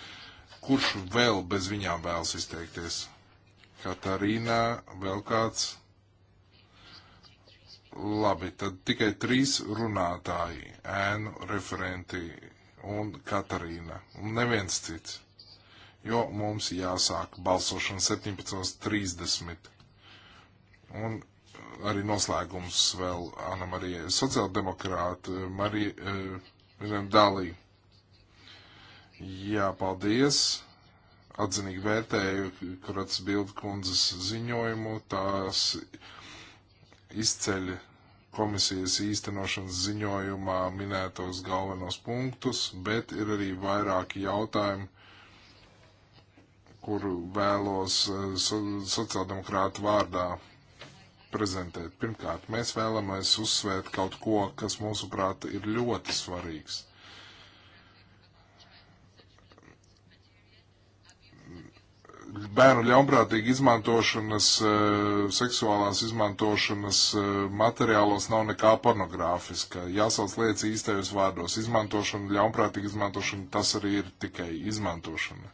Kurš vēl bez viņām vēlas izteikties? Katarīna, vēl kāds? Labi, tad tikai trīs runātāji - ēnu referenti un Katarīna, un neviens cits, jo mums jāsāk balsošana 17.30. Un arī noslēgums vēl Anna Marija, sociāldemokrāta Marija eh, Dalī. Jā, paldies! Atzinīgi vērtēju Kurats Bildu kundzes ziņojumu. Tās izceļ komisijas īstenošanas ziņojumā minētos galvenos punktus, bet ir arī vairāki jautājumi, kuru vēlos eh, so, sociāldemokrātu vārdā prezentēt. Pirmkārt, mēs vēlamies uzsvērt kaut ko, kas mūsuprāt ir ļoti svarīgs. bērnu ļaunprātīga izmantošanas, e, seksuālās izmantošanas e, materiālos nav nekā pornogrāfiska. Jāsauc lietas īstajos vārdos. Izmantošana, ļaunprātīga izmantošana, tas arī ir tikai izmantošana.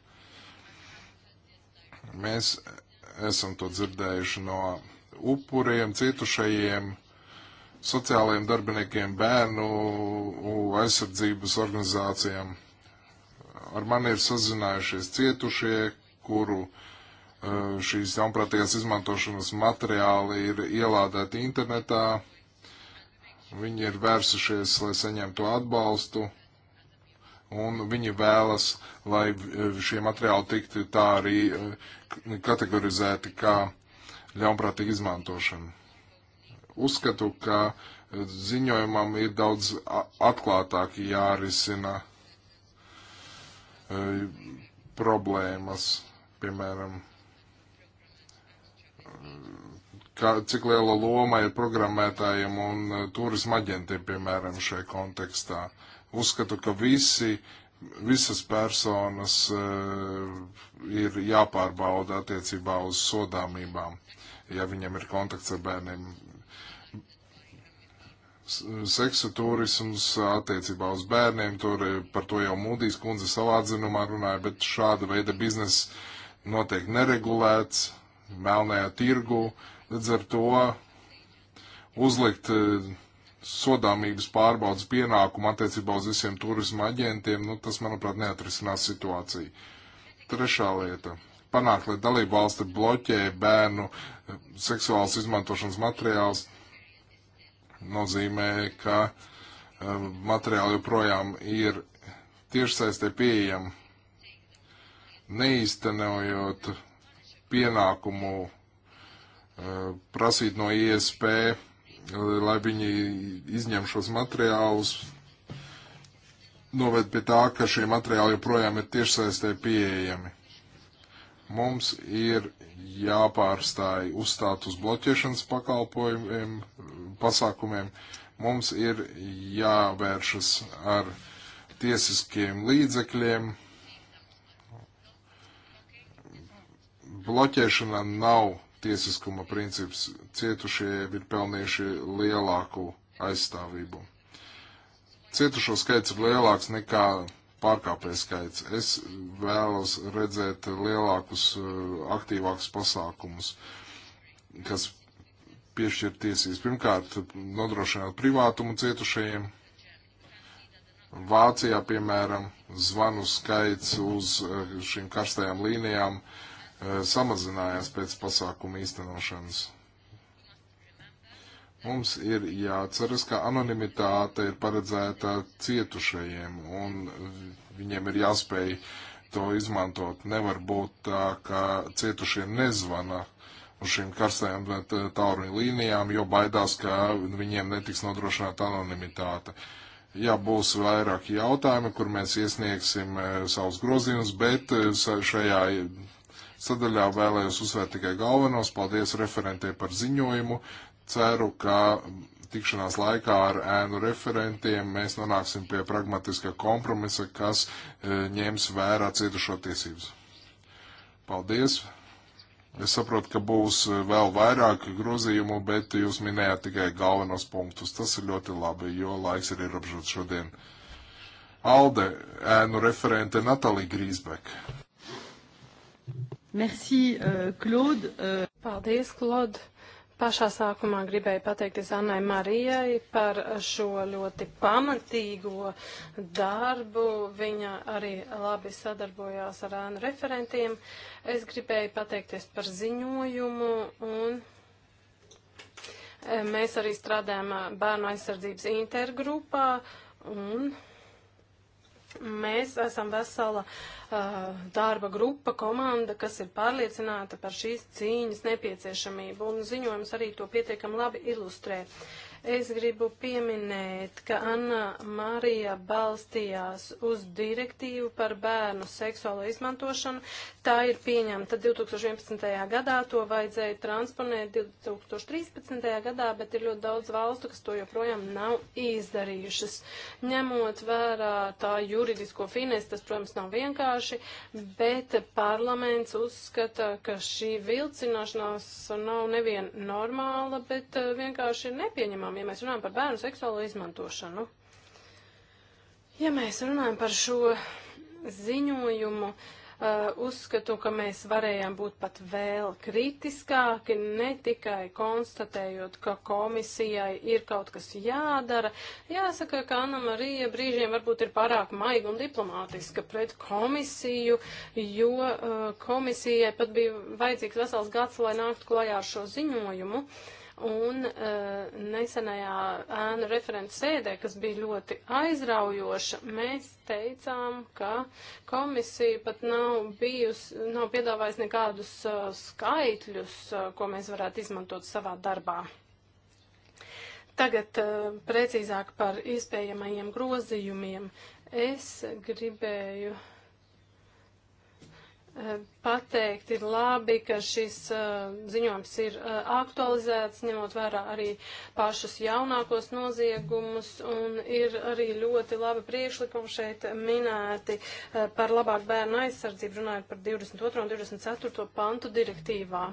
Mēs esam to dzirdējuši no upuriem, cietušajiem, sociālajiem darbiniekiem, bērnu aizsardzības organizācijām. Ar mani ir sazinājušies cietušie, kuru e, šīs jaunprātīgās izmantošanas materiāli ir ielādēti internetā. Viņi ir vērsušies, lai saņemtu atbalstu, un viņi vēlas, lai šie materiāli tiktu tā arī e, kategorizēti kā ļaunprātīga izmantošana. Uzskatu, ka ziņojumam ir daudz atklātāk jārisina e, problēmas piemēram, kā, cik liela loma ir programmētājiem un uh, turisma aģentiem, piemēram, šajā kontekstā. Uzskatu, ka visi, visas personas uh, ir jāpārbauda attiecībā uz sodāmībām, ja viņam ir kontakts ar bērniem seksa turisms attiecībā uz bērniem, tur eh, par to jau Mūdīs kundze savā atzinumā runāja, bet šāda veida biznesa notiek neregulēts, melnējā tirgu, līdz ar to uzlikt eh, sodāmības pārbaudas pienākumu attiecībā uz visiem turisma aģentiem, nu, tas, manuprāt, neatrisinās situāciju. Trešā lieta - panākt, lai dalība valsti bloķē bērnu eh, seksuālas izmantošanas materiāls, nozīmē, ka um, materiāli joprojām ir tiešsaistē pieejami neīstenojot pienākumu eh, prasīt no ISP, lai viņi izņem šos materiālus, noved pie tā, ka šie materiāli joprojām ir tiešsaistē pieejami. Mums ir jāpārstāj uzstāt uz bloķēšanas pakalpojumiem, pasākumiem. Mums ir jāvēršas ar tiesiskiem līdzekļiem, bloķēšana nav tiesiskuma princips. Cietušie ir pelnījuši lielāku aizstāvību. Cietušo skaits ir lielāks nekā pārkāpēju skaits. Es vēlos redzēt lielākus, eh, aktīvākus pasākumus, kas piešķir tiesības. Pirmkārt, nodrošināt privātumu cietušajiem. Vācijā, piemēram, zvanu skaits uz eh, šīm karstajām līnijām uh, Eh, samazinājās pēc pasākuma īstenošanas. Mums ir jāatceras, ka anonimitāte ir paredzēta cietušajiem, un viņiem ir jāspēj to izmantot. Nevar būt tā, ka cietušie nezvana uz šīm karstajām eh, tauruņu līnijām, jo baidās, ka viņiem netiks nodrošināta anonimitāte. Jā, būs vairāki jautājumi, kur mēs iesniegsim eh, savus grozījumus, bet šajā sadaļā vēlējos uzsvērt tikai galvenos. Paldies referentē par ziņojumu. Ceru, ka tikšanās laikā ar ēnu referentiem mēs nonāksim pie pragmatiska kompromisa, kas e, ņems vērā cietušo tiesības. Paldies! Es saprotu, ka būs e, vēl vairāk grozījumu, bet jūs minējāt tikai galvenos punktus. Tas ir ļoti labi, jo laiks ir ierobežots šodien. Alde, ēnu referente Natalija Grīsbeka. Merci, uh, Claude. Uh... Paldies, Claude. Pašā sākumā gribēju pateikties Annai Marijai par šo ļoti pamatīgo darbu. Viņa arī labi sadarbojās ar ēnu referentiem. Es gribēju pateikties par ziņojumu un eh, mēs arī strādājam eh, bērnu aizsardzības intergrupā un Mēs esam vesela uh, darba grupa, komanda, kas ir pārliecināta par šīs cīņas nepieciešamību, un ziņojums arī to pietiekam labi ilustrē. Uh, Es gribu pieminēt, ka Anna Marija balstījās uz direktīvu par bērnu seksuālo izmantošanu. Tā ir pieņemta 2011. gadā, to vajadzēja transponēt 2013. gadā, bet ir ļoti daudz valstu, kas to joprojām nav izdarījušas. Ņemot vērā tā juridisko finesi, tas, protams, nav vienkārši, bet parlaments uzskata, ka šī vilcināšanās nav nevien normāla, bet eh, vienkārši nepieņemama tiesībām, ja mēs runājam par bērnu seksuālo izmantošanu. Ja mēs runājam par šo ziņojumu, uh, uzskatu, ka mēs varējām būt pat vēl kritiskāki, ne tikai konstatējot, ka komisijai ir kaut kas jādara. Jāsaka, ka Anna Marija brīžiem varbūt ir pārāk maiga un diplomātiska pret komisiju, jo uh, komisijai pat bija vajadzīgs vesels gads, lai nāktu klajā ar šo ziņojumu. Uh, Un uh, nesenajā ēnu referents sēdē, kas bija ļoti aizraujoša, mēs teicām, ka komisija pat nav bijusi, nav piedāvājusi nekādus uh, skaitļus, uh, ko mēs varētu izmantot savā darbā. Tagad uh, precīzāk par iespējamajiem grozījumiem. Es gribēju. Uh, pateikt, ir labi, ka šis uh, ziņojums ir uh, aktualizēts, ņemot vērā arī pašus jaunākos noziegumus, un ir arī ļoti labi priekšlikumi šeit minēti uh, par labāk bērnu aizsardzību, runājot par 22. un 24. pantu direktīvā.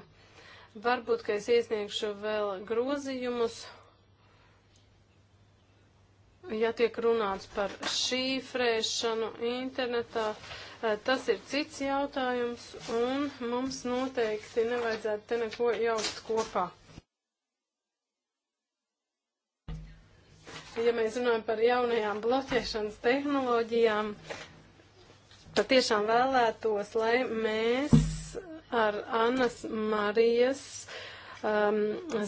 Varbūt, ka es iesniegšu vēl grozījumus. Ja tiek runāts par šīfrēšanu internetā, uh, tas ir cits jautājums, un mums noteikti nevajadzētu te neko jaukt kopā. Ja mēs runājam par jaunajām bloķēšanas tehnoloģijām, tad tiešām vēlētos, lai mēs ar Annas Marijas uh, um,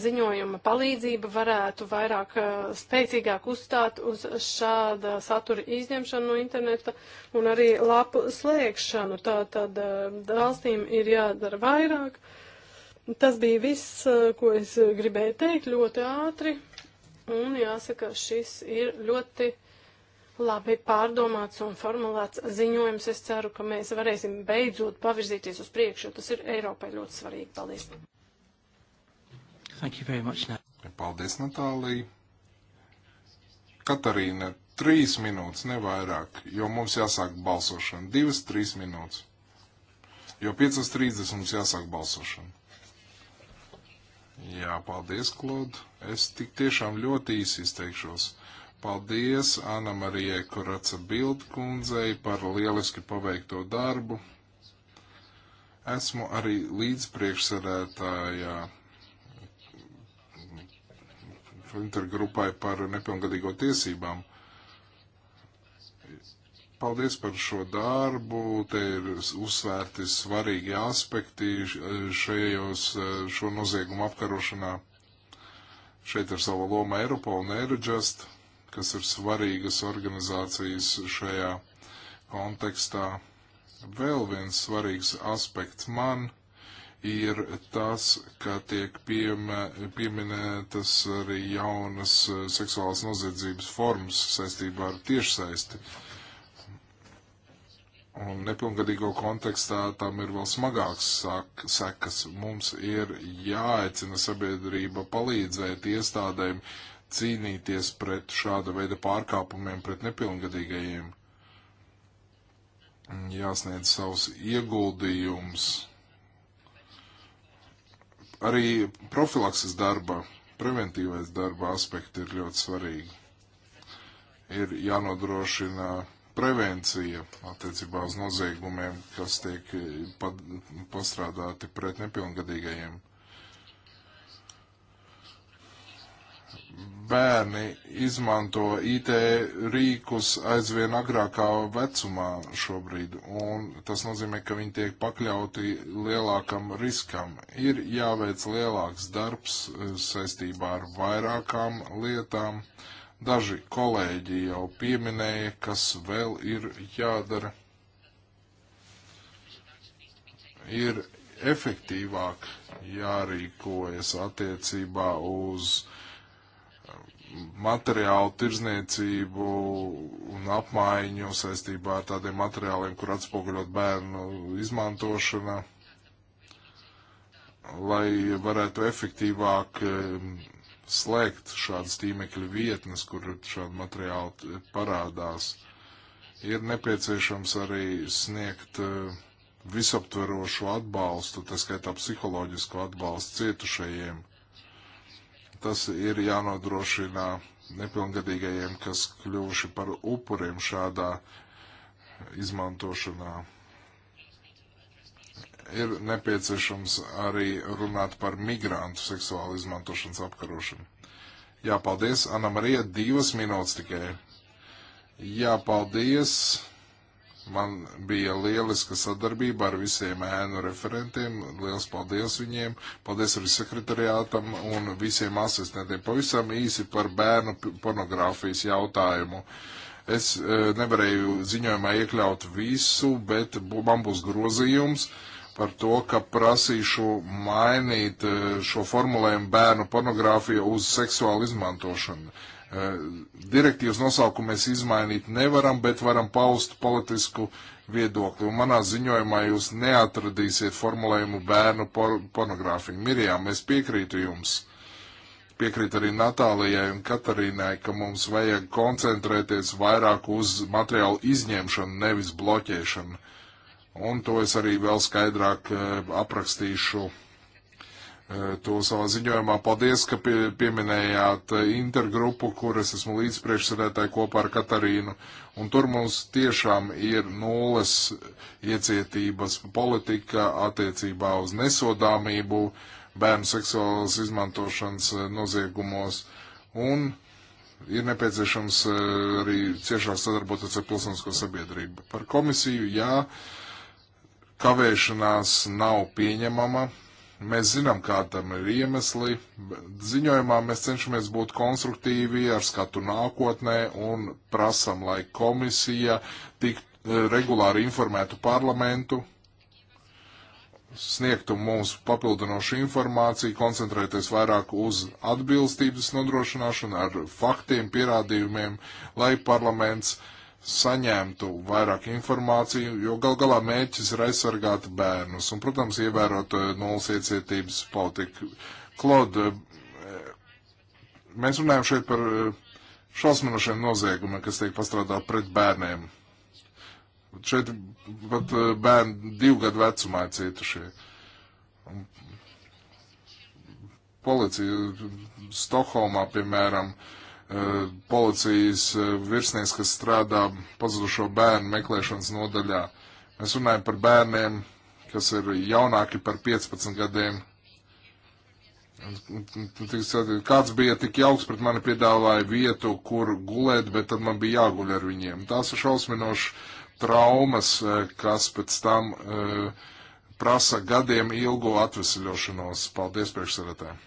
ziņojuma palīdzība varētu vairāk uh, spēcīgāk uzstāt uz šāda satura izņemšanu no interneta un arī lapu slēgšanu. Tātad uh, valstīm ir jādara vairāk. Tas bija viss, uh, ko es gribēju teikt ļoti ātri. Un jāsaka, šis ir ļoti labi pārdomāts un formulēts ziņojums. Es ceru, ka mēs varēsim beidzot pavirzīties uz priekšu, jo tas ir Eiropai ļoti svarīgi. Paldies! Thank you very much, Nat. Paldies, Natālija. Katarīna, trīs minūtes, nevairāk, jo mums jāsāk balsošana. Divas, trīs minūtes. Jo 5.30 mums jāsāk balsošana. Jā, paldies, Klod. Es tik tiešām ļoti īsi izteikšos. Paldies Anna Marijai Koraca Bildkundzei par lieliski paveikto darbu. Esmu arī līdzpriekšsēdētājā intergrupai par nepilngadīgo tiesībām. Paldies par šo darbu. Te ir uzsvērti svarīgi aspekti šajos, šo noziegumu apkarošanā. Šeit ir sava loma Eiropa un Eirodžast, kas ir svarīgas organizācijas šajā kontekstā. Vēl viens svarīgs aspekts man ir ir tas, ka tiek piemē, pieminētas arī jaunas eh, seksuālas noziedzības formas saistībā ar tiešsaisti. Un nepilngadīgo kontekstā tam ir vēl smagāks sak sekas. Mums ir jāaicina sabiedrība palīdzēt iestādēm cīnīties pret šāda veida pārkāpumiem pret nepilngadīgajiem. Jāsniedz savus ieguldījumus Arī profilakses darba, preventīvais darba aspekti ir ļoti svarīgi. Ir jānodrošina prevencija attiecībā uz noziegumiem, kas tiek pastrādāti pret nepilngadīgajiem. bērni izmanto IT rīkus aizvien agrākā vecumā šobrīd, un tas nozīmē, ka viņi tiek pakļauti lielākam riskam. Ir jāveic lielāks darbs eh, saistībā ar vairākām lietām. Daži kolēģi jau pieminēja, kas vēl ir jādara. Ir efektīvāk jārīkojas attiecībā uz uh, materiālu tirzniecību un apmaiņu saistībā ar tādiem materiāliem, kur atspoguļot bērnu izmantošana, lai varētu efektīvāk slēgt šādas tīmekļa vietnes, kur šādi materiāli parādās. Ir nepieciešams arī sniegt visaptverošu atbalstu, tā skaitā psiholoģisku atbalstu cietušajiem tas ir jānodrošina nepilngadīgajiem, kas kļuvuši par upuriem šādā izmantošanā. Ir nepieciešams arī runāt par migrantu seksuālu izmantošanas apkarošanu. Jā, paldies. Ana Marija, divas minūtes tikai. Jā, paldies. Man bija lieliska sadarbība ar visiem ēnu referentiem. Liels paldies viņiem. Paldies arī sekretariātam un visiem asistentiem. Pavisam īsi par bērnu pornogrāfijas jautājumu. Es e, nevarēju ziņojumā iekļaut visu, bet man būs grozījums par to, ka prasīšu mainīt e, šo formulējumu bērnu pornogrāfija uz seksuālu izmantošanu. Uh, Eh, direktīvas nosaukumu mēs izmainīt nevaram, bet varam paust politisku viedokli. Un manā ziņojumā jūs neatradīsiet formulējumu bērnu por pornogrāfiju. Mirjā, mēs piekrītu jums. Piekrīt arī Natālijai un Katarīnai, ka mums vajag koncentrēties vairāk uz materiālu izņemšanu, nevis bloķēšanu. Un to es arī vēl skaidrāk eh, aprakstīšu Eh, to savā ziņojumā. Paldies, ka pie, pieminējāt eh, intergrupu, kuras esmu līdzpriekšsēdētāji kopā ar Katarīnu. Un tur mums tiešām ir nulles iecietības politika attiecībā uz nesodāmību, bērnu seksuālas izmantošanas eh, noziegumos. Un ir nepieciešams arī ciešāk sadarboties ar pilsonisko sabiedrību. Par komisiju, jā, kavēšanās nav pieņemama Mēs zinām, kā tam ir iemesli. Ziņojumā mēs cenšamies būt konstruktīvi ar skatu nākotnē un prasam, lai komisija tik eh, regulāri informētu parlamentu, sniegtu mums papildinošu informāciju, koncentrēties vairāk uz atbilstības nodrošināšanu ar faktiem, pierādījumiem, lai parlaments uh, saņemtu vairāk informāciju, jo gal galā mērķis ir aizsargāt bērnus un, protams, ievērot eh, nulles iecietības politiku. Klod, eh, mēs runājam šeit par eh, šausminošiem noziegumiem, kas tiek pastrādāt pret bērniem. Šeit pat bērni divu gadu vecumā ir cietušie. Policija Stokholmā, piemēram, uh, Eh, policijas eh, virsnieks, kas strādā pazudušo bērnu meklēšanas nodaļā. Mēs runājam par bērniem, kas ir jaunāki par 15 gadiem. Kāds bija tik jauks pret mani piedāvāja vietu, kur gulēt, bet tad man bija jāguļ ar viņiem. Tās ir šausminošas traumas, eh, kas pēc tam uh, prasa gadiem ilgo atvesļošanos. Paldies priekšsēdētājiem!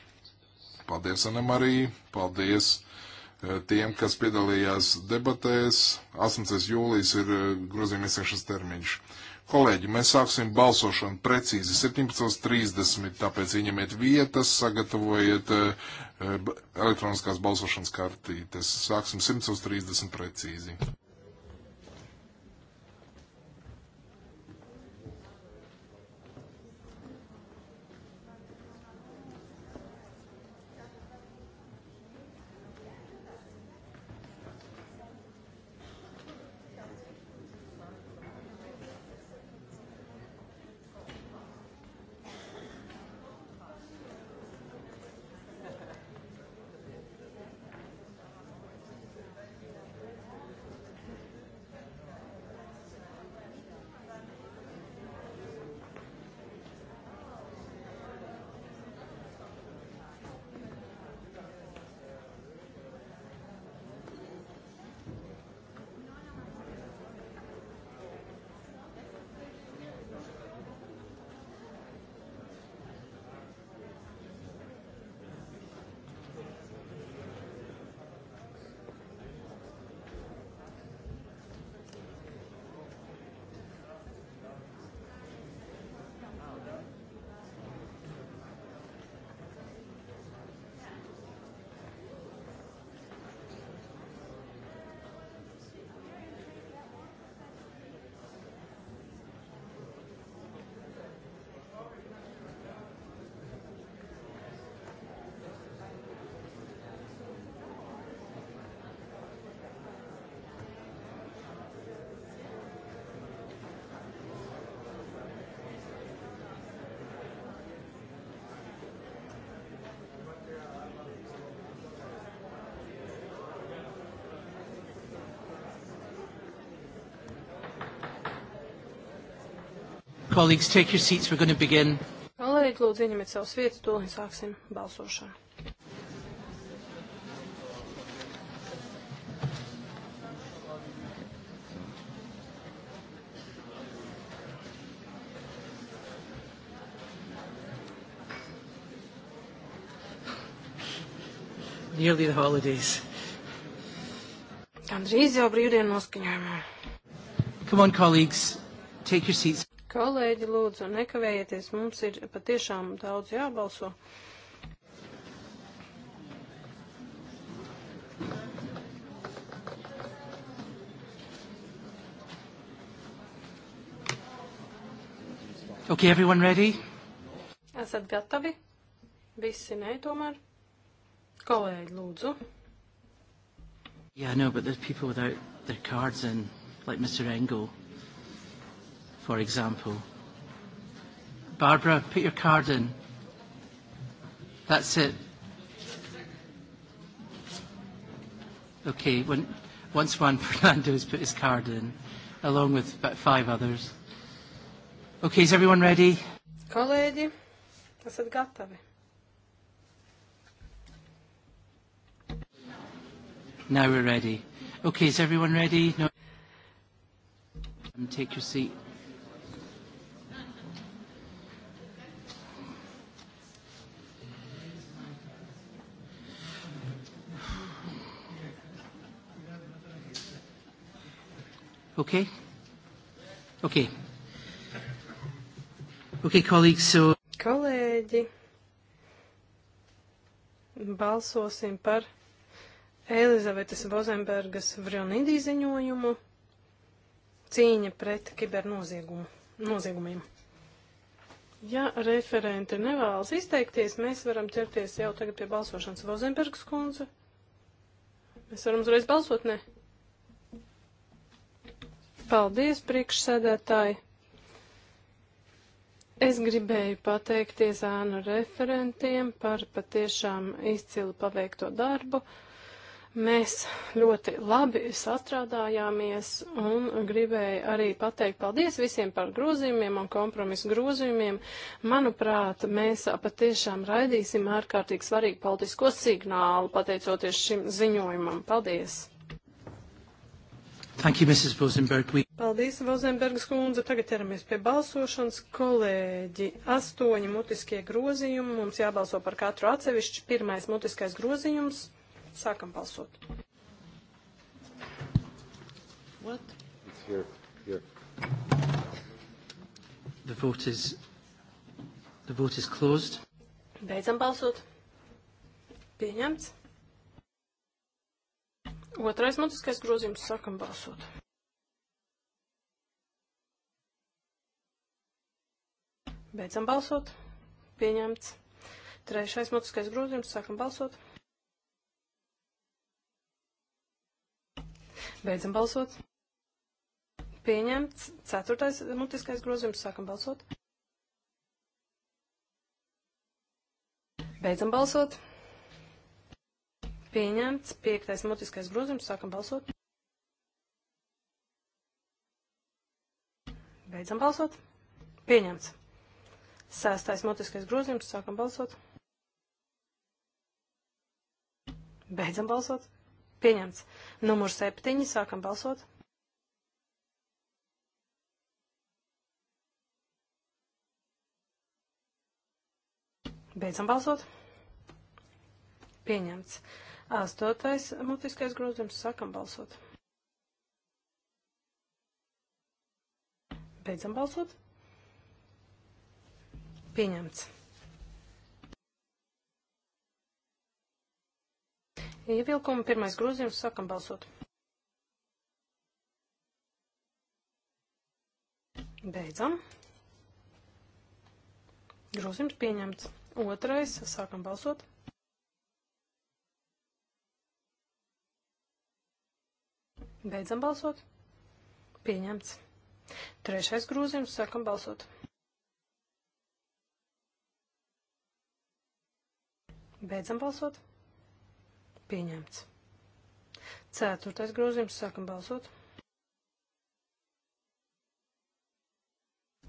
Paldies, Anna Marija! Paldies! Eh, tiem, kas piedalījās debatēs. 18. jūlijas ir eh, grozījuma iesniegšanas termiņš. Kolēģi, mēs sāksim balsošanu precīzi 17.30, tāpēc ieņemiet vietas, sagatavojiet eh, elektroniskās balsošanas kartītes. Sāksim 17.30 precīzi. Colleagues, take your seats. We're going to begin. Kolēģi, lūdzu, ieņemiet savas vietas, tūlīt sāksim balsošanu. Nearly the holidays. Gandrīz jau brīvdienu noskaņojumā. Come on, colleagues, take your seats kolēģi, lūdzu, nekavējieties, mums ir patiešām daudz jābalso. Okay, everyone ready? Esat gatavi? Visi nē, tomēr. Kolēģi, lūdzu. Yeah, I know, but there's people without their cards in, like Mr. Engel, for example. Barbara, put your card in. That's it. Okay, when, once Juan Fernando has put his card in, along with about five others. Okay, is everyone ready? Kolēģi, esat gatavi? Now we're ready. Okay, is everyone ready? No. Take your seat. Okay? Okay. Okay, colleagues, so... Kolēģi, balsosim par Elizabetes Bozembergas Vrionidī ziņojumu cīņa pret kibernoziegumu. Ja referenti nevēlas izteikties, mēs varam ķerties jau tagad pie balsošanas Vozembergas kundze. Mēs varam uzreiz balsot, ne? Paldies, priekšsēdētāji! Es gribēju pateikties ānu referentiem par patiešām izcilu paveikto darbu. Mēs ļoti labi sastrādājāmies un gribēju arī pateikt paldies visiem par grozījumiem un kompromisu grozījumiem. Manuprāt, mēs patiešām raidīsim ārkārtīgi svarīgu politisko signālu pateicoties šim ziņojumam. Paldies! Thank you, Mrs. Rosenberg. We... Paldies, Rosenbergas kundze. Tagad ķeramies pie balsošanas. Kolēģi, astoņi mutiskie grozījumi. Mums jābalso par katru atsevišķi. Pirmais mutiskais grozījums. Sākam balsot. What? It's here. Here. The vote is, the vote is closed. Beidzam balsot. Pieņemts. Otrais mutiskais grozījums sākam balsot. Beidzam balsot. Pieņemts. Trešais mutiskais grozījums sākam balsot. Beidzam balsot. Pieņemts. Ceturtais mutiskais grozījums sākam balsot. Beidzam balsot. Pieņemts piektais mutiskais grozījums. Sākam balsot. Beidzam balsot. Pieņemts. Sēstais mutiskais grozījums. Sākam balsot. Beidzam balsot. Pieņemts. Numur septiņi. Sākam balsot. Beidzam balsot. Pieņemts. Astotais mutiskais grozījums. Sākam balsot. Beidzam balsot. Pieņemts. Ievilkuma pirmais grozījums. Sākam balsot. Beidzam. Grozījums pieņemts. Otrais. Sākam balsot. Beidzam. Beidzam balsot. Pieņemts. Trešais grūzījums. Sākam balsot. Beidzam balsot. Pieņemts. Ceturtais grozījums. Sākam balsot.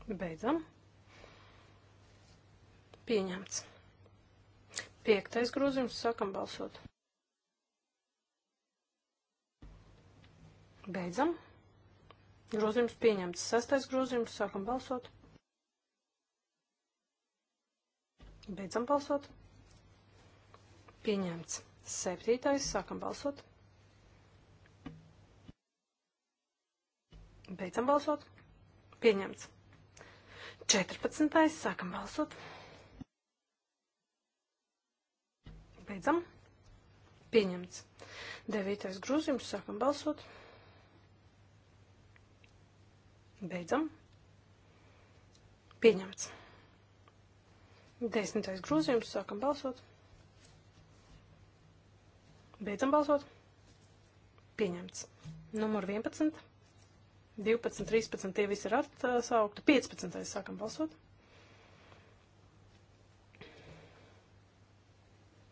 Beidzam. Pieņemts. Piektais grozījums. Sākam balsot. Beidzam. Grozījums pieņemts. Sastais grozījums. Sākam balsot. Beidzam balsot. Pieņemts. Septītais. Sākam balsot. Beidzam balsot. Pieņemts. 14. Sākam balsot. Beidzam. Pieņemts. 9. grūzījums. Sākam balsot. Pieņemts. Beidzam. Pieņemts. Desmitais grūzījums. Sākam balsot. Beidzam balsot. Pieņemts. Numur 11. 12, 13, tie visi ir atsaukti. 15. sākam balsot.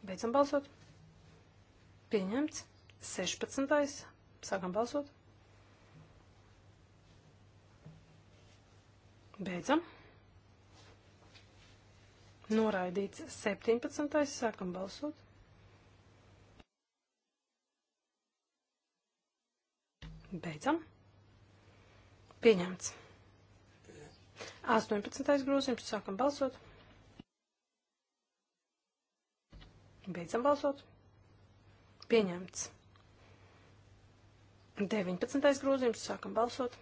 Beidzam balsot. Pieņemts. 16. sākam balsot. Beidzam. Noraidīts 17. Sākam balsot. Beidzam. Pieņemts. 18. grozījums. Sākam balsot. Beidzam balsot. Pieņemts. 19. grozījums. Sākam balsot.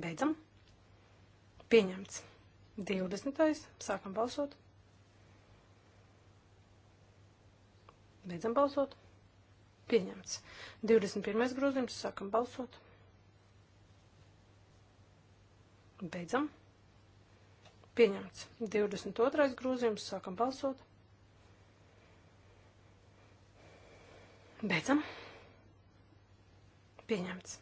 Beidzam. Pieņemts. 20. Sākam balsot. Beidzam balsot. Pieņemts. 21. grozījums. Sākam balsot. Beidzam. Pieņemts. 22. grozījums. Sākam balsot. Beidzam. Pieņemts.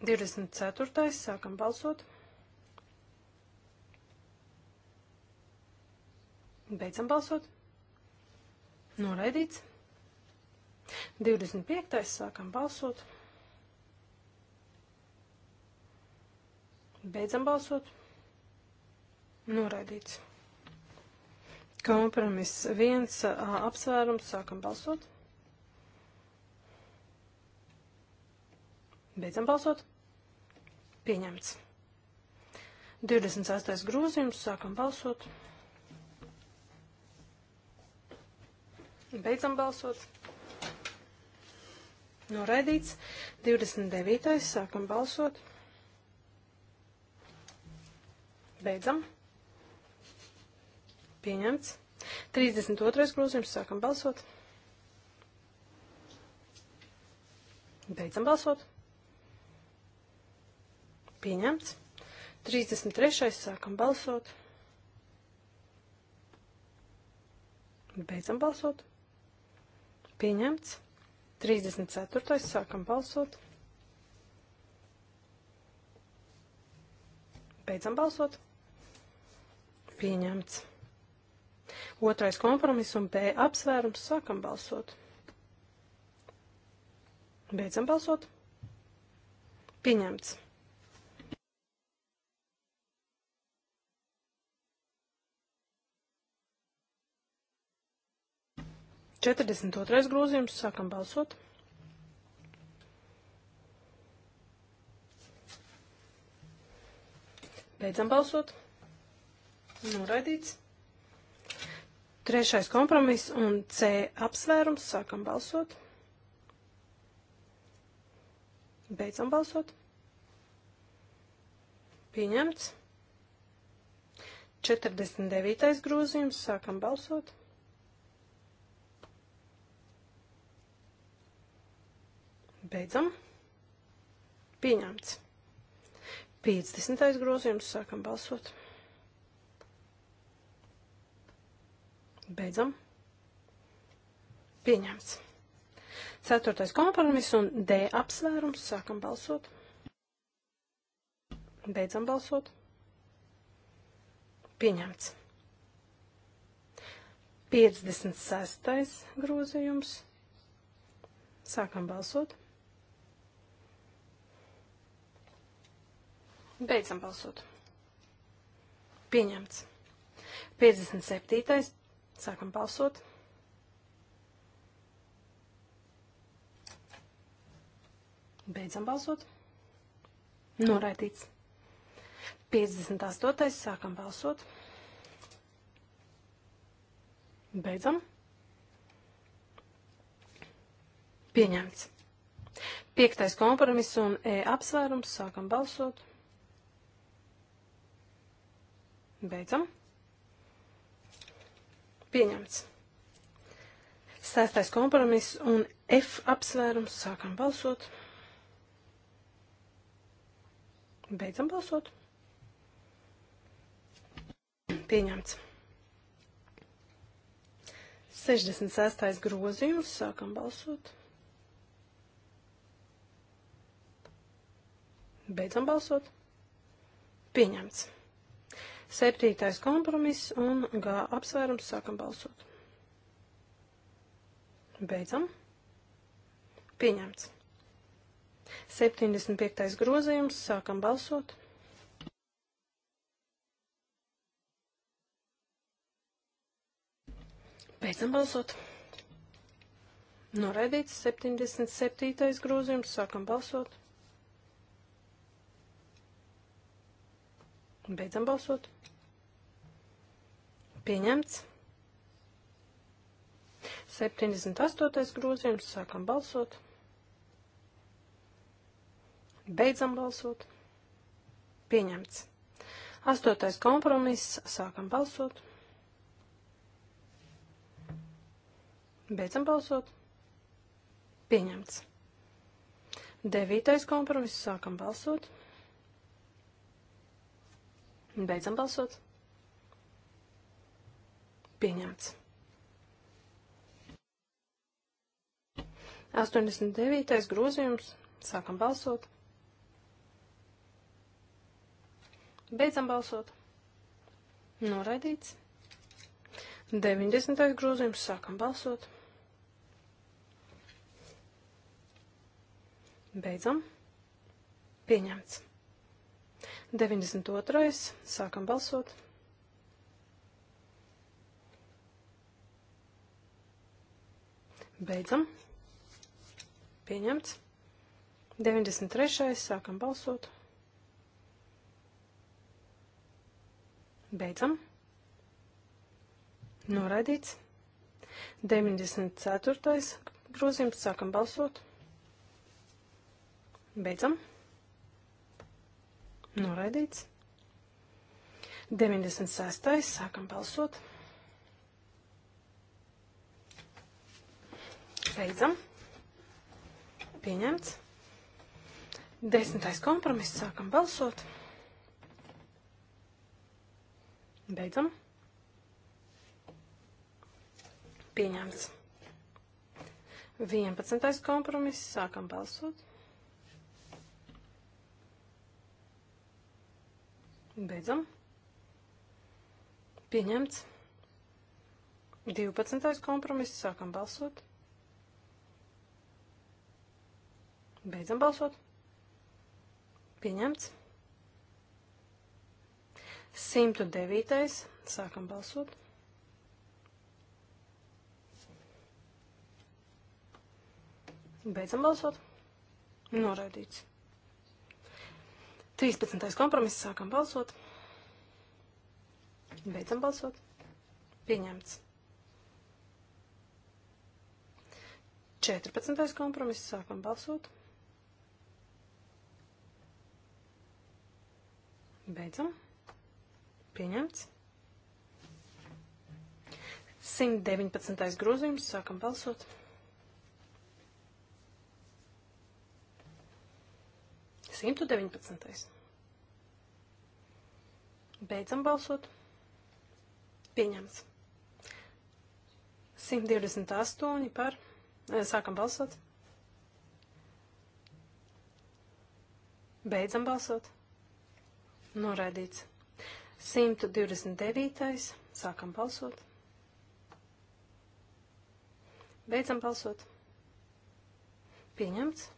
24. sākam balsot. Beidzam balsot. Noraidīts. 25. sākam balsot. Beidzam balsot. Noraidīts. Kompromiss viens apsvērums sākam balsot. Beidzam balsot. Pieņemts. 28. grozījums. Sākam balsot. Beidzam balsot. Noraidīts. 29. Sākam balsot. Beidzam. Pieņemts. 32. grozījums. Sākam balsot. Beidzam balsot. Pieņemts. 33. sākam balsot. Beidzam balsot. Pieņemts. 34. sākam balsot. Beidzam balsot. Pieņemts. Otrais kompromiss un B apsvērums sākam balsot. Beidzam balsot. Pieņemts. 42. grozījums. Sākam balsot. Beidzam balsot. Noraidīts. Trešais kompromiss un C apsvērums. Sākam balsot. Beidzam balsot. Pieņemts. 49. grozījums. Sākam balsot. Beidzam. Pieņemts. 50. grozījums. Sākam balsot. Beidzam. Pieņemts. Ceturtais kompromiss un D apsvērums. Sākam balsot. Beidzam balsot. Pieņemts. 56. grozījums. Sākam balsot. Beidzam balsot. Pieņemts. 57. Sākam balsot. Beidzam balsot. Noraidīts. 58. Sākam balsot. Beidzam. Pieņemts. Piektais kompromiss un e apsvērums. Sākam balsot. Beidzam. Pieņemts. Sēstais kompromiss un F apsvērums. Sākam balsot. Beidzam balsot. Pieņemts. 66. grozījums. Sākam balsot. Beidzam balsot. Pieņemts. Septītais kompromiss un G apsvērums sākam balsot. Beidzam. Pieņemts. 75. grozījums sākam balsot. Beidzam balsot. Noraidīts 77. grozījums sākam balsot. Beidzam balsot. Pieņemts. 78. grozījums. Sākam balsot. Beidzam balsot. Pieņemts. 8. kompromiss. Sākam balsot. Beidzam balsot. Pieņemts. 9. kompromiss. Sākam balsot. Beidzam balsot. Pieņemts. 89. grozījums. Sākam balsot. Beidzam balsot. Noraidīts. 90. grozījums. Sākam balsot. Beidzam. Pieņemts. 92. Sākam balsot. Beidzam. Pieņemts. 93. Sākam balsot. Beidzam. Noraidīts. 94. grozījums. Sākam balsot. Beidzam. Noraidīts. 96. Sākam balsot. Beidzam. Pieņemts. Desmitais kompromiss. Sākam balsot. Beidzam. Pieņemts. 11. kompromiss. Sākam balsot. Beidzam. Pieņemts. 12. kompromiss. Sākam balsot. Beidzam balsot. Pieņemts. 109. Sākam balsot. Beidzam balsot. Noraidīts. 13. kompromiss sākam balsot. Beidzam balsot. Pieņemts. 14. kompromiss sākam balsot. Beidzam. Pieņemts. 119. grozījums sākam balsot. Pieņemts. 119. Beidzam balsot. Pieņemts. 128 par. Sākam balsot. Beidzam balsot. Noraidīts. 129. Sākam balsot. Beidzam balsot. Pieņemts.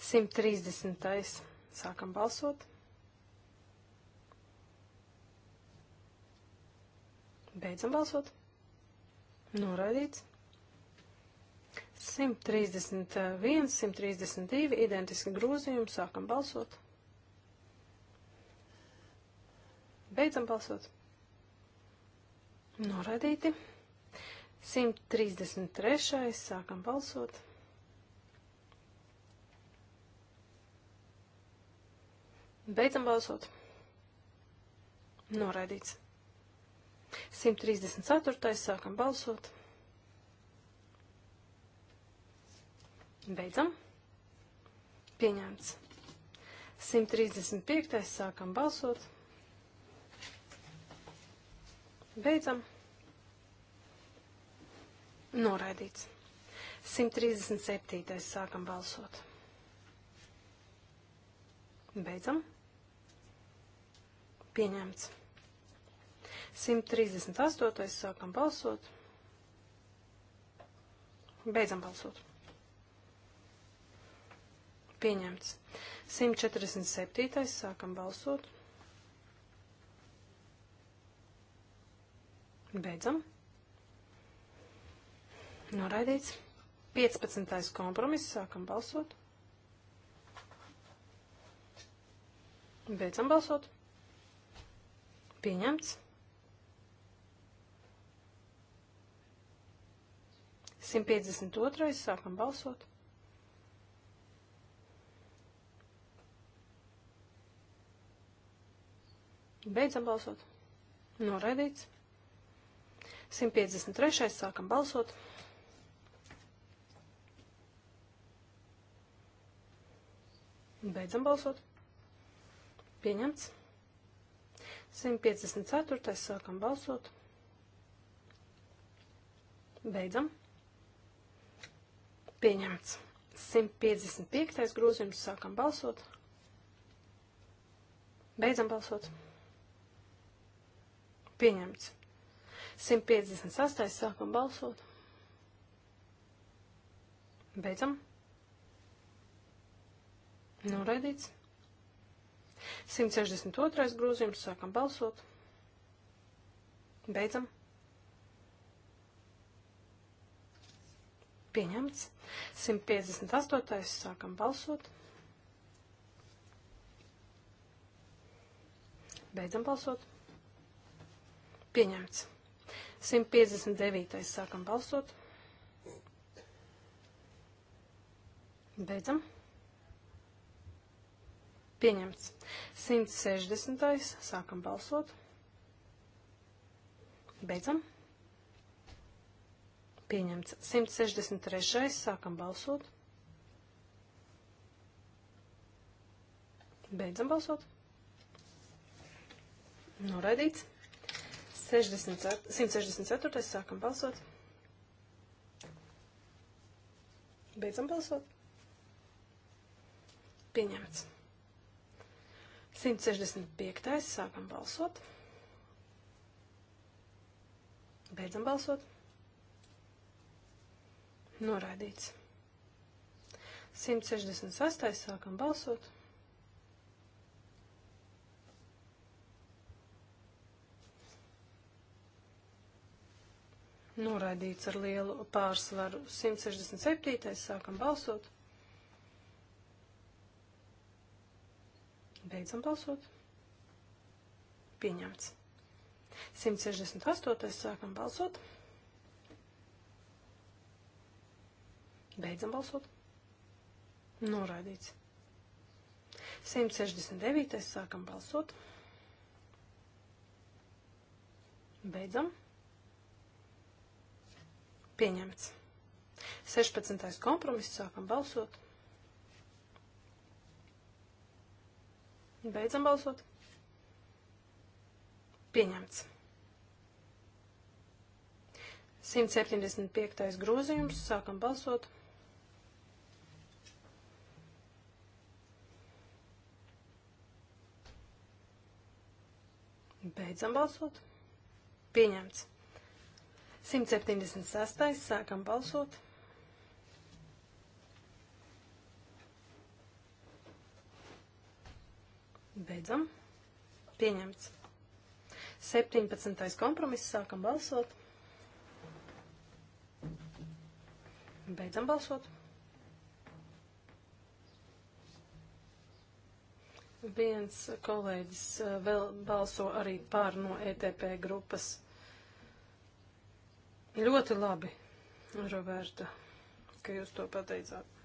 130. Sākam balsot. Beidzam balsot. Noraidīts. 131, 132, identiski grozījumi, sākam balsot. Beidzam balsot. Noraidīti. 133, sākam balsot. Beidzam balsot. Noraidīts. 134. sākam balsot. Beidzam. Pieņemts. 135. sākam balsot. Beidzam. Noraidīts. 137. sākam balsot. Beidzam. Pieņemts. 138. sākam balsot. Beidzam balsot. Pieņemts. 147. sākam balsot. Beidzam. Noraidīts. 15. kompromiss sākam balsot. Beidzam balsot. Pieņemts. 152. Sākam balsot. Beidzam balsot. Noraidīts. 153. Sākam balsot. Beidzam balsot. Pieņemts. 154. sākam balsot. Beidzam. Pieņemts. 155. grozījums sākam balsot. Beidzam balsot. Pieņemts. 158. sākam balsot. Beidzam. Noraidīts. 162. grozījums. Sākam balsot. Beidzam. Pieņemts. 158. Sākam balsot. Beidzam balsot. Pieņemts. 159. Sākam balsot. Beidzam. Pieņemts. 160. Sākam balsot. Beidzam. Pieņemts. 163. Sākam balsot. Beidzam balsot. Noraidīts. 60, 164. Sākam balsot. Beidzam balsot. Pieņemts. 165. sākam balsot. Beidzam balsot. Noraidīts. 168. sākam balsot. Noraidīts ar lielu pārsvaru. 167. sākam balsot. Beidzam balsot. Pieņemts. 168. sākam balsot. Beidzam balsot. Noraidīts. 169. sākam balsot. Beidzam. Pieņemts. 16. kompromiss sākam balsot. Beidzam balsot. Pieņemts. 175. grozījums. Sākam balsot. Beidzam balsot. Pieņemts. 176. Sākam balsot. Beidzam. Pieņemts. 17. kompromiss. Sākam balsot. Beidzam balsot. Viens kolēģis eh, vēl balso arī pār no ETP grupas. Ļoti labi, Roberta, ka jūs to pateicāt.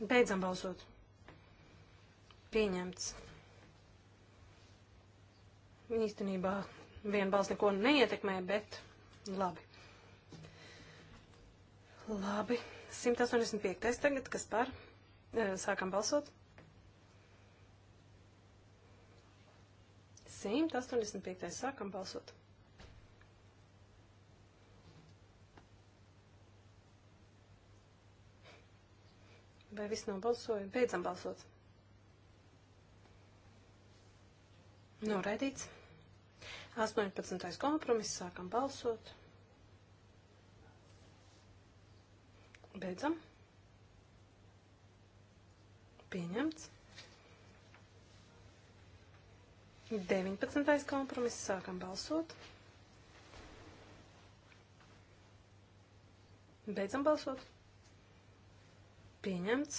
Beidzam balsot. Pieņemts. Īstenībā viena balss neko neietekmē, bet labi. Labi. 185. tagad, kas par? E, sākam balsot. 185. sākam balsot. Vai viss nobalsoja? Beidzam balsot. Noraidīts. 18. kompromiss. Sākam balsot. Beidzam. Pieņemts. 19. kompromiss. Sākam balsot. Beidzam balsot. Pieņemts.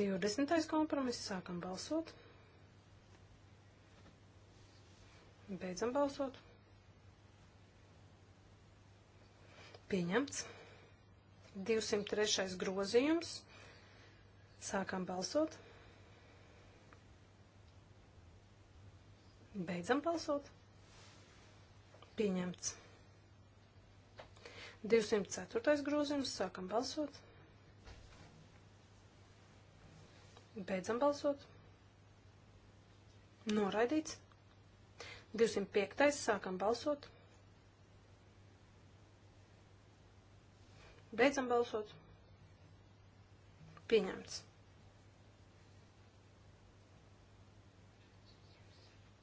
20. kompromiss. Sākam balsot. Beidzam balsot. Pieņemts. 203. grozījums. Sākam balsot. Beidzam balsot. Pieņemts. 204. grozījums. Sākam balsot. Beidzam balsot. Noraidīts. 205. Sākam balsot. Beidzam balsot. Pieņemts.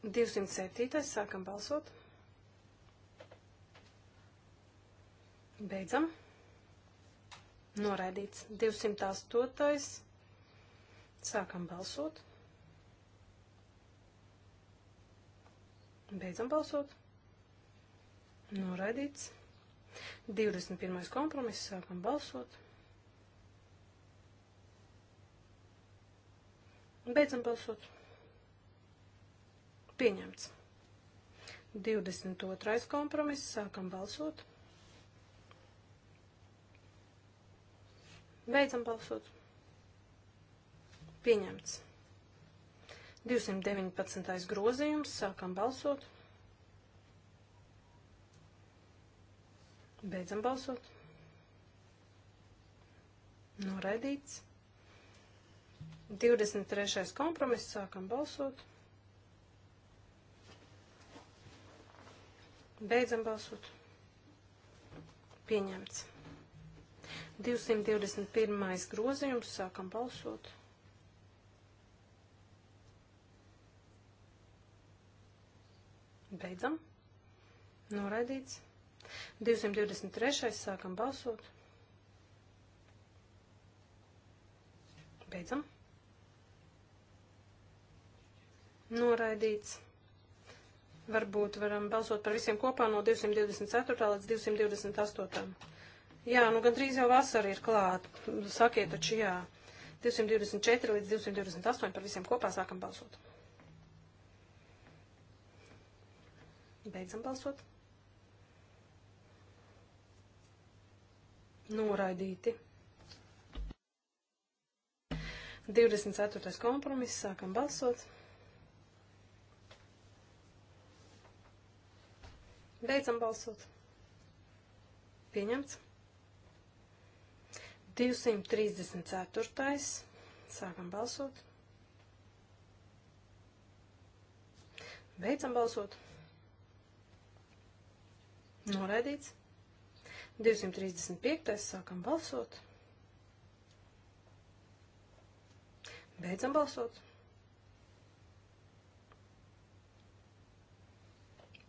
207. Sākam balsot. Beidzam. Noraidīts 208. Sākam balsot. Beidzam balsot. Noraidīts. 21. kompromiss. Sākam balsot. Beidzam balsot. Pieņemts. 22. kompromiss. Sākam balsot. Balsot. Beidzam balsot. Pieņemts. 219. grozījums. Sākam balsot. Beidzam balsot. Noraidīts. 23. kompromiss. Sākam balsot. Beidzam balsot. Pieņemts. 221. grozījums, sākam balsot. Beidzam. Noraidīts. 223. sākam balsot. Beidzam. Noraidīts. Varbūt varam balsot par visiem kopā no 224. līdz 228. Jā, nu gandrīz jau vasara ir klāt. Sakiet taču jā. 224 līdz 228 par visiem kopā sākam balsot. Beidzam balsot. Noraidīti. 24. kompromiss. Sākam balsot. Beidzam balsot. Pieņemts. 234. Sākam balsot. Beidzam balsot. Noraidīts. 235. Sākam balsot. Beidzam balsot.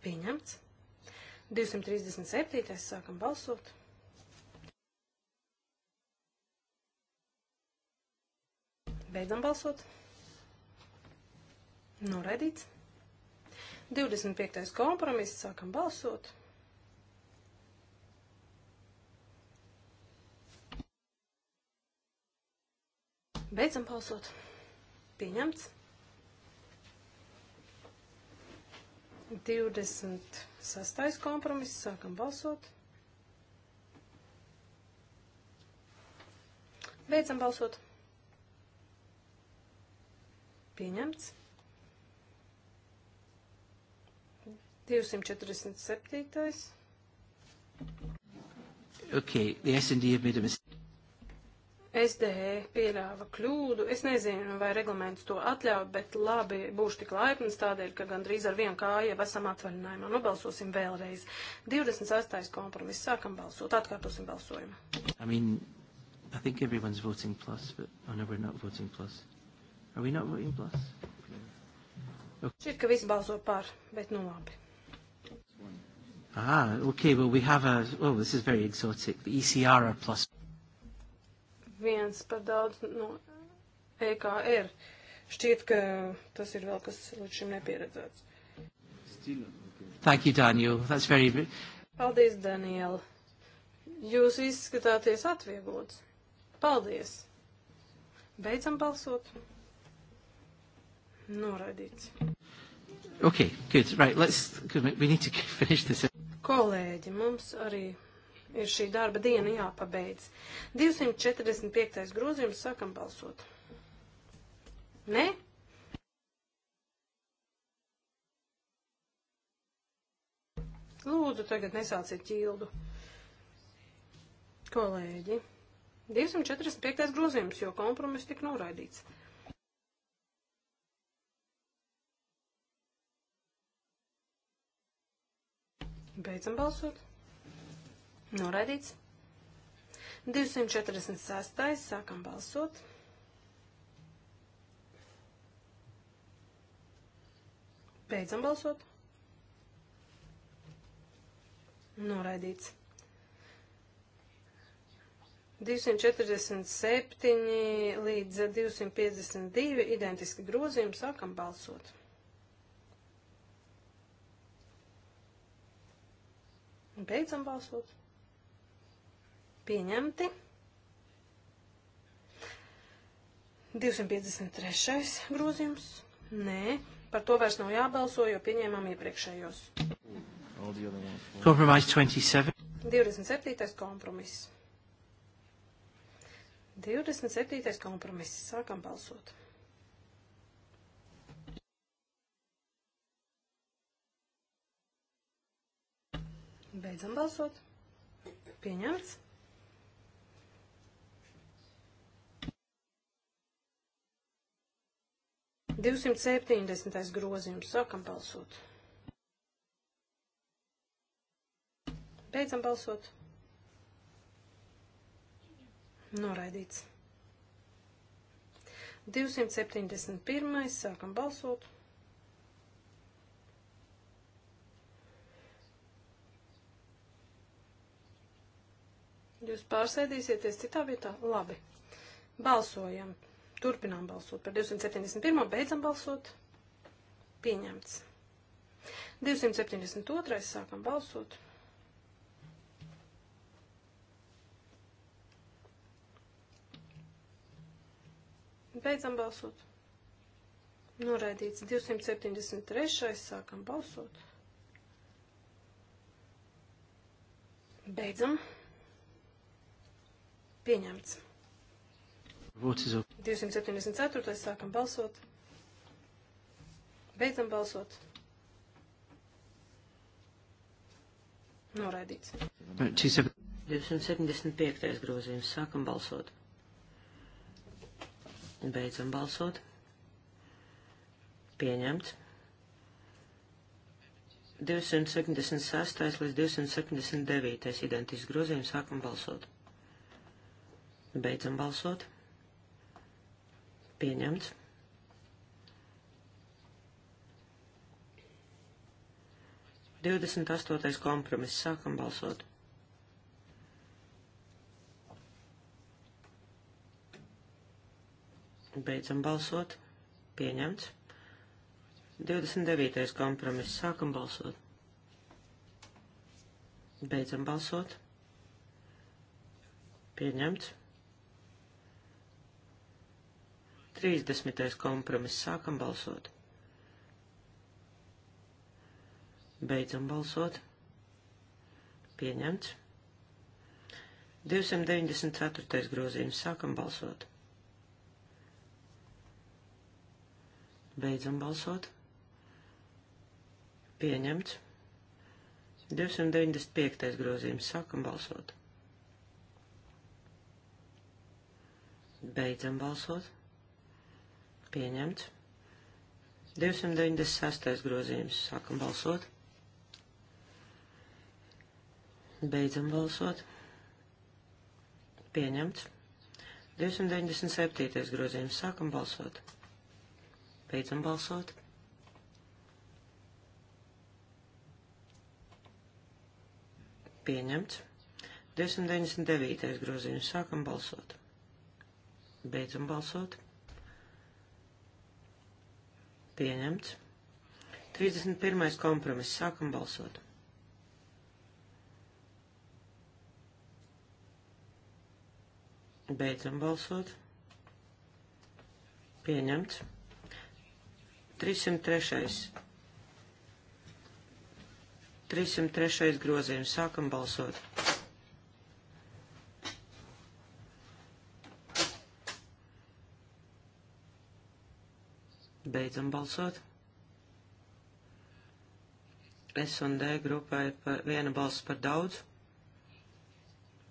Pieņemts. 237. Sākam balsot. Beidzam balsot. Noraidīts. 25. kompromiss. Sākam balsot. Beidzam balsot. Pieņemts. 26. kompromiss. Sākam balsot. Beidzam balsot. Pieņemts. 247. Okay, the S&D have made a mistake. SDE pieļāva kļūdu. Es nezinu, vai reglaments to atļauj, bet labi, būšu tik laipns tādēļ, ka gandrīz ar vienu kāju jau esam atvaļinājumā. Nobalsosim vēlreiz. 28. kompromiss. Sākam balsot. Atkārtosim balsojumu. I mean, I think everyone's voting plus, but oh no, we're not voting plus. Are we not voting plus? Okay. Šķiet, ka visi balso par, bet nu labi. Ah, okay, well we have a, well this is very exotic, the ECR are plus. Viens par daudz no EKR. Šķiet, ka tas ir vēl kas līdz šim nepieredzēts. Still, okay. Thank you, Daniel. That's very... Paldies, Daniela. Jūs izskatāties atvieglots. Paldies. Beidzam balsot. Noraidīts. Ok, good, right, let's, we need to finish this. Kolēģi, mums arī ir šī darba diena jāpabeidz. 245. grozījums sākam balsot. Nē? Lūdzu, tagad nesāciet ķildu. Kolēģi, 245. grozījums, jo kompromiss tik noraidīts. Beidzam balsot. Noraidīts. 246. Sākam balsot. Beidzam balsot. Noraidīts. 247 līdz 252 identiski grozījumi sākam balsot. Beidzam balsot. Pieņemti. 253. grozījums. Nē, par to vairs nav jābalso, jo pieņēmām iepriekšējos. Kompromiss 27. 27. kompromiss. 27. kompromiss. Sākam balsot. Beidzam balsot. Pieņemts. Divsimt septiņdesmitais grozījums. Sākam balsot. Beidzam balsot. Noraidīts. 271. Sākam balsot. 272. Jūs pārsēdīsieties citā vietā? Labi. Balsojam. Turpinām balsot par 271. Beidzam balsot. Pieņemts. 272. Sākam balsot. Beidzam balsot. Noraidīts 273. Sākam balsot. Beidzam. Pieņemts. 274. sākam balsot. Beidzam balsot. Noraidīts. 275. grozījums. Sākam balsot. Beidzam balsot. Pieņemts. 276. līdz 279. identisks grozījums. Sākam balsot. Beidzam balsot. Pieņemts. Divdesmit astotais kompromiss. Sākam balsot. Beidzam balsot. Pieņemts. 29. kompromiss. Sākam balsot. Beidzam balsot. Pieņemts. 30. kompromiss. Sākam balsot. Beidzam balsot. Pieņemts. 294. grozījums. Sākam balsot. Beidzam balsot. Pieņemts. 295. grozījums. Sākam balsot. Beidzam balsot. Pieņemts. 296. grozījums. Sākam balsot. Beidzam balsot. Pieņemts. 297. grozījums. Sākam balsot. Beidzam balsot. Pieņemts. 299. grozījums. Sākam balsot. Beidzam balsot. Pieņemts. 31. kompromiss. Sākam balsot. Beidzam balsot. Pieņemts. 303. 303. grozījums. Sākam balsot. Beidzam balsot. S un D grupai ir pa, viena balss par daudz.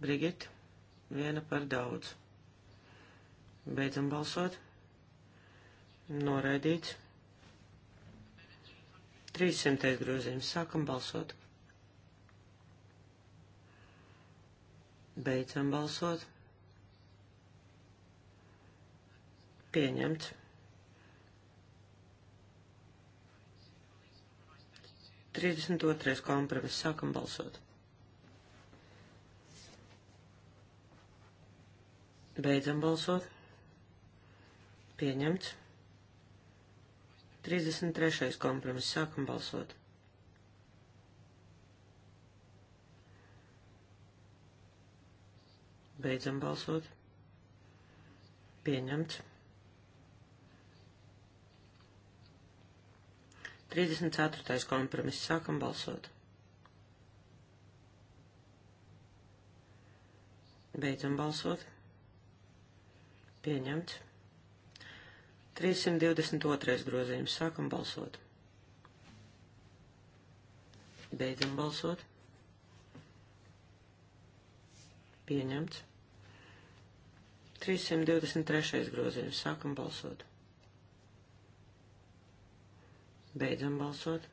Brigita, viena par daudz. Beidzam balsot. Noraidīts. 300. grozījums. Sākam balsot. Beidzam balsot. Pieņemts. 32. kompromiss. Sākam balsot. Beidzam balsot. Pieņemts. 33. kompromiss. Sākam balsot. Beidzam balsot. Pieņemts. 34. kompromiss. Sākam balsot. Beidzam balsot. Pieņemts. 322. grozījums. Sākam balsot. Beidzam balsot. Pieņemts. 323. grozījums. Sākam balsot. Beidzam balsot.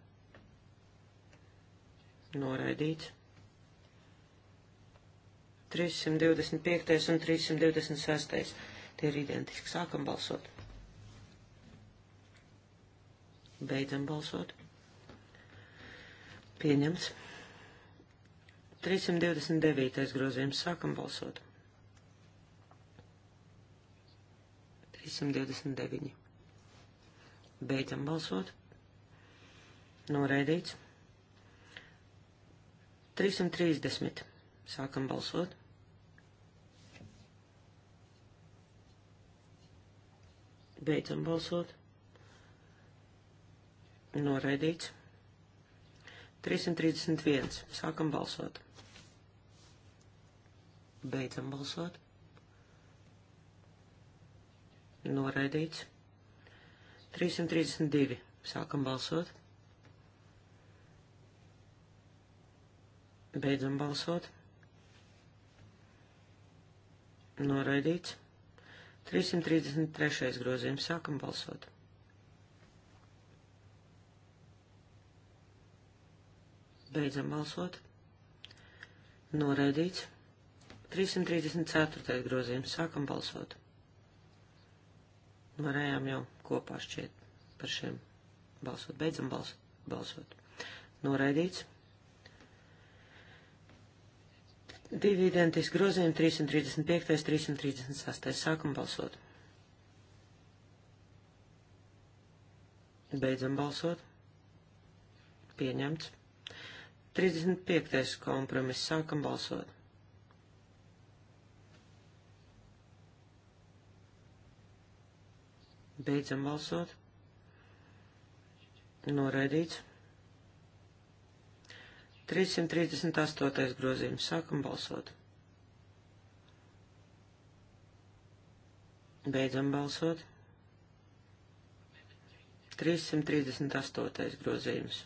Noraidīts. 325. un 326. Tie ir identiski. Sākam balsot. Beidzam balsot. Pieņemts. 329. grozījums. Sākam balsot. 329. Beidzam balsot. Noraidīts. 330. Sākam balsot. Beidzam balsot. Noraidīts. 331. Sākam balsot. Beidzam balsot. Noraidīts. 332. Sākam balsot. Beidzam balsot. Noraidīts. 333. grozījums. Sākam balsot. Beidzam balsot. Noraidīts. 334. grozījums. Sākam balsot. Varējām jau kopā šķiet par šiem balsot. Beidzam balsot. balsot. Noraidīts. Divi identiski grozījumi 335, 336. Sākam balsot. Beidzam balsot. Pieņemts. 35. kompromiss. Sākam balsot. Beidzam balsot. Noraidīts. 338. grozījums. Sākam balsot. Beidzam balsot. 338. grozījums.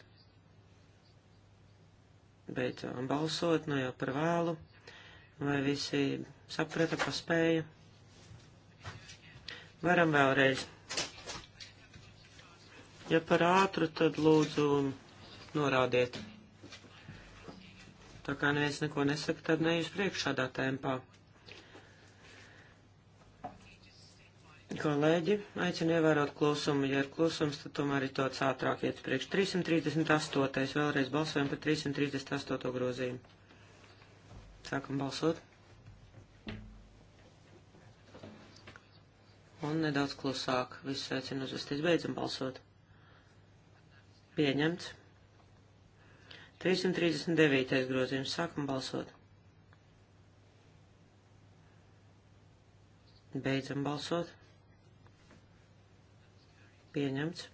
Beidzam balsot, nu jau par vēlu. Vai visi saprata, paspēja? Varam vēlreiz. Ja par ātru, tad lūdzu norādiet. Tā kā neviens neko nesaka, tad neejas priekš šādā tempā. Kolēģi, aicinu ievērot klusumu. Ja ir klusums, tad tomēr ir tāds ātrāk iet priekš. 338. vēlreiz balsojam par 338. grozījumu. Sākam balsot. Un nedaudz klusāk. Visus aicinu uzvesties. Beidzam balsot. Pieņemts. 339. grozījums. Sākam balsot. Beidzam balsot. Pieņemts.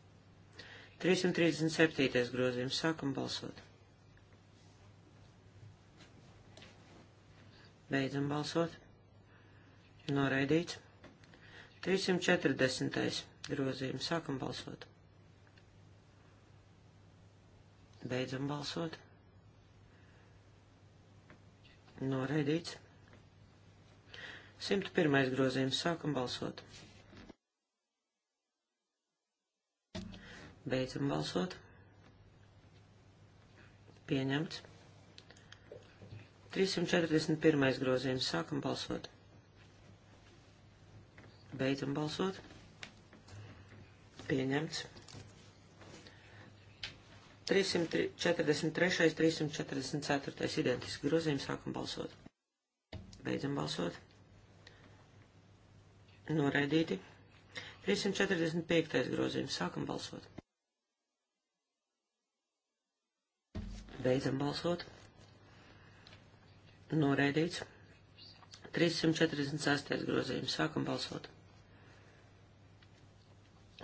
337. grozījums. Sākam balsot. Beidzam balsot. Noraidīts. 340. grozījums. Sākam balsot. Beidzam balsot. Noraidīts. 101. grozījums. Sākam balsot. Beidzam balsot. Pieņemts. 341. grozījums. Sākam balsot. Beidzam balsot. Pieņemts. 343, 344 identiski grozījumi, sākam balsot. Beidzam balsot. Noraidīti. 345. grozījums, sākam balsot. Beidzam balsot. Noraidīts. 346. grozījums, sākam balsot.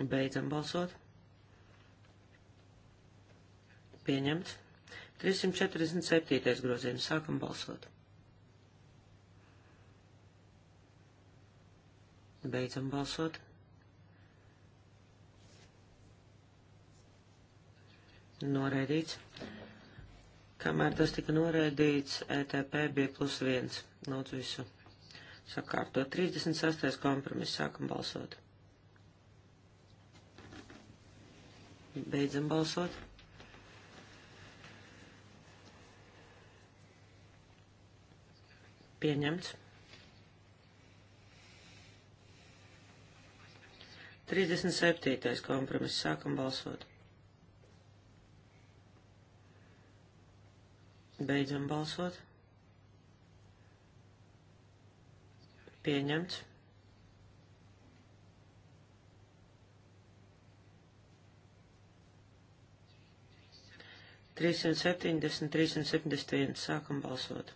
Beidzam balsot Pieņemts. 347. grozījums. Sākam balsot. Beidzam balsot. Noraidīts. Kamēr tas tika noraidīts, ETP bija plus viens. Lūdzu visu. Sakārto 36. kompromiss. Sākam balsot. Beidzam balsot. Pieņemts. 37. kompromiss. Sākam balsot. Beidzam balsot. Pieņemts. Trīsimt septiņdesmit, trīsimt septiņdesmit viens. Sākam balsot.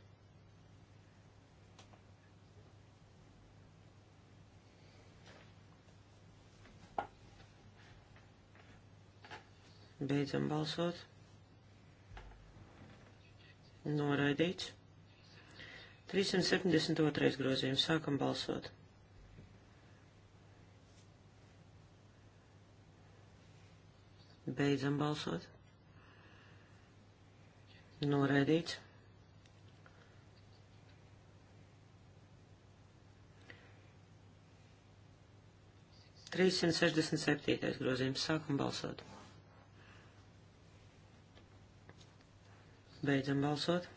Beidzam balsot. Noraidīts. 372. grozījums. Sākam balsot. Beidzam balsot. Noraidīts. 367. grozījums. Sākam balsot. Beidzam balsot.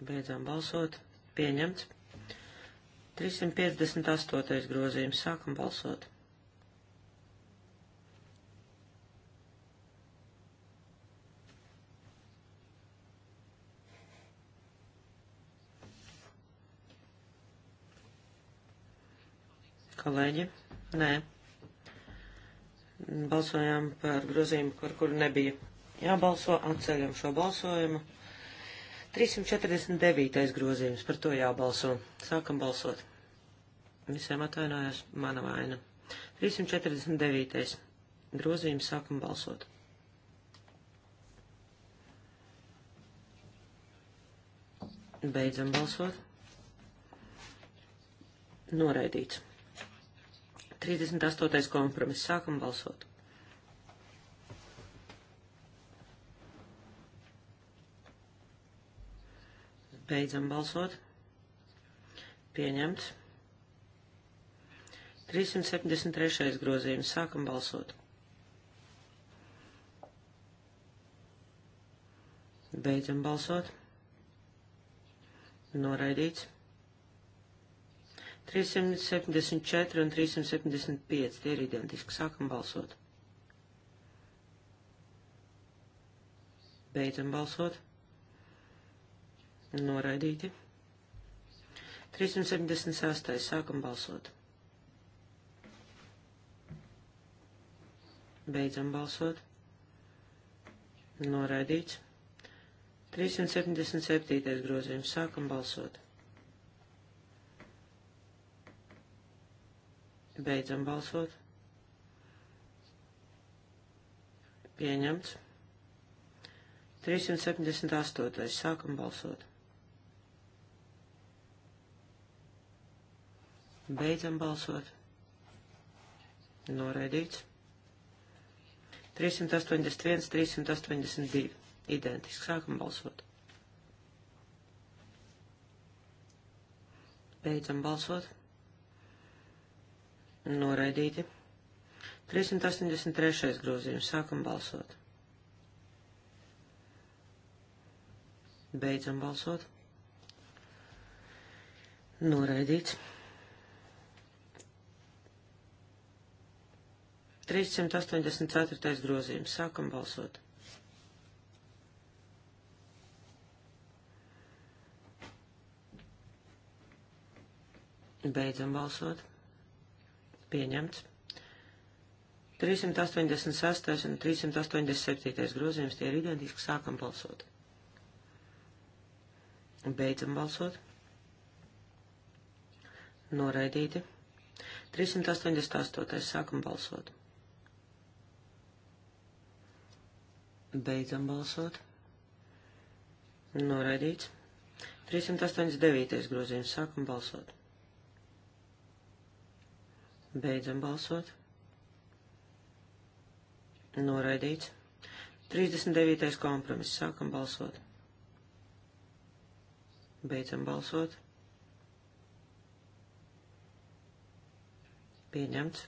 Beidzam balsot. Pieņemts. 358. grozījums. Sākam balsot. Kolēģi, nē. Balsojām par grozījumu, par kuru nebija jābalso. Atceļam šo balsojumu. 349. grozījums, par to jābalso. Sākam balsot. Visiem atvainojos, mana vaina. 349. grozījums, sākam balsot. Beidzam balsot. Noraidīts. 38. kompromiss. Sākam balsot. Beidzam balsot. Pieņemts. 373. grozījums. Sākam balsot. Beidzam balsot. Noraidīts. 374 un 375, tie ir identiski. Sākam balsot. Beidzam balsot. Noraidīti. 376. Sākam balsot. Beidzam balsot. Noraidīts. 377. grozījums. Sākam balsot. Beidzam balsot. Pieņemts. 378. Sākam balsot. Beidzam balsot. Noraidīts. 381, 382. Identiski. Sākam balsot. Beidzam balsot. Noraidīti. 383. grozījums. Sākam balsot. Beidzam balsot. Noraidīts. 384. grozījums. Sākam balsot. Beidzam balsot. Pieņemts. 386. un 387. grozījums tie ir identiski. Sākam balsot. Beidzam balsot. Noraidīti. 388. sākam balsot. Beidzam balsot. Noraidīts. 389. grozījums sākam balsot. Beidzam balsot. Noraidīts. 39. kompromiss. Sākam balsot. Beidzam balsot. Pieņemts.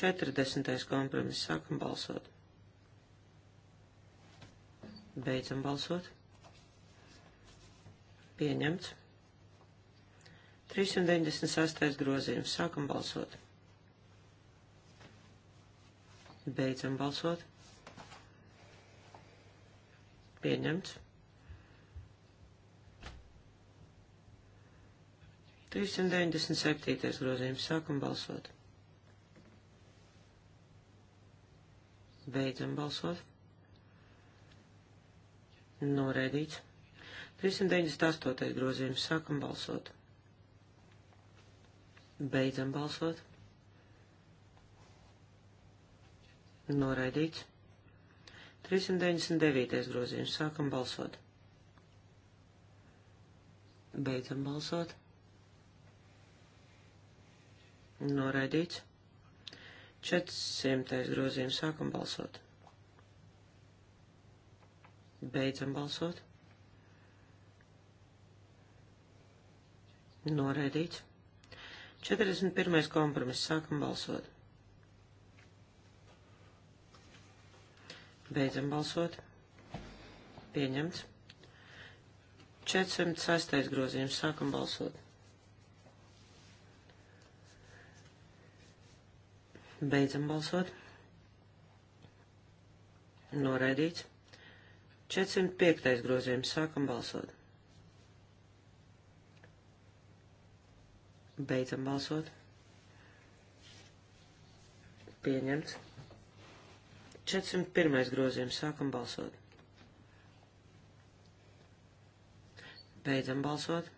40. kompromiss. Sākam balsot. Beidzam balsot. Pieņemts. 398. grozījums. Sākam balsot. Beidzam balsot. Pieņemts. 397. grozījums. Sākam balsot. Beidzam balsot. Noraidīts. 398. grozījums. Sākam balsot. Beidzam balsot. Noraidīts. 399. grozījums. Sākam balsot. Beidzam balsot. Noraidīts. 400. grozījums. Sākam balsot. Beidzam balsot. Noraidīts. 41. kompromiss. Sākam balsot. Beidzam balsot. Pieņemts. 406. grozījums. Sākam balsot. Beidzam balsot. Noraidīts. 405. grozījums. Sākam balsot. Beidzam balsot. Pieņemts. 401. grozījums. Sākam balsot. Beidzam balsot.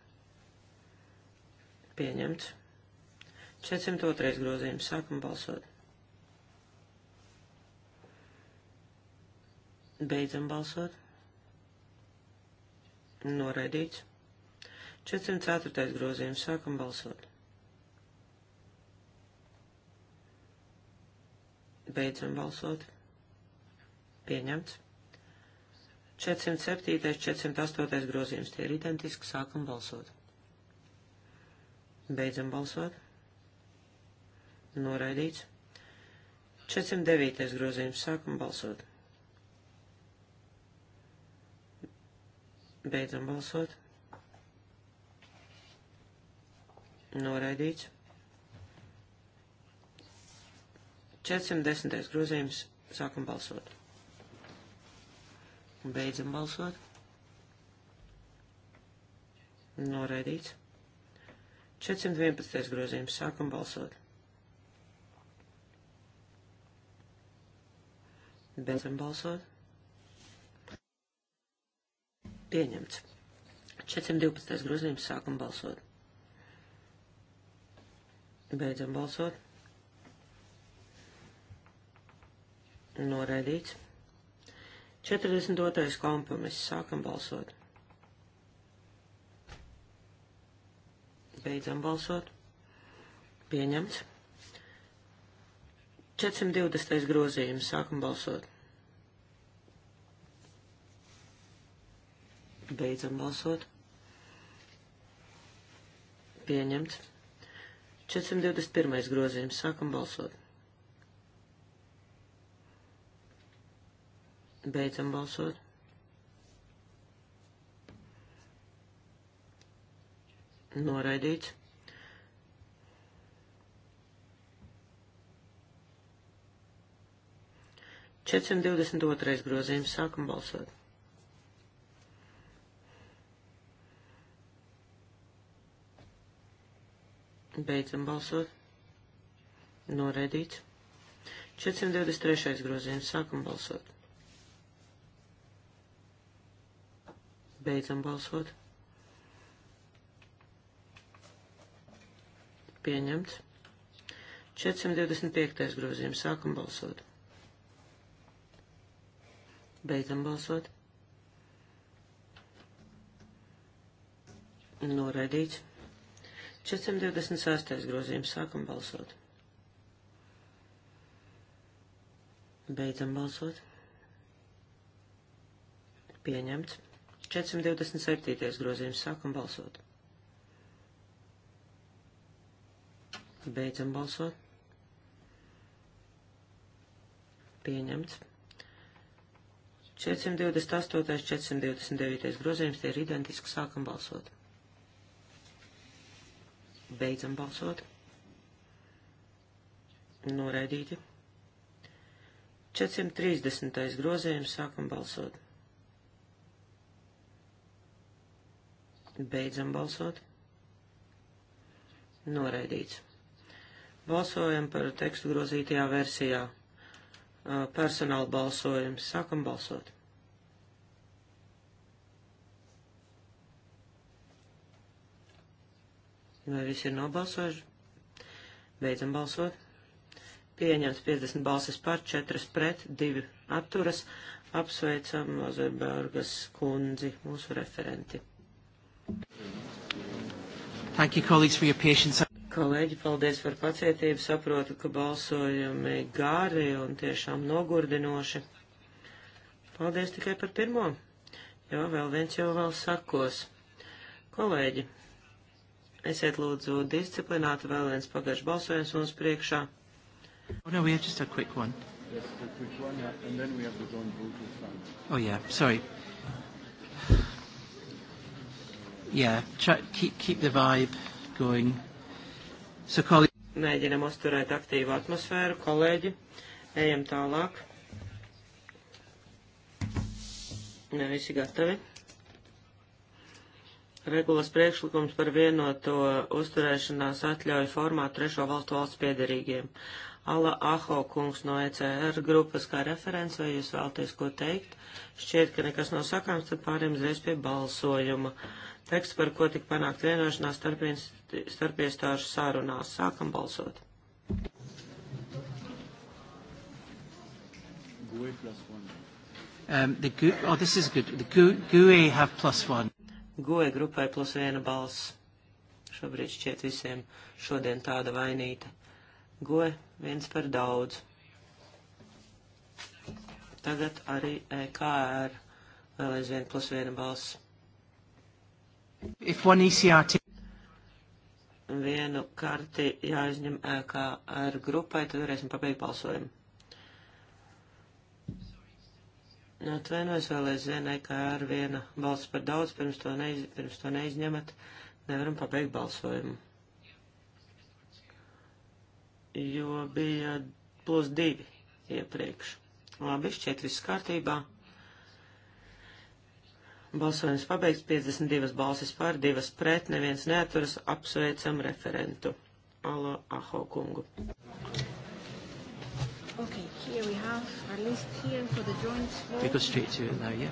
Pieņemts. 402. grozījums. Sākam balsot. Beidzam balsot. Noraidīts. 404. grozījums. Sākam balsot. Beidzam balsot. Pieņemts. 407. 408. grozījums. Tie ir identiski. Sākam balsot. Beidzam balsot. Noraidīts. 409. grozījums. Sākam balsot. Beidzam balsot. noraidīts. 410. grozījums. Sākam balsot. Beidzam balsot. Noraidīts. 411. grozījums. Sākam balsot. Beidzam balsot. Pieņemts. 412. grozījums. Sākam balsot. Beidzam balsot. Noraidīts. 42. kompromiss. Sākam balsot. Beidzam balsot. Pieņemts. 420. grozījums. Sākam balsot. Beidzam balsot. Pieņemts. 421. grozījums. Sākam balsot. Beidzam balsot. Noraidīts. Četrsimt divdesmit otrais grozījums. Sākam balsot. Beidzam balsot. Noraidīts. 423. grozījums. Sākam balsot. Beidzam balsot. Pieņemts. 425. grozījums. Sākam balsot. Beidzam balsot. Noraidīts. 426. grozījums. Sākam balsot. Beidzam balsot. Pieņemts. 427. grozījums. Sākam balsot. Beidzam balsot. Pieņemts. 428. 429. grozījums tie ir identiski. Sākam balsot. Beidzam balsot. Noraidīti. 430. grozījums sākam balsot. Beidzam balsot. Noraidīts. Balsojam par tekstu grozītajā versijā. Personāla balsojums. Sākam balsot. Vai visi ir nobalsojuši? Beidzam balsot. Pieņemts 50 balsis par, 4 pret, 2 atturas. Apsveicam Lazerbergas kundzi, mūsu referenti. Thank you, colleagues, for your patience. Kolēģi, paldies par pacietību. Saprotu, ka balsojumi gari un tiešām nogurdinoši. Paldies tikai par pirmo, jo vēl viens jau vēl sakos. Kolēģi, Esiet lūdzu disciplināti, vēl viens pagaišs balsojums mums priekšā. Oh, no, we had just a quick one. Yes, a quick one, yeah, and then we have the John Brutus fund. Oh, yeah, sorry. Yeah, try, keep, keep the vibe going. So, colleagues... Mēģinam uzturēt aktīvu atmosfēru, kolēģi. Ejam tālāk. Ne visi gatavi regulas priekšlikums par vienoto uzturēšanās atļauju formātu trešo valstu valsts piedarīgiem. Ala Aho kungs no ECR grupas kā referents, vai jūs vēlties ko teikt? Šķiet, ka nekas nav sakāms, tad pāriem uzreiz pie balsojuma. Teksts, par ko tik panākt vienošanās starp, starp iestāžu sārunās. Sākam balsot. Um, the GUE, oh, this is good. The GUE, GUE have plus one. Goja grupai plus viena balss. Šobrīd šķiet visiem šodien tāda vainīta. Goja viens par daudz. Tagad arī EKR vēl aizvien plus viena balss. If one ECRT vienu karti jāizņem ēkā e ar grupai, tad varēsim pabeigt balsojumu. Nu, atvainojos vēl aizvien, ka ar viena balss par daudz, pirms to, neiz, pirms to neizņemat, nevaram pabeigt balsojumu. Jo bija plus divi iepriekš. Labi, šķiet viss kārtībā. Balsojums pabeigts 52 balsis pār, 2 pret, neviens neaturas, apsveicam referentu. Alo Aho kungu. Okay, here we have our list here for the joint vote. We go straight to it now, yeah?